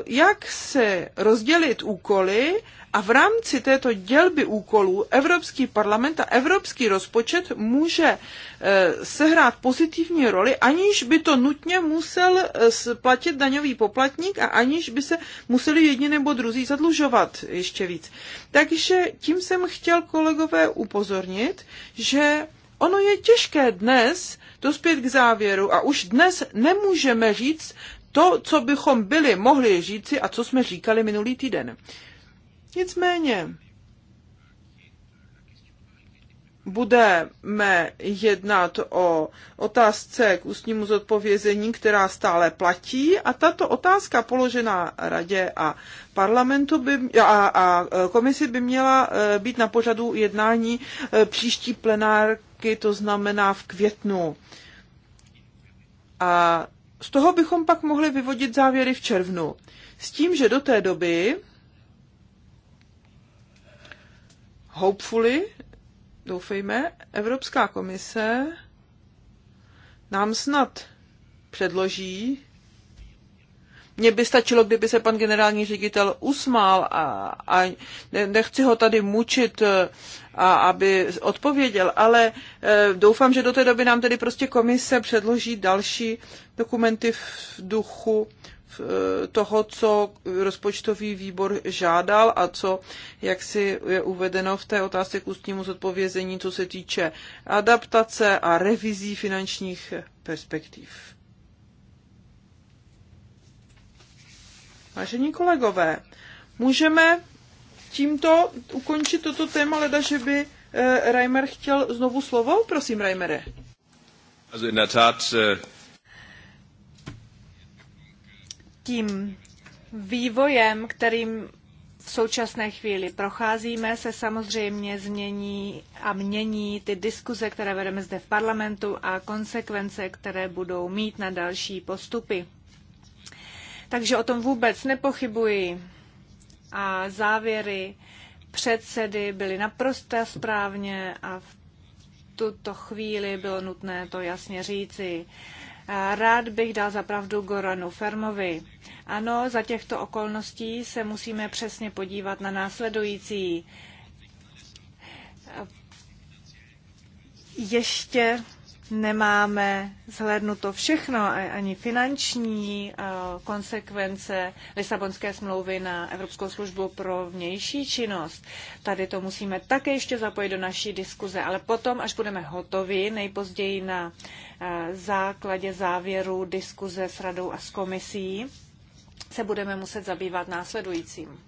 jak se rozdělit úkoly a v rámci této dělby úkolů Evropský parlament a Evropský rozpočet může eh, sehrát pozitivní roli, aniž by to nutně musel eh, splatit daňový poplatník a aniž by se museli jedni nebo druzí zadlužovat ještě víc. Takže tím jsem chtěl kolegové upozornit, že Ono je těžké dnes dospět k závěru a už dnes nemůžeme říct to, co bychom byli mohli říci a co jsme říkali minulý týden. Nicméně, budeme jednat o otázce k ústnímu zodpovězení, která stále platí a tato otázka položená radě a parlamentu by, a, a komisi by měla e, být na pořadu jednání e, příští plenárky, to znamená v květnu. A z toho bychom pak mohli vyvodit závěry v červnu. S tím, že do té doby hopefully doufejme, Evropská komise nám snad předloží. Mně by stačilo, kdyby se pan generální ředitel usmál a, a nechci ho tady mučit, eh, a, aby odpověděl, ale e, doufám, že do té doby nám tedy prostě komise předloží další dokumenty v duchu Eh, toho, co rozpočtový výbor žádal a co, jak si je uvedeno v té otázce k ústnímu zodpovězení, co se týče adaptace a revizí finančních perspektiv. Vážení kolegové, můžeme tímto ukončit toto téma, leda, že by eh, Reimer chtěl znovu slovo? Prosím, Reimere. Also in der Tat, eh, tím vývojem, kterým v současné chvíli procházíme, se samozřejmě změní a mění ty diskuze, které vedeme zde v parlamentu a konsekvence, které budou mít na další postupy. Takže o tom vůbec nepochybuji. A závěry předsedy byly naprosto správně a v tuto chvíli bylo nutné to jasně říci. Rád bych dal zapravdu Goranu Fermovi. Ano, za těchto okolností se musíme přesně podívat na následující. Ještě nemáme zhlédnuto všechno, ani finanční eh, konsekvence Lisabonské smlouvy na Evropskou službu pro vnější činnost. Tady to musíme také ještě zapojit do naší diskuze, ale potom, až budeme hotovi, nejpozději na eh, základě závěru diskuze s radou a s komisí, se budeme muset zabývat následujícím.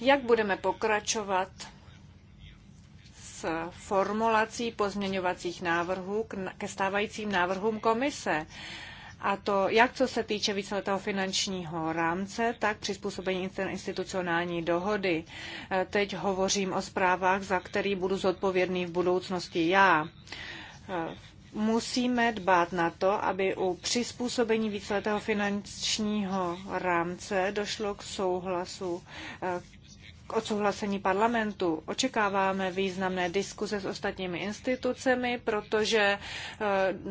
Jak budeme pokračovat formulací pozměňovacích návrhů ke stávajícím návrhům komise. A to jak co se týče víceletého finančního rámce, tak přizpůsobení institucionální dohody. E, teď hovořím o zprávách, za který budu zodpovědný v budoucnosti já. E, musíme dbát na to, aby u přizpůsobení víceletého finančního rámce došlo k souhlasu e, k odsouhlasení parlamentu. Očekáváme významné diskuze s ostatními institucemi, protože e,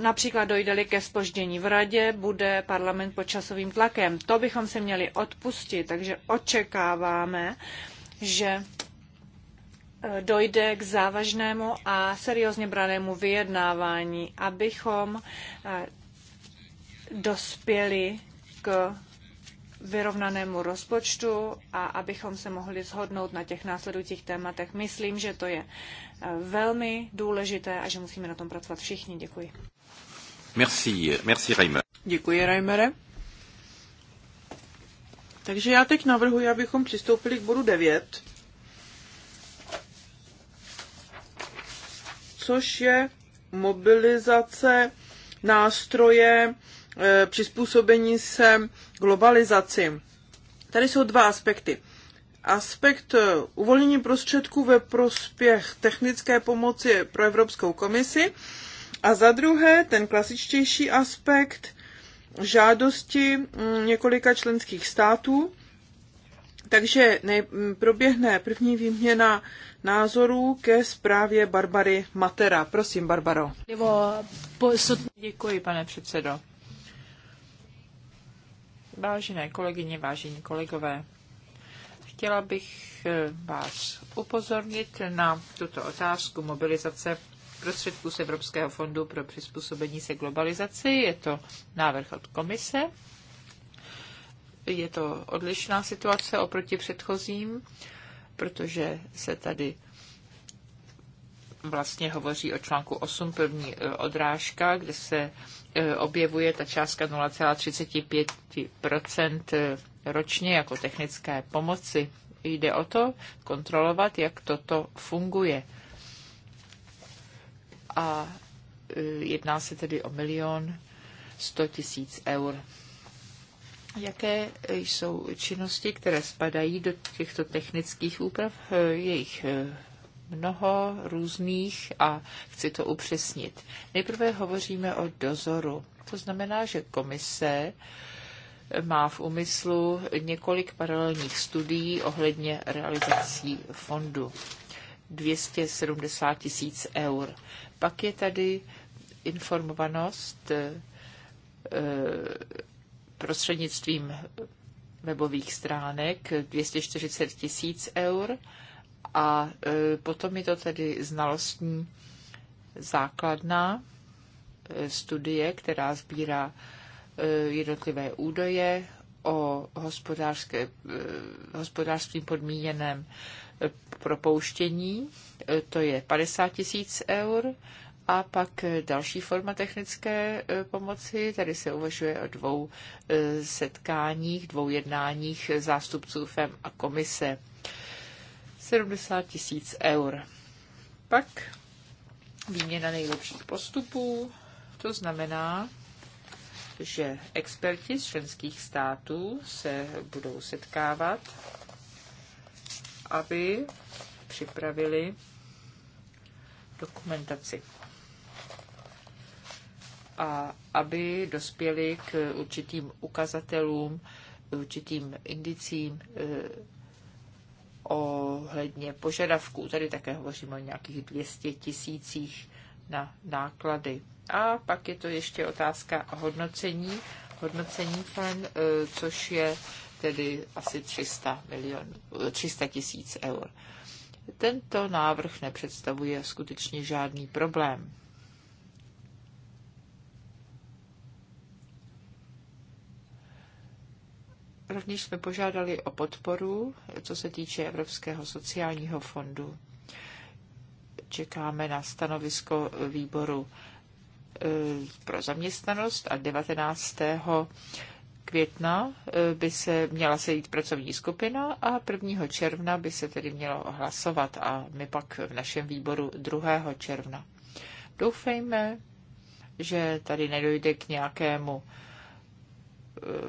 například dojde-li ke spoždění v radě, bude parlament pod časovým tlakem. To bychom si měli odpustit, takže očekáváme, že e, dojde k závažnému a seriózně branému vyjednávání, abychom e, dospěli k vyrovnanému rozpočtu a abychom se mohli shodnout na těch následujících tématech. Myslím, že to je eh, velmi důležité a že musíme na tom pracovat všichni. Děkuji. Merci, merci Reimer. Děkuji, Reimere. Takže já teď navrhuji, abychom přistoupili k bodu 9, což je mobilizace nástroje Eh, přizpůsobení se globalizaci. Tady jsou dva aspekty. Aspekt eh, uvolnění prostředků ve prospěch technické pomoci pro Evropskou komisi a za druhé ten klasičtější aspekt žádosti mm, několika členských států. Takže mm, proběhne první výměna názorů ke zprávě Barbary Matera. Prosím, Barbaro. Děkuji, pane předsedo. Vážené kolegyně, vážení kolegové, chtěla bych eh, vás upozornit na tuto otázku mobilizace prostředků z Evropského fondu pro přizpůsobení se globalizaci. Je to návrh od komise. Je to odlišná situace oproti předchozím, protože se tady vlastně hovoří o článku 8 první eh, odrážka, kde se E, objevuje ta částka 0,35 e, ročně jako technické pomoci. Jde o to kontrolovat, jak toto funguje. A e, jedná se tedy o milion 100 tisíc eur. Jaké jsou činnosti, které spadají do těchto technických úprav? Jejich mnoho různých a chci to upřesnit. Nejprve hovoříme o dozoru. To znamená, že komise má v úmyslu několik paralelních studií ohledně realizací fondu. 270 tisíc eur. Pak je tady informovanost eh, prostřednictvím webových stránek 240 tisíc eur a e, potom je to tedy znalostní základna e, studie, která sbírá e, jednotlivé údaje o hospodářské, hospodářstvím podmíněném propouštění, to je 50 tisíc eur, a pak další forma technické pomoci, tady se uvažuje o dvou setkáních, dvou jednáních zástupců FEM a komise. 70 tisíc eur. Pak výměna nejlepších postupů, to znamená, že experti z členských států se budou setkávat, aby připravili dokumentaci a aby dospěli k určitým ukazatelům, určitým indicím eh, ohledně požadavků. Tady také hovoříme o nějakých 200 tisících na náklady. A pak je to ještě otázka hodnocení. Hodnocení ten, eh, což je tedy asi 300 milionů, 300 tisíc eur. Tento návrh nepředstavuje skutečně žádný problém. Rovněž jsme požádali o podporu, co se týče Evropského sociálního fondu. Čekáme na stanovisko výboru e, pro zaměstnanost a 19. května e, by se měla sejít pracovní skupina a 1. června by se tedy mělo hlasovat a my pak v našem výboru 2. června. Doufejme, že tady nedojde k nějakému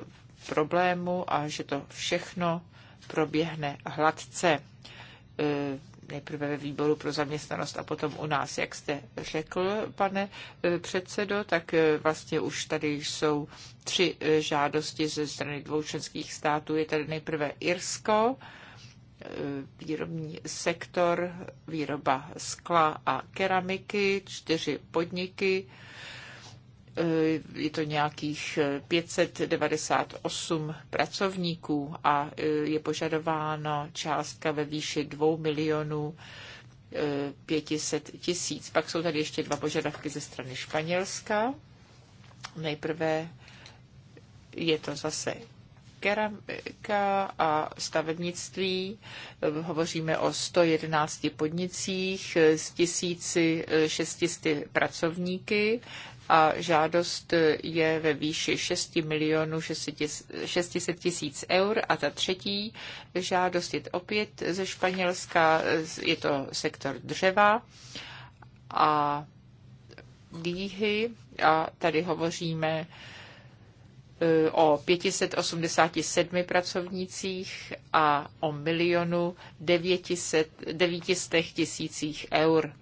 e, problému a že to všechno proběhne hladce. E, nejprve ve výboru pro zaměstnanost a potom u nás, jak jste řekl, pane e, předsedo, tak e, vlastně už tady jsou tři žádosti ze strany dvou členských států. Je tady nejprve Irsko, výrobní sektor, výroba skla a keramiky, čtyři podniky, Eh, je to nějakých 598 eh, pracovníků a eh, je požadováno částka ve výši 2 milionů 500 tisíc. Pak jsou tady ještě dva požadavky ze strany Španělska. Nejprve je to zase keramika a stavebnictví. Hovoříme o 111 podnicích s 1600 pracovníky a žádost je ve výši 6 milionů 600 tisíc eur a ta třetí žádost je opět ze Španělska, je to sektor dřeva a dýhy a tady hovoříme eh, o 587 pracovnících a o milionu 900 tisících eur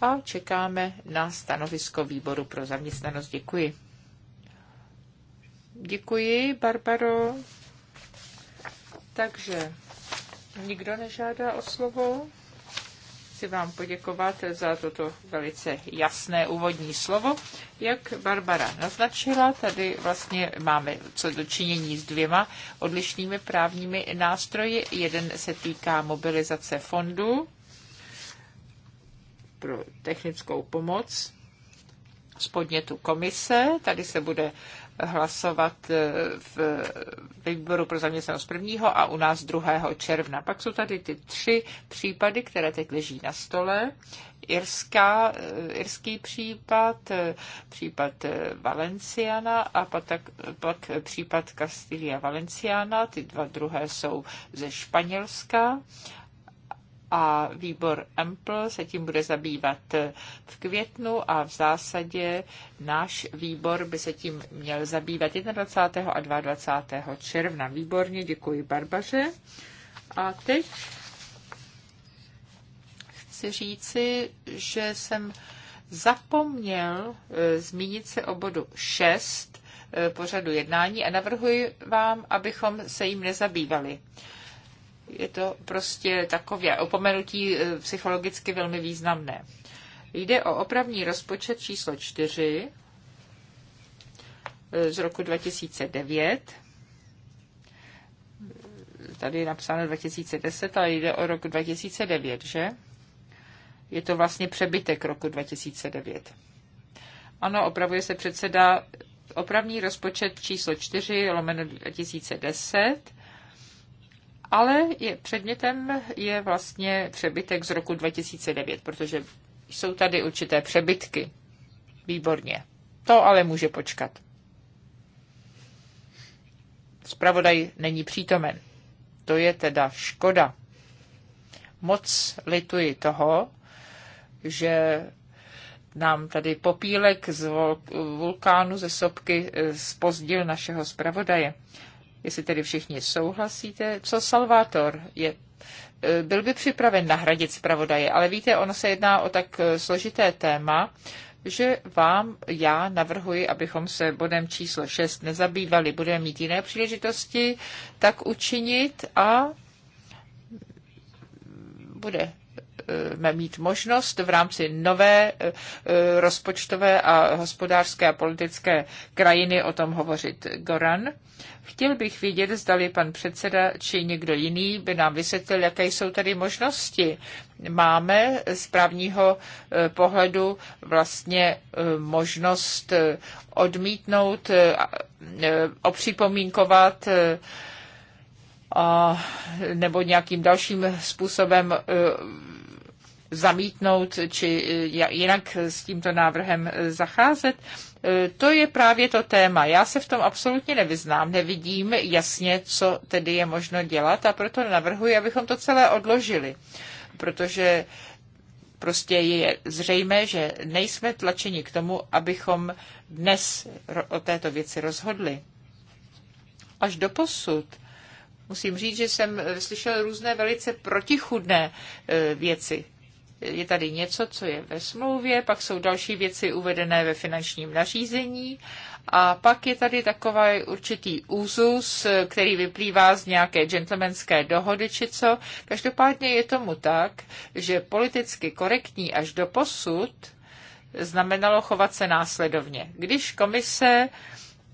a čekáme na stanovisko výboru pro zaměstnanost. Děkuji. Děkuji, Barbaro. Takže nikdo nežádá o slovo. Chci vám poděkovat za toto velice jasné úvodní slovo. Jak Barbara naznačila, tady vlastně máme co dočinění s dvěma odlišnými právními nástroji. Jeden se týká mobilizace fondu pro technickou pomoc z podnětu komise. Tady se bude hlasovat e, v výboru pro zaměstnanost 1. a u nás 2. června. Pak jsou tady ty tři případy, které teď leží na stole. Irská, e, irský případ, e, případ Valenciana a pak, pak případ Castilla Valenciana. Ty dva druhé jsou ze Španělska a výbor EMPL se tím bude zabývat v květnu a v zásadě náš výbor by se tím měl zabývat 21. a 22. června. Výborně, děkuji Barbaře. A teď chci říci, že jsem zapomněl eh, zmínit se o bodu 6 eh, pořadu jednání a navrhuji vám, abychom se jim nezabývali. Je to prostě takové opomenutí eh, psychologicky velmi významné. Jde o opravní rozpočet číslo 4 eh, z roku 2009. Tady je napsáno 2010, ale jde o rok 2009, že? Je to vlastně přebytek roku 2009. Ano, opravuje se předseda opravní rozpočet číslo 4 lomeno 2010 ale je předmětem je vlastně přebytek z roku 2009, protože jsou tady určité přebytky. Výborně. To ale může počkat. Spravodaj není přítomen. To je teda škoda. Moc lituji toho, že nám tady popílek z vulkánu ze sopky spozdil eh, našeho zpravodaje jestli tedy všichni souhlasíte. Co Salvator je e, byl by připraven nahradit zpravodaje, ale víte, ono se jedná o tak e, složité téma, že vám já navrhuji, abychom se bodem číslo 6 nezabývali. Budeme mít jiné příležitosti tak učinit a bude budeme mít možnost v rámci nové eh, eh, rozpočtové a hospodářské a politické krajiny o tom hovořit. Goran, chtěl bych vidět, zdali pan předseda či někdo jiný by nám vysvětlil, jaké jsou tady možnosti. Máme z právního eh, pohledu vlastně možnost odmítnout, opřipomínkovat a, nebo nějakým dalším způsobem zamítnout či e, jinak s tímto návrhem e, zacházet. E, to je právě to téma. Já se v tom absolutně nevyznám, nevidím jasně, co tedy je možno dělat a proto navrhuji, abychom to celé odložili, protože prostě je zřejmé, že nejsme tlačeni k tomu, abychom dnes o této věci rozhodli. Až do posud musím říct, že jsem slyšel různé velice protichudné věci je tady něco, co je ve smlouvě, pak jsou další věci uvedené ve finančním nařízení a pak je tady takový určitý úzus, který vyplývá z nějaké gentlemanské dohody či co. Každopádně je tomu tak, že politicky korektní až do posud znamenalo chovat se následovně. Když komise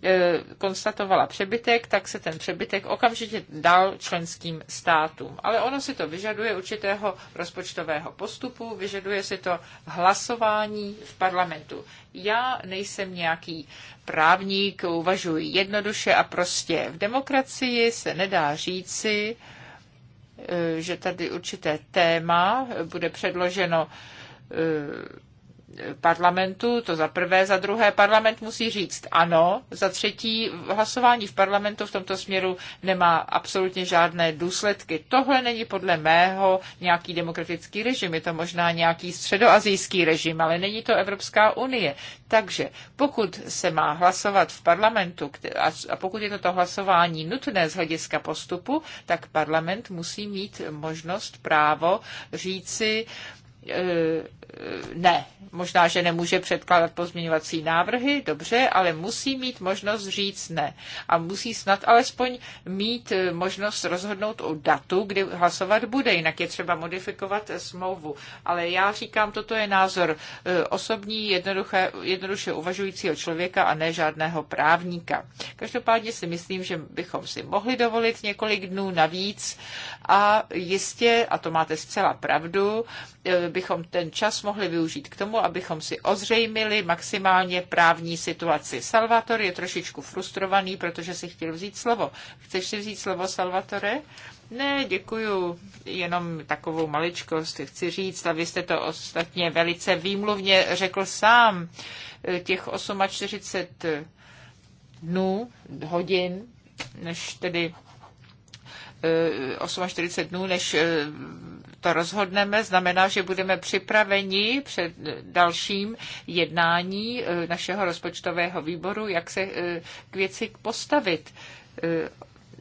E, konstatovala přebytek, tak se ten přebytek okamžitě dal členským státům. Ale ono si to vyžaduje určitého rozpočtového postupu, vyžaduje si to hlasování v parlamentu. Já nejsem nějaký právník, uvažuji jednoduše a prostě. V demokracii se nedá říci, e, že tady určité téma bude předloženo e, parlamentu, to za prvé, za druhé parlament musí říct ano, za třetí hlasování v parlamentu v tomto směru nemá absolutně žádné důsledky. Tohle není podle mého nějaký demokratický režim, je to možná nějaký středoazijský režim, ale není to Evropská unie. Takže pokud se má hlasovat v parlamentu a pokud je toto hlasování nutné z hlediska postupu, tak parlament musí mít možnost, právo říci, Eh, ne, možná, že nemůže předkládat pozměňovací návrhy, dobře, ale musí mít možnost říct ne. A musí snad alespoň mít eh, možnost rozhodnout o datu, kdy hlasovat bude, jinak je třeba modifikovat smlouvu. Ale já říkám, toto je názor eh, osobní, jednoduché, jednoduše uvažujícího člověka a ne žádného právníka. Každopádně si myslím, že bychom si mohli dovolit několik dnů navíc a jistě, a to máte zcela pravdu, eh, bychom ten čas mohli využít k tomu, abychom si ozřejmili maximálně právní situaci. Salvator je trošičku frustrovaný, protože si chtěl vzít slovo. Chceš si vzít slovo, Salvatore? Ne, děkuju, jenom takovou maličkost chci říct, a vy jste to ostatně velice výmluvně řekl sám, eh, těch 48 dnů, hodin, než tedy 48 dnů, než eh, to rozhodneme, znamená, že budeme připraveni před dalším jednání eh, našeho rozpočtového výboru, jak se eh, k věci postavit.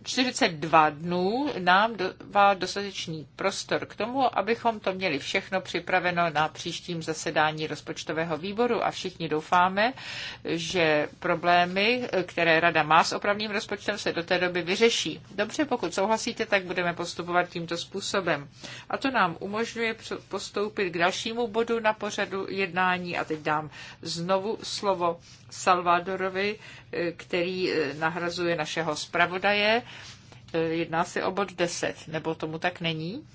42 dnů nám dává dostatečný prostor k tomu, abychom to měli všechno připraveno na příštím zasedání rozpočtového výboru a všichni doufáme, že problémy, které Rada má s opravným rozpočtem, se do té doby vyřeší. Dobře, pokud souhlasíte, tak budeme postupovat tímto způsobem. A to nám umožňuje postoupit k dalšímu bodu na pořadu jednání a teď dám znovu slovo Salvadorovi, eh, který eh, nahrazuje našeho zpravodaje. Eh, jedná se o bod 10, nebo tomu tak není?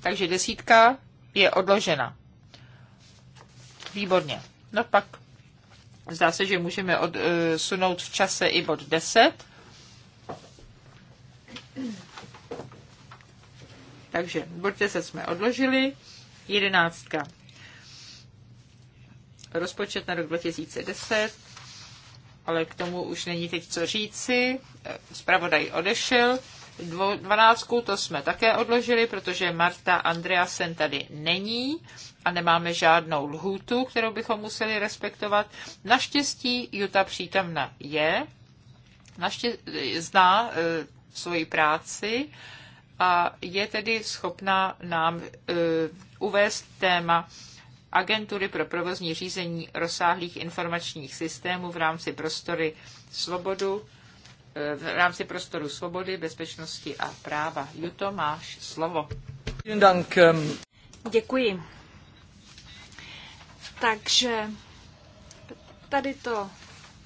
Takže desítka je odložena. Výborně. No pak zdá se, že můžeme odsunout v čase i bod 10. Takže bod se jsme odložili. Jedenáctka. Rozpočet na rok 2010, ale k tomu už není teď co říci. Spravodaj odešel. Dvo, dvanáctku to jsme také odložili, protože Marta Andreasen tady není a nemáme žádnou lhůtu, kterou bychom museli respektovat. Naštěstí Juta přítomna je, naště, zná e, svoji práci, e, a je tedy schopná nám uh, uvést téma agentury pro provozní řízení rozsáhlých informačních systémů v rámci prostory svobodu, e, v rámci prostoru svobody, bezpečnosti a práva. Juto, máš slovo. Ähm, Děkuji. Takže tady to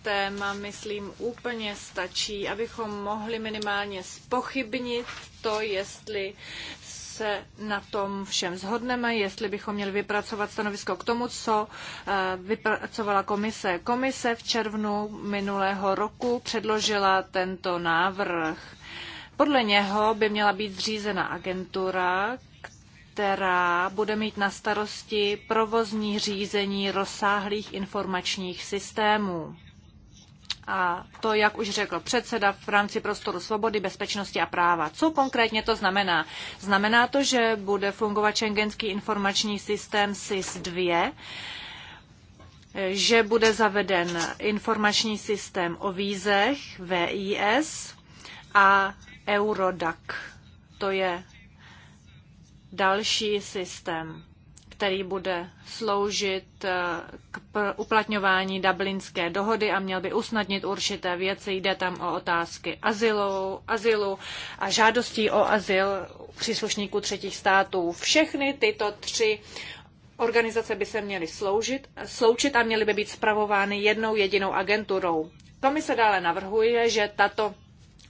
téma, myslím, úplně stačí, abychom mohli minimálně spochybnit to, jestli se na tom všem zhodneme, jestli bychom měli vypracovat stanovisko k tomu, co eh, vypracovala komise. Komise v červnu minulého roku předložila tento návrh. Podle něho by měla být zřízena agentura, která bude mít na starosti provozní řízení rozsáhlých informačních systémů a to, jak už řekl předseda v rámci prostoru svobody, bezpečnosti a práva. Co konkrétně to znamená? Znamená to, že bude fungovat šengenský informační systém SIS-2, že bude zaveden informační systém o vízech VIS a Eurodac. To je další systém který bude sloužit eh, k uplatňování dublinské dohody a měl by usnadnit určité věci. Jde tam o otázky azylu, azylu a žádostí o azyl příslušníků třetích států. Všechny tyto tři organizace by se měly sloužit, sloučit a měly by být spravovány jednou jedinou agenturou. Komise dále navrhuje, že tato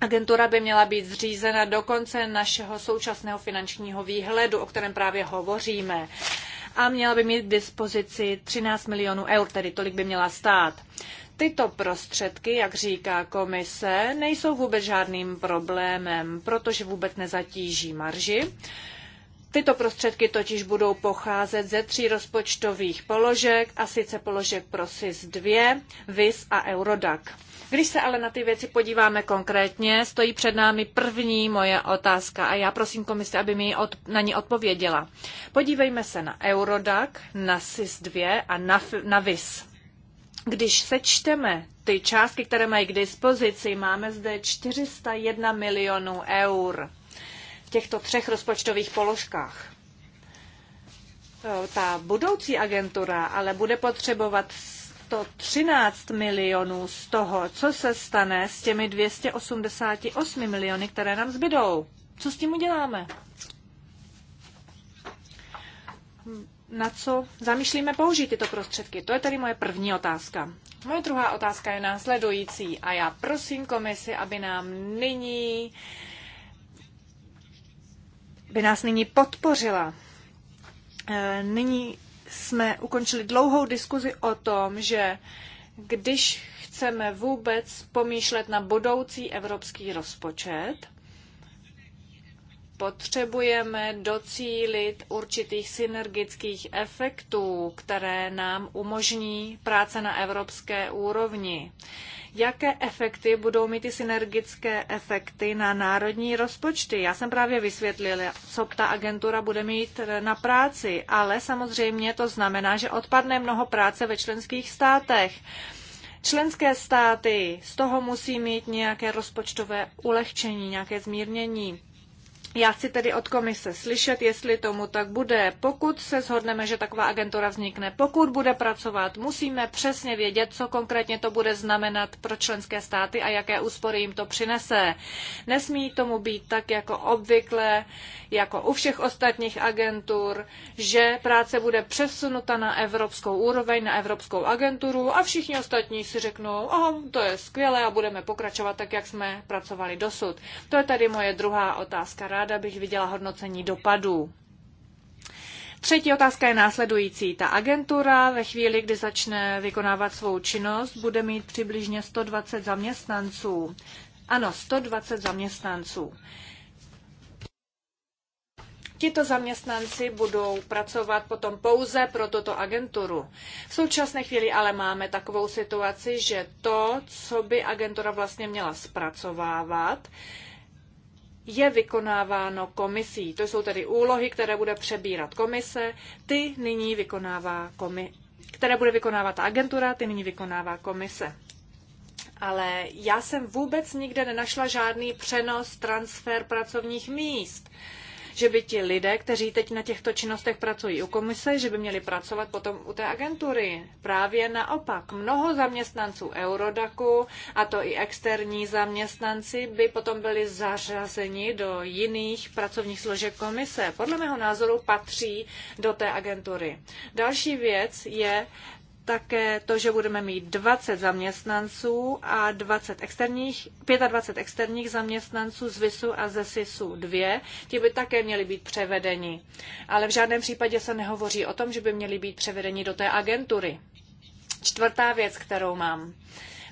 Agentura by měla být zřízena do konce našeho současného finančního výhledu, o kterém právě hovoříme a měla by mít k dispozici 13 milionů eur, tedy tolik by měla stát. Tyto prostředky, jak říká komise, nejsou vůbec žádným problémem, protože vůbec nezatíží marži. Tyto prostředky totiž budou pocházet ze tří rozpočtových položek, a sice položek pro SIS 2, VIS a Eurodac. Když se ale na ty věci podíváme konkrétně, stojí před námi první moje otázka a já prosím komisi, aby mi na ní odpověděla. Podívejme se na Eurodac, na SIS-2 a na, na VIS. Když sečteme ty částky, které mají k dispozici, máme zde 401 milionů eur v těchto třech rozpočtových položkách. E, ta budoucí agentura ale bude potřebovat třináct milionů z toho, co se stane s těmi 288 miliony, které nám zbydou. Co s tím uděláme? Na co zamýšlíme použít tyto prostředky? To je tedy moje první otázka. Moje druhá otázka je následující a já prosím komisi, aby nám nyní by nás nyní podpořila. E, nyní jsme ukončili dlouhou diskuzi o tom, že když chceme vůbec pomýšlet na budoucí evropský rozpočet, potřebujeme docílit určitých synergických efektů, které nám umožní práce na evropské úrovni jaké efekty budou mít ty synergické efekty na národní rozpočty. Já jsem právě vysvětlila, co ta agentura bude mít eh, na práci, ale samozřejmě to znamená, že odpadne mnoho práce ve členských státech. Členské státy z toho musí mít nějaké rozpočtové ulehčení, nějaké zmírnění. Já chci tedy od komise slyšet, jestli tomu tak bude. Pokud se shodneme, že taková agentura vznikne, pokud bude pracovat, musíme přesně vědět, co konkrétně to bude znamenat pro členské státy a jaké úspory jim to přinese. Nesmí tomu být tak jako obvykle, jako u všech ostatních agentur, že práce bude přesunuta na evropskou úroveň, na evropskou agenturu a všichni ostatní si řeknou, aha, to je skvělé a budeme pokračovat tak, jak jsme pracovali dosud. To je tady moje druhá otázka ráda bych viděla hodnocení dopadů. Třetí otázka je následující. Ta agentura ve chvíli, kdy začne vykonávat svou činnost, bude mít přibližně 120 zaměstnanců. Ano, 120 zaměstnanců. Tito zaměstnanci budou pracovat potom pouze pro tuto agenturu. V současné chvíli ale máme takovou situaci, že to, co by agentura vlastně měla zpracovávat, je vykonáváno komisí. To jsou tedy úlohy, které bude přebírat komise, ty nyní vykonává komi- které bude vykonávat ta agentura, ty nyní vykonává komise. Ale já jsem vůbec nikde nenašla žádný přenos, transfer pracovních míst. Uh, že by ti lidé, kteří teď na těchto činnostech pracují u komise, že by měli pracovat potom u té agentury. Právě naopak, mnoho zaměstnanců Eurodaku, a to i externí zaměstnanci, by potom byli zařazeni do jiných pracovních složek komise. Podle mého názoru patří do té agentury. Další věc je také to, že budeme mít 20 zaměstnanců a 20 externích, 25 externích zaměstnanců z VISu a ze SISu 2. Ti by také měli být převedeni. Ale v žádném případě se nehovoří o tom, že by měli být převedeni do té agentury. Čtvrtá věc, kterou mám.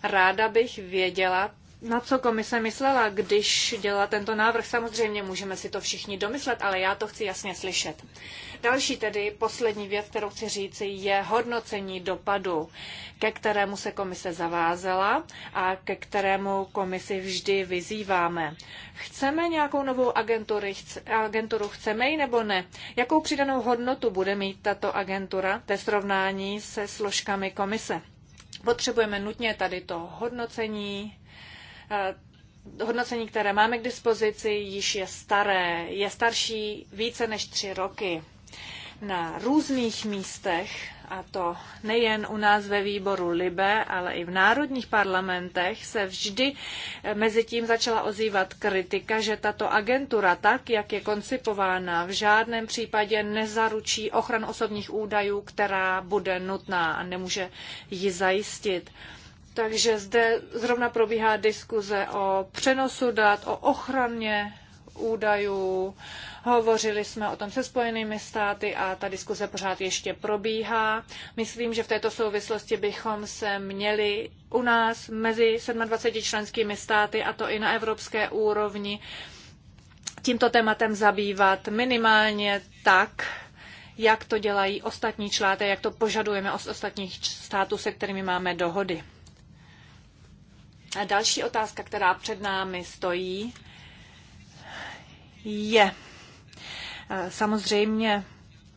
Ráda bych věděla, na co komise myslela, když dělala tento návrh. Samozřejmě můžeme si to všichni domyslet, ale já to chci jasně slyšet. Další tedy poslední věc, kterou chci říci, je hodnocení dopadu, ke kterému se komise zavázela a ke kterému komisi vždy vyzýváme. Chceme nějakou novou agentury, agenturu, chceme ji nebo ne? Jakou přidanou hodnotu bude mít tato agentura ve srovnání se složkami komise? Potřebujeme nutně tady to hodnocení, Eh, hodnocení, které máme k dispozici, již je staré, je starší více než tři roky. Na různých místech, a to nejen u nás ve výboru Libe, ale i v národních parlamentech, se vždy eh, mezi tím začala ozývat kritika, že tato agentura, tak jak je koncipována, v žádném případě nezaručí ochran osobních údajů, která bude nutná a nemůže ji zajistit. Takže zde zrovna probíhá diskuze o přenosu dat, o ochraně údajů. Hovořili jsme o tom se Spojenými státy a ta diskuze pořád ještě probíhá. Myslím, že v této souvislosti bychom se měli u nás mezi 27 členskými státy, a to i na evropské úrovni, tímto tématem zabývat minimálně tak, jak to dělají ostatní čláty, jak to požadujeme od ostatních států, se kterými máme dohody. A další otázka, která před námi stojí, je eh, samozřejmě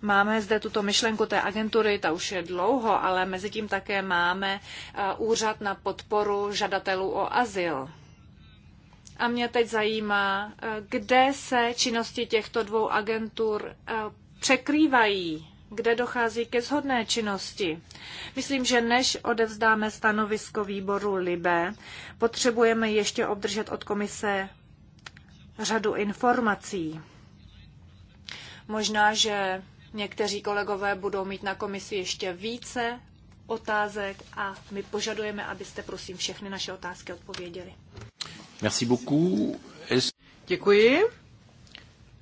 Máme zde tuto myšlenku té agentury, ta už je dlouho, ale mezi tím také máme eh, úřad na podporu žadatelů o azyl. A mě teď zajímá, eh, kde se činnosti těchto dvou agentur překrývají kde dochází ke shodné činnosti. Myslím, že než odevzdáme stanovisko výboru LIBE, potřebujeme ještě obdržet od komise řadu informací. Možná, že někteří kolegové budou mít na komisi ještě více otázek a my požadujeme, abyste prosím všechny naše otázky odpověděli. Merci beaucoup. Děkuji.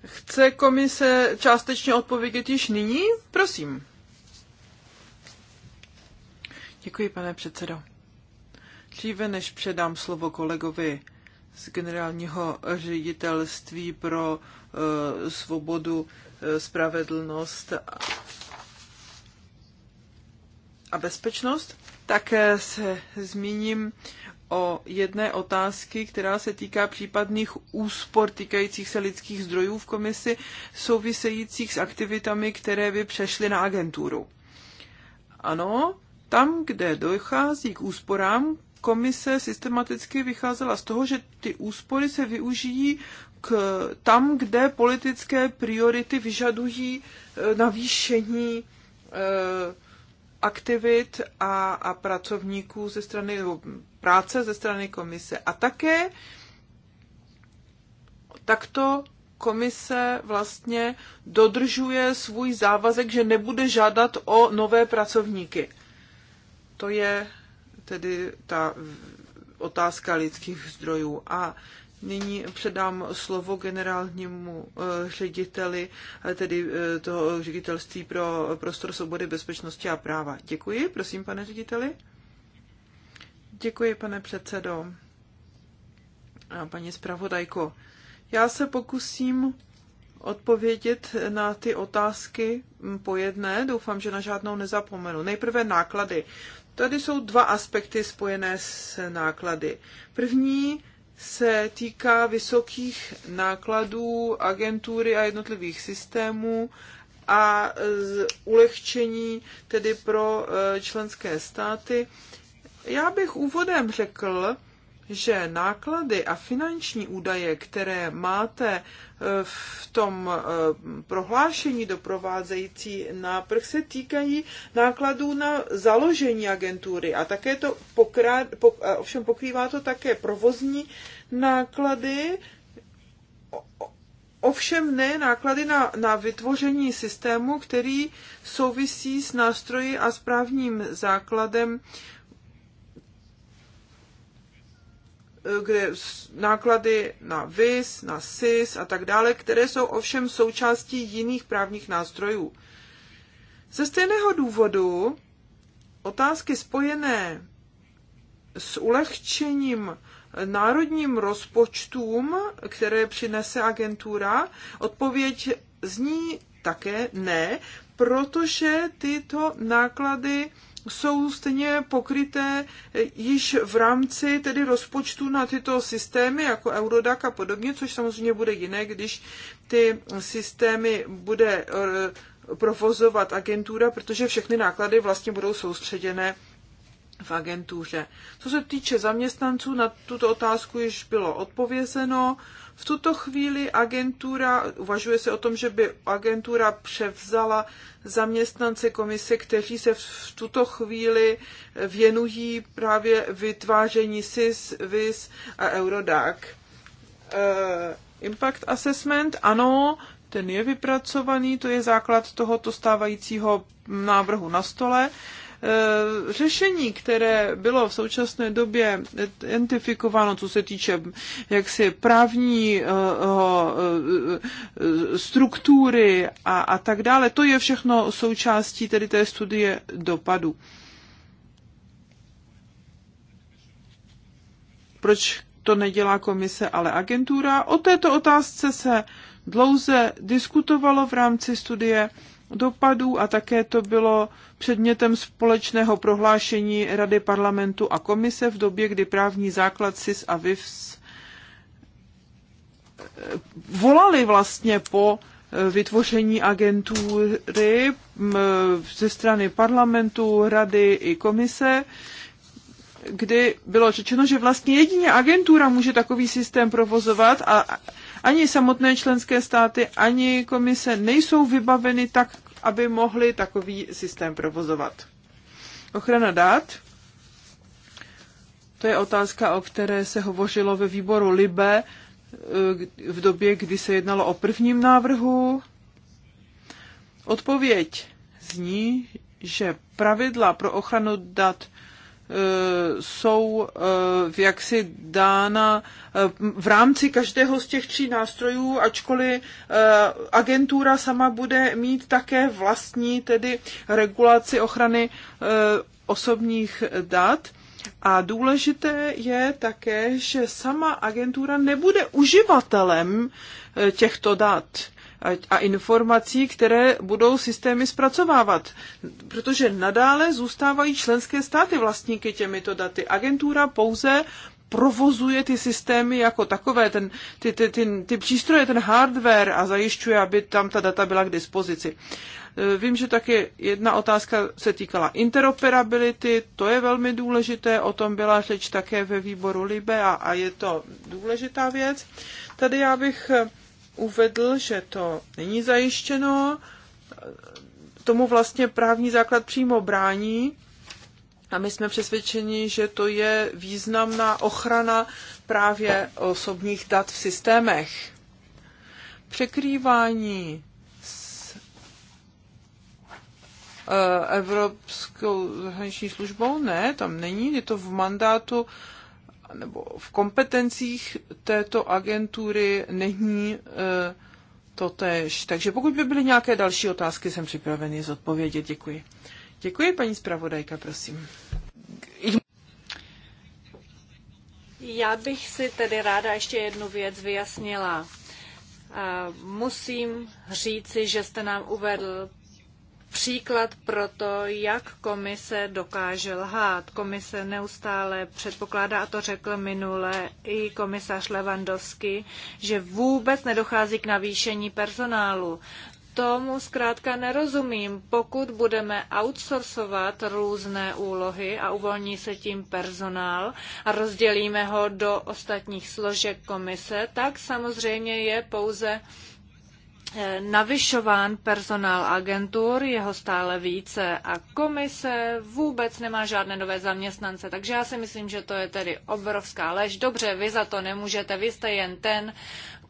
Chce komise částečně odpovědět již nyní? Prosím. Děkuji, pane předsedo. Dříve než předám slovo kolegovi z generálního ředitelství pro e, svobodu, e, spravedlnost a bezpečnost, tak se zmíním o jedné otázky, která se týká případných úspor týkajících se lidských zdrojů v komisi, souvisejících s aktivitami, které by přešly na agenturu. Ano, tam, kde dochází k úsporám, komise systematicky vycházela z toho, že ty úspory se využijí k tam, kde politické priority vyžadují e, navýšení e, aktivit a, a pracovníků ze strany, práce ze strany komise. A také takto komise vlastně dodržuje svůj závazek, že nebude žádat o nové pracovníky. To je tedy ta otázka lidských zdrojů. A nyní předám slovo generálnímu eh, řediteli, eh, tedy eh, toho ředitelství pro prostor svobody, bezpečnosti a práva. Děkuji, prosím, pane řediteli. Děkuji, pane předsedo. A paní zpravodajko, já se pokusím odpovědět na ty otázky po jedné. Doufám, že na žádnou nezapomenu. Nejprve náklady. Tady jsou dva aspekty spojené s náklady. První se týká vysokých nákladů agentury a jednotlivých systémů a ulehčení tedy pro e, členské státy já bych úvodem řekl, že náklady a finanční údaje, které máte eh, v tom eh, prohlášení doprovázející náprh, se týkají nákladů na založení agentury a také to pokrát, eh, ovšem pokrývá to také provozní náklady, ovšem ne náklady na, na vytvoření systému, který souvisí s nástroji a správním základem kde náklady na VIS, na SIS a tak dále, které jsou ovšem součástí jiných právních nástrojů. Ze stejného důvodu otázky spojené s ulehčením národním rozpočtům, které přinese agentura, odpověď zní také ne, protože tyto náklady jsou stejně pokryté eh, již v rámci tedy rozpočtu na tyto systémy, jako Eurodac a podobně, což samozřejmě bude jiné, když ty systémy bude eh, provozovat agentura, protože všechny náklady vlastně budou soustředěné v agentuře. Co se týče zaměstnanců, na tuto otázku již bylo odpovězeno. V tuto chvíli agentura, uvažuje se o tom, že by agentura převzala zaměstnance komise, kteří se v tuto chvíli věnují právě vytváření SIS, VIS a Eurodac. Eh, impact Assessment, ano, ten je vypracovaný, to je základ tohoto stávajícího návrhu na stole. Eh, řešení, které bylo v současné době identifikováno, co se týče jaksi právní eh, eh, struktury a, a tak dále, to je všechno součástí tedy té studie dopadu. Proč to nedělá komise, ale agentura? O této otázce se dlouze diskutovalo v rámci studie dopadů a také to bylo předmětem společného prohlášení Rady parlamentu a komise v době, kdy právní základ SIS a VIVS eh, volali vlastně po eh, vytvoření agentury eh, ze strany parlamentu, rady i komise, kdy bylo řečeno, že vlastně jedině agentura může takový systém provozovat a ani samotné členské státy, ani komise nejsou vybaveny tak, aby mohly takový systém provozovat. Ochrana dát. To je otázka, o které se hovořilo ve výboru Libe eh, v době, kdy se jednalo o prvním návrhu. Odpověď zní, že pravidla pro ochranu dat Eh, jsou eh, jaksi dána eh, v rámci každého z těch tří nástrojů, ačkoliv agentura sama bude mít také vlastní tedy regulaci ochrany osobních dat. A důležité je také, že sama agentura nebude uživatelem těchto dat a informací, které budou systémy zpracovávat. Protože nadále zůstávají členské státy vlastníky těmito daty. Agentura pouze provozuje ty systémy jako takové, ten, ty, ty, ty, ty přístroje, ten hardware a zajišťuje, aby tam ta data byla k dispozici. E, vím, že taky jedna otázka se týkala interoperability, to je velmi důležité, o tom byla řeč také ve výboru Libe a, a je to důležitá věc. Tady já bych e, uvedl, že to není zajištěno, tomu vlastně právní základ přímo brání a my jsme přesvědčeni, že to je významná ochrana právě osobních dat v systémech. Překrývání s eh, Evropskou zahraniční službou? Ne, tam není, je to v mandátu nebo v kompetencích této agentury není eh, to tež. Takže pokud by byly nějaké další otázky, jsem připravený zodpovědět. Děkuji. Děkuji, paní zpravodajka, prosím. Já bych si tedy ráda ještě jednu věc vyjasnila. Eh, musím říci, že jste nám uvedl příklad pro to, jak komise dokáže lhát. Komise neustále předpokládá, a to řekl minule i komisař Levandovský, že vůbec nedochází k navýšení personálu. Tomu zkrátka nerozumím. Pokud budeme outsourcovat různé úlohy a uvolní se tím personál a rozdělíme ho do ostatních složek komise, tak samozřejmě je pouze navyšován personál agentur, jeho stále více a komise vůbec nemá žádné nové zaměstnance. Takže já si myslím, že to je tedy obrovská lež. Dobře, vy za to nemůžete, vy jste jen ten,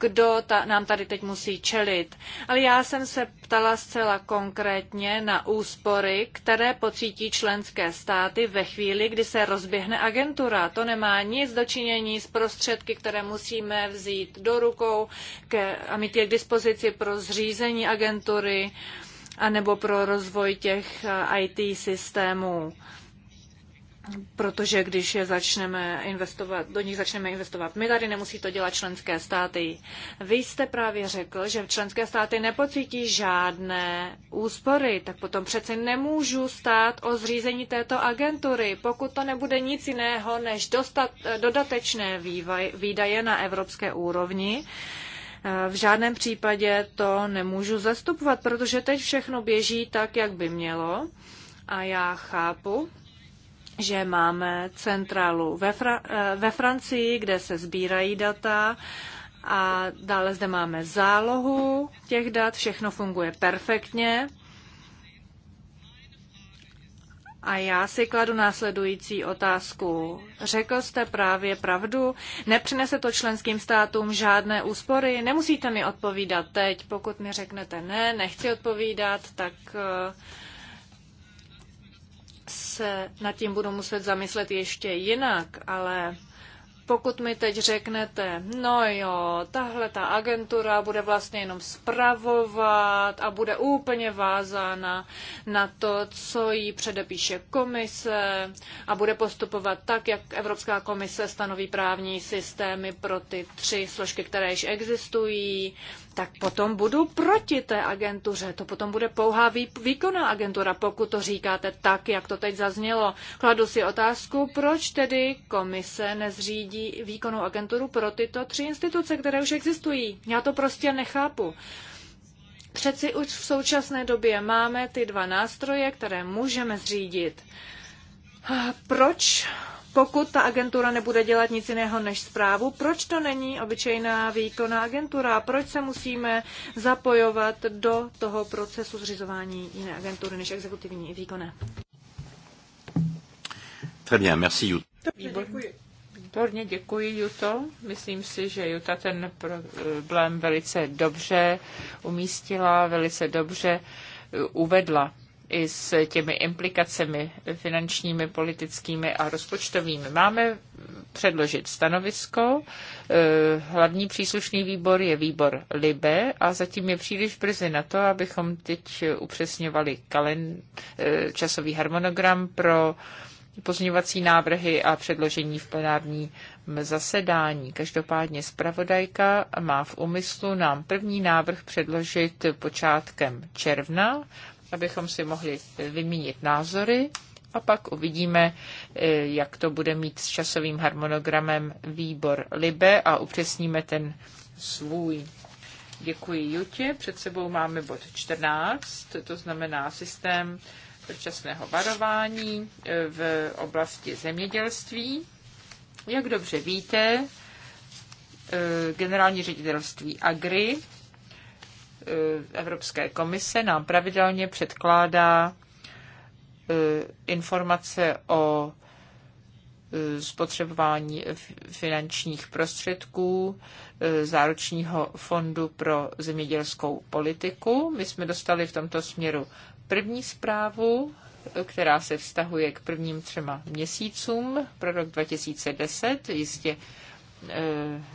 kdo ta, nám tady teď musí čelit. Ale já jsem se ptala zcela konkrétně na úspory, které pocítí členské státy ve chvíli, kdy se rozběhne agentura. To nemá nic dočinění s prostředky, které musíme vzít do rukou ke, a mít je k dispozici pro zřízení agentury anebo pro rozvoj těch eh, IT systémů protože když je začneme investovat, do nich začneme investovat my tady, nemusí to dělat členské státy. Vy jste právě řekl, že členské státy nepocítí žádné úspory, tak potom přece nemůžu stát o zřízení této agentury, pokud to nebude nic jiného, než dostat eh, dodatečné vývaj, výdaje na evropské úrovni. Eh, v žádném případě to nemůžu zastupovat, protože teď všechno běží tak, jak by mělo. A já chápu, že máme centrálu ve, Fra- eh, ve Francii, kde se sbírají data a dále zde máme zálohu těch dat, všechno funguje perfektně. A já si kladu následující otázku. Řekl jste právě pravdu? Nepřinese to členským státům žádné úspory? Nemusíte mi odpovídat teď. Pokud mi řeknete ne, nechci odpovídat, tak uh, se nad tím budu muset zamyslet ještě jinak, ale pokud mi teď řeknete, no jo, tahle ta agentura bude vlastně jenom spravovat a bude úplně vázána na to, co jí předepíše komise a bude postupovat tak, jak Evropská komise stanoví právní systémy pro ty tři složky, které již existují tak potom budu proti té agentuře. To potom bude pouhá výkonná agentura, pokud to říkáte tak, jak to teď zaznělo. Kladu si otázku, proč tedy komise nezřídí výkonnou agenturu pro tyto tři instituce, které už existují. Já to prostě nechápu. Přeci už v současné době máme ty dva nástroje, které můžeme zřídit. Proč pokud ta agentura nebude dělat nic jiného než zprávu, proč to není obyčejná výkonná agentura? Proč se musíme zapojovat do toho procesu zřizování jiné agentury než exekutivní výkonné? Très merci Výborně, děkuji Juto. Myslím si, že Juta ten problém velice dobře umístila, velice dobře eh, uvedla i s těmi implikacemi finančními, politickými a rozpočtovými. Máme předložit stanovisko. Eh, hlavní příslušný výbor je výbor LIBE a zatím je příliš brzy na to, abychom teď upřesňovali kalen, eh, časový harmonogram pro pozměňovací návrhy a předložení v plenární zasedání. Každopádně zpravodajka má v úmyslu nám první návrh předložit počátkem června abychom si mohli vymínit názory a pak uvidíme, eh, jak to bude mít s časovým harmonogramem výbor Libe a upřesníme ten svůj. Děkuji Jutě. Před sebou máme bod 14, to znamená systém předčasného varování eh, v oblasti zemědělství. Jak dobře víte, eh, generální ředitelství Agri Eh, Evropské komise nám pravidelně předkládá eh, informace o eh, spotřebování finančních prostředků záručního fondu pro zemědělskou politiku. My jsme dostali v tomto směru první zprávu, která se vztahuje k prvním třema měsícům pro rok 2010. Jistě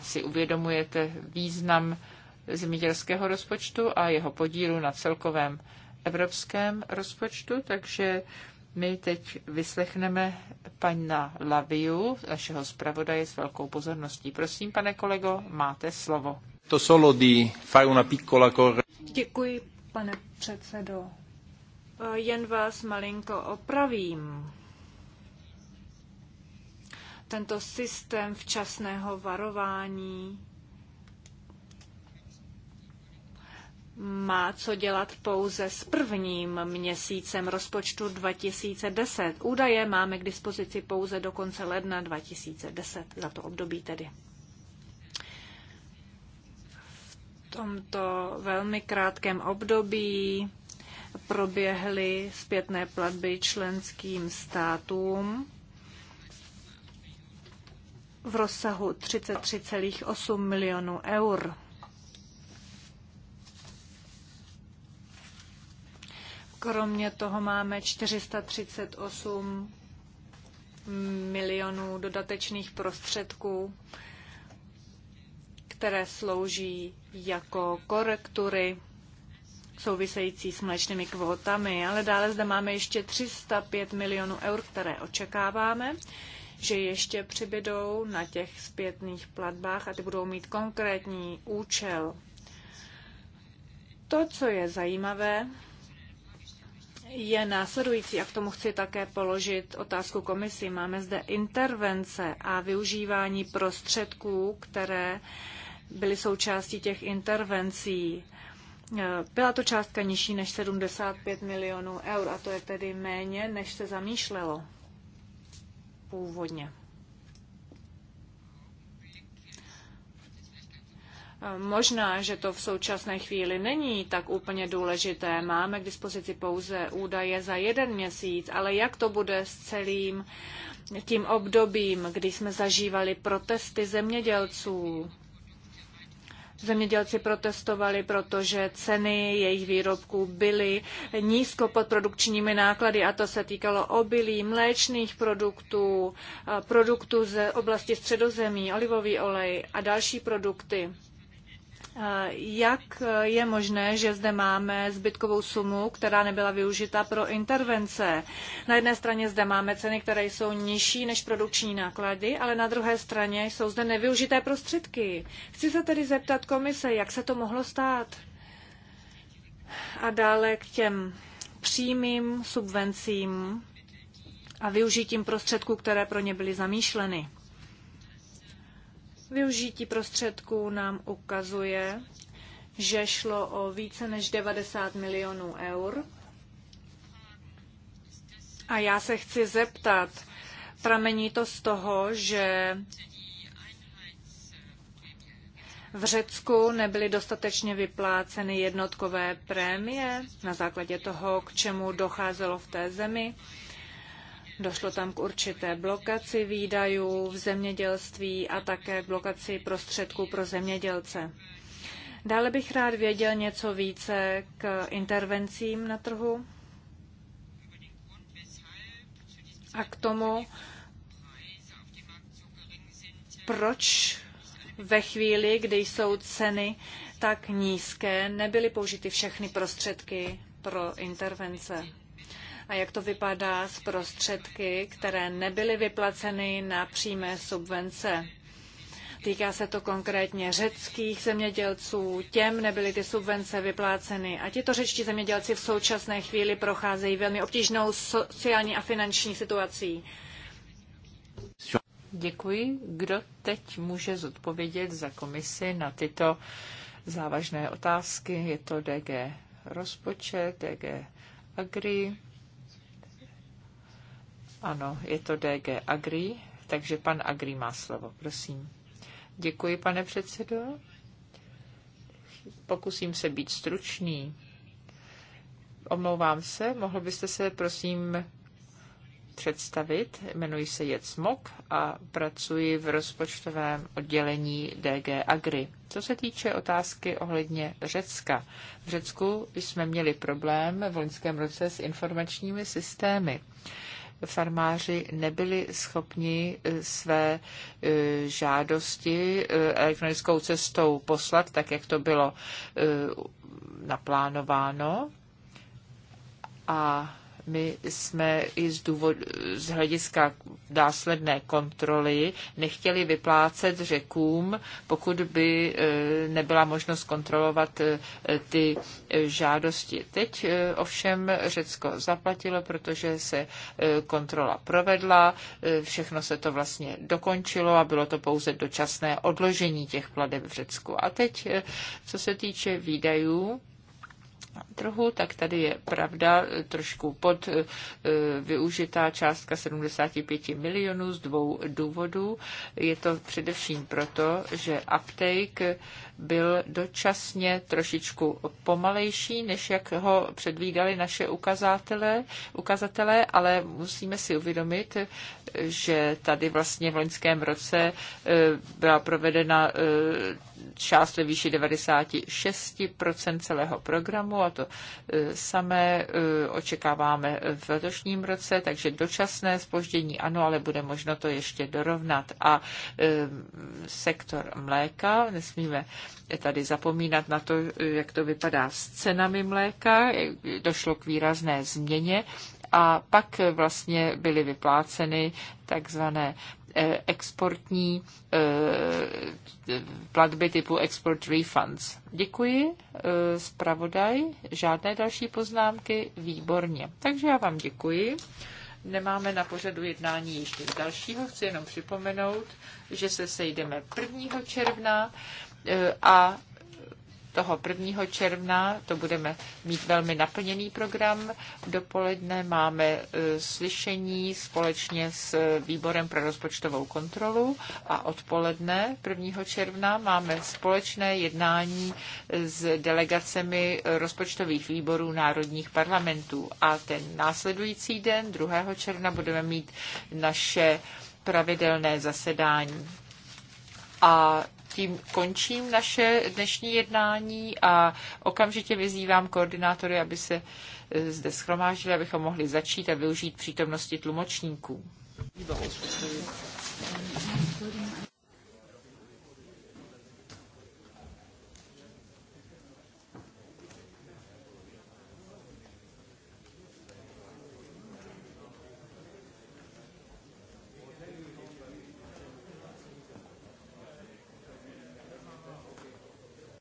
si uvědomujete význam zemědělského rozpočtu a jeho podílu na celkovém evropském rozpočtu, takže my teď vyslechneme paní Laviu, našeho zpravodaje s velkou pozorností. Prosím, pane kolego, máte slovo. To solo di fai una piccola cor... Děkuji, pane předsedo. Jen vás malinko opravím. Tento systém včasného varování má co dělat pouze s prvním měsícem rozpočtu 2010. Údaje máme k dispozici pouze do konce ledna 2010, za to období tedy. V tomto velmi krátkém období proběhly zpětné platby členským státům v rozsahu 33,8 milionů eur. Kromě toho máme 438 milionů dodatečných prostředků, které slouží jako korektury související s mléčnými kvótami, ale dále zde máme ještě 305 milionů eur, které očekáváme, že ještě přibydou na těch zpětných platbách a ty budou mít konkrétní účel. To, co je zajímavé, je následující a k tomu chci také položit otázku komisi. Máme zde intervence a využívání prostředků, které byly součástí těch intervencí. E, byla to částka nižší než 75 milionů eur a to je tedy méně, než se zamýšlelo původně. Možná, že to v současné chvíli není tak úplně důležité. Máme k dispozici pouze údaje za jeden měsíc, ale jak to bude s celým tím obdobím, kdy jsme zažívali protesty zemědělců? Zemědělci protestovali, protože ceny jejich výrobků byly nízko pod produkčními náklady a to se týkalo obilí, mléčných produktů, eh, produktů z oblasti středozemí, olivový olej a další produkty. Jak je možné, že zde máme zbytkovou sumu, která nebyla využita pro intervence? Na jedné straně zde máme ceny, které jsou nižší než produkční náklady, ale na druhé straně jsou zde nevyužité prostředky. Chci se tedy zeptat komise, jak se to mohlo stát? A dále k těm přímým subvencím a využitím prostředků, které pro ně byly zamýšleny. Využití prostředků nám ukazuje, že šlo o více než 90 milionů eur. A já se chci zeptat, pramení to z toho, že v Řecku nebyly dostatečně vypláceny jednotkové prémie na základě toho, k čemu docházelo v té zemi. Došlo tam k určité blokaci výdajů v zemědělství a také blokaci prostředků pro zemědělce. Dále bych rád věděl něco více k intervencím na trhu a k tomu, proč ve chvíli, kdy jsou ceny tak nízké, nebyly použity všechny prostředky pro intervence a jak to vypadá s prostředky, které nebyly vyplaceny na přímé subvence. Týká se to konkrétně řeckých zemědělců, těm nebyly ty subvence vypláceny. A tito řečtí zemědělci v současné chvíli procházejí velmi obtížnou sociální a finanční situací. Děkuji. Kdo teď může zodpovědět za komisi na tyto závažné otázky? Je to DG rozpočet, DG Agri, ano, je to DG Agri, takže pan Agri má slovo, prosím. Děkuji, pane předsedo. Pokusím se být stručný. Omlouvám se, mohl byste se, prosím, představit. Jmenuji se Jec Mok a pracuji v rozpočtovém oddělení DG Agri. Co se týče otázky ohledně Řecka. V Řecku jsme měli problém v loňském roce s informačními systémy farmáři nebyli schopni eh, své eh, žádosti eh, elektronickou cestou poslat, tak jak to bylo naplánováno. A my jsme i z, důvod, z hlediska následné kontroly nechtěli vyplácet řekům, pokud by e, nebyla možnost kontrolovat e, ty e, žádosti. Teď ovšem Řecko zaplatilo, protože se kontrola provedla, všechno se to vlastně dokončilo a bylo to pouze dočasné odložení těch pladeb v Řecku. A teď, co se týče výdajů, trhu, tak tady je pravda eh, trošku pod eh, využitá částka 75 milionů z dvou důvodů. Je to především proto, že uptake byl dočasně trošičku pomalejší, než jak ho předvídali naše ukazatele, ukazatele ale musíme si uvědomit, že tady vlastně v loňském roce e, byla provedena e, část ve výši 96% celého programu a to e, samé očekáváme v letošním roce, takže dočasné spoždění ano, ale bude možno to ještě dorovnat. A sektor mléka nesmíme tady zapomínat na to, jak to vypadá s cenami mléka. Došlo k výrazné změně a pak vlastně byly vypláceny takzvané eh, exportní eh, platby typu export refunds. Děkuji, eh, zpravodaj. Žádné další poznámky? Výborně. Takže já vám děkuji. Nemáme na pořadu jednání ještě dalšího. Chci jenom připomenout, že se sejdeme 1. června a toho 1. června, to budeme mít velmi naplněný program. Dopoledne máme e, slyšení společně s Výborem pro rozpočtovou kontrolu a odpoledne 1. června máme společné jednání s delegacemi rozpočtových výborů národních parlamentů. A ten následující den, 2. června, budeme mít naše pravidelné zasedání. A tím končím naše dnešní jednání a okamžitě vyzývám koordinátory, aby se eh, zde schromáždili, abychom mohli začít a využít přítomnosti tlumočníků.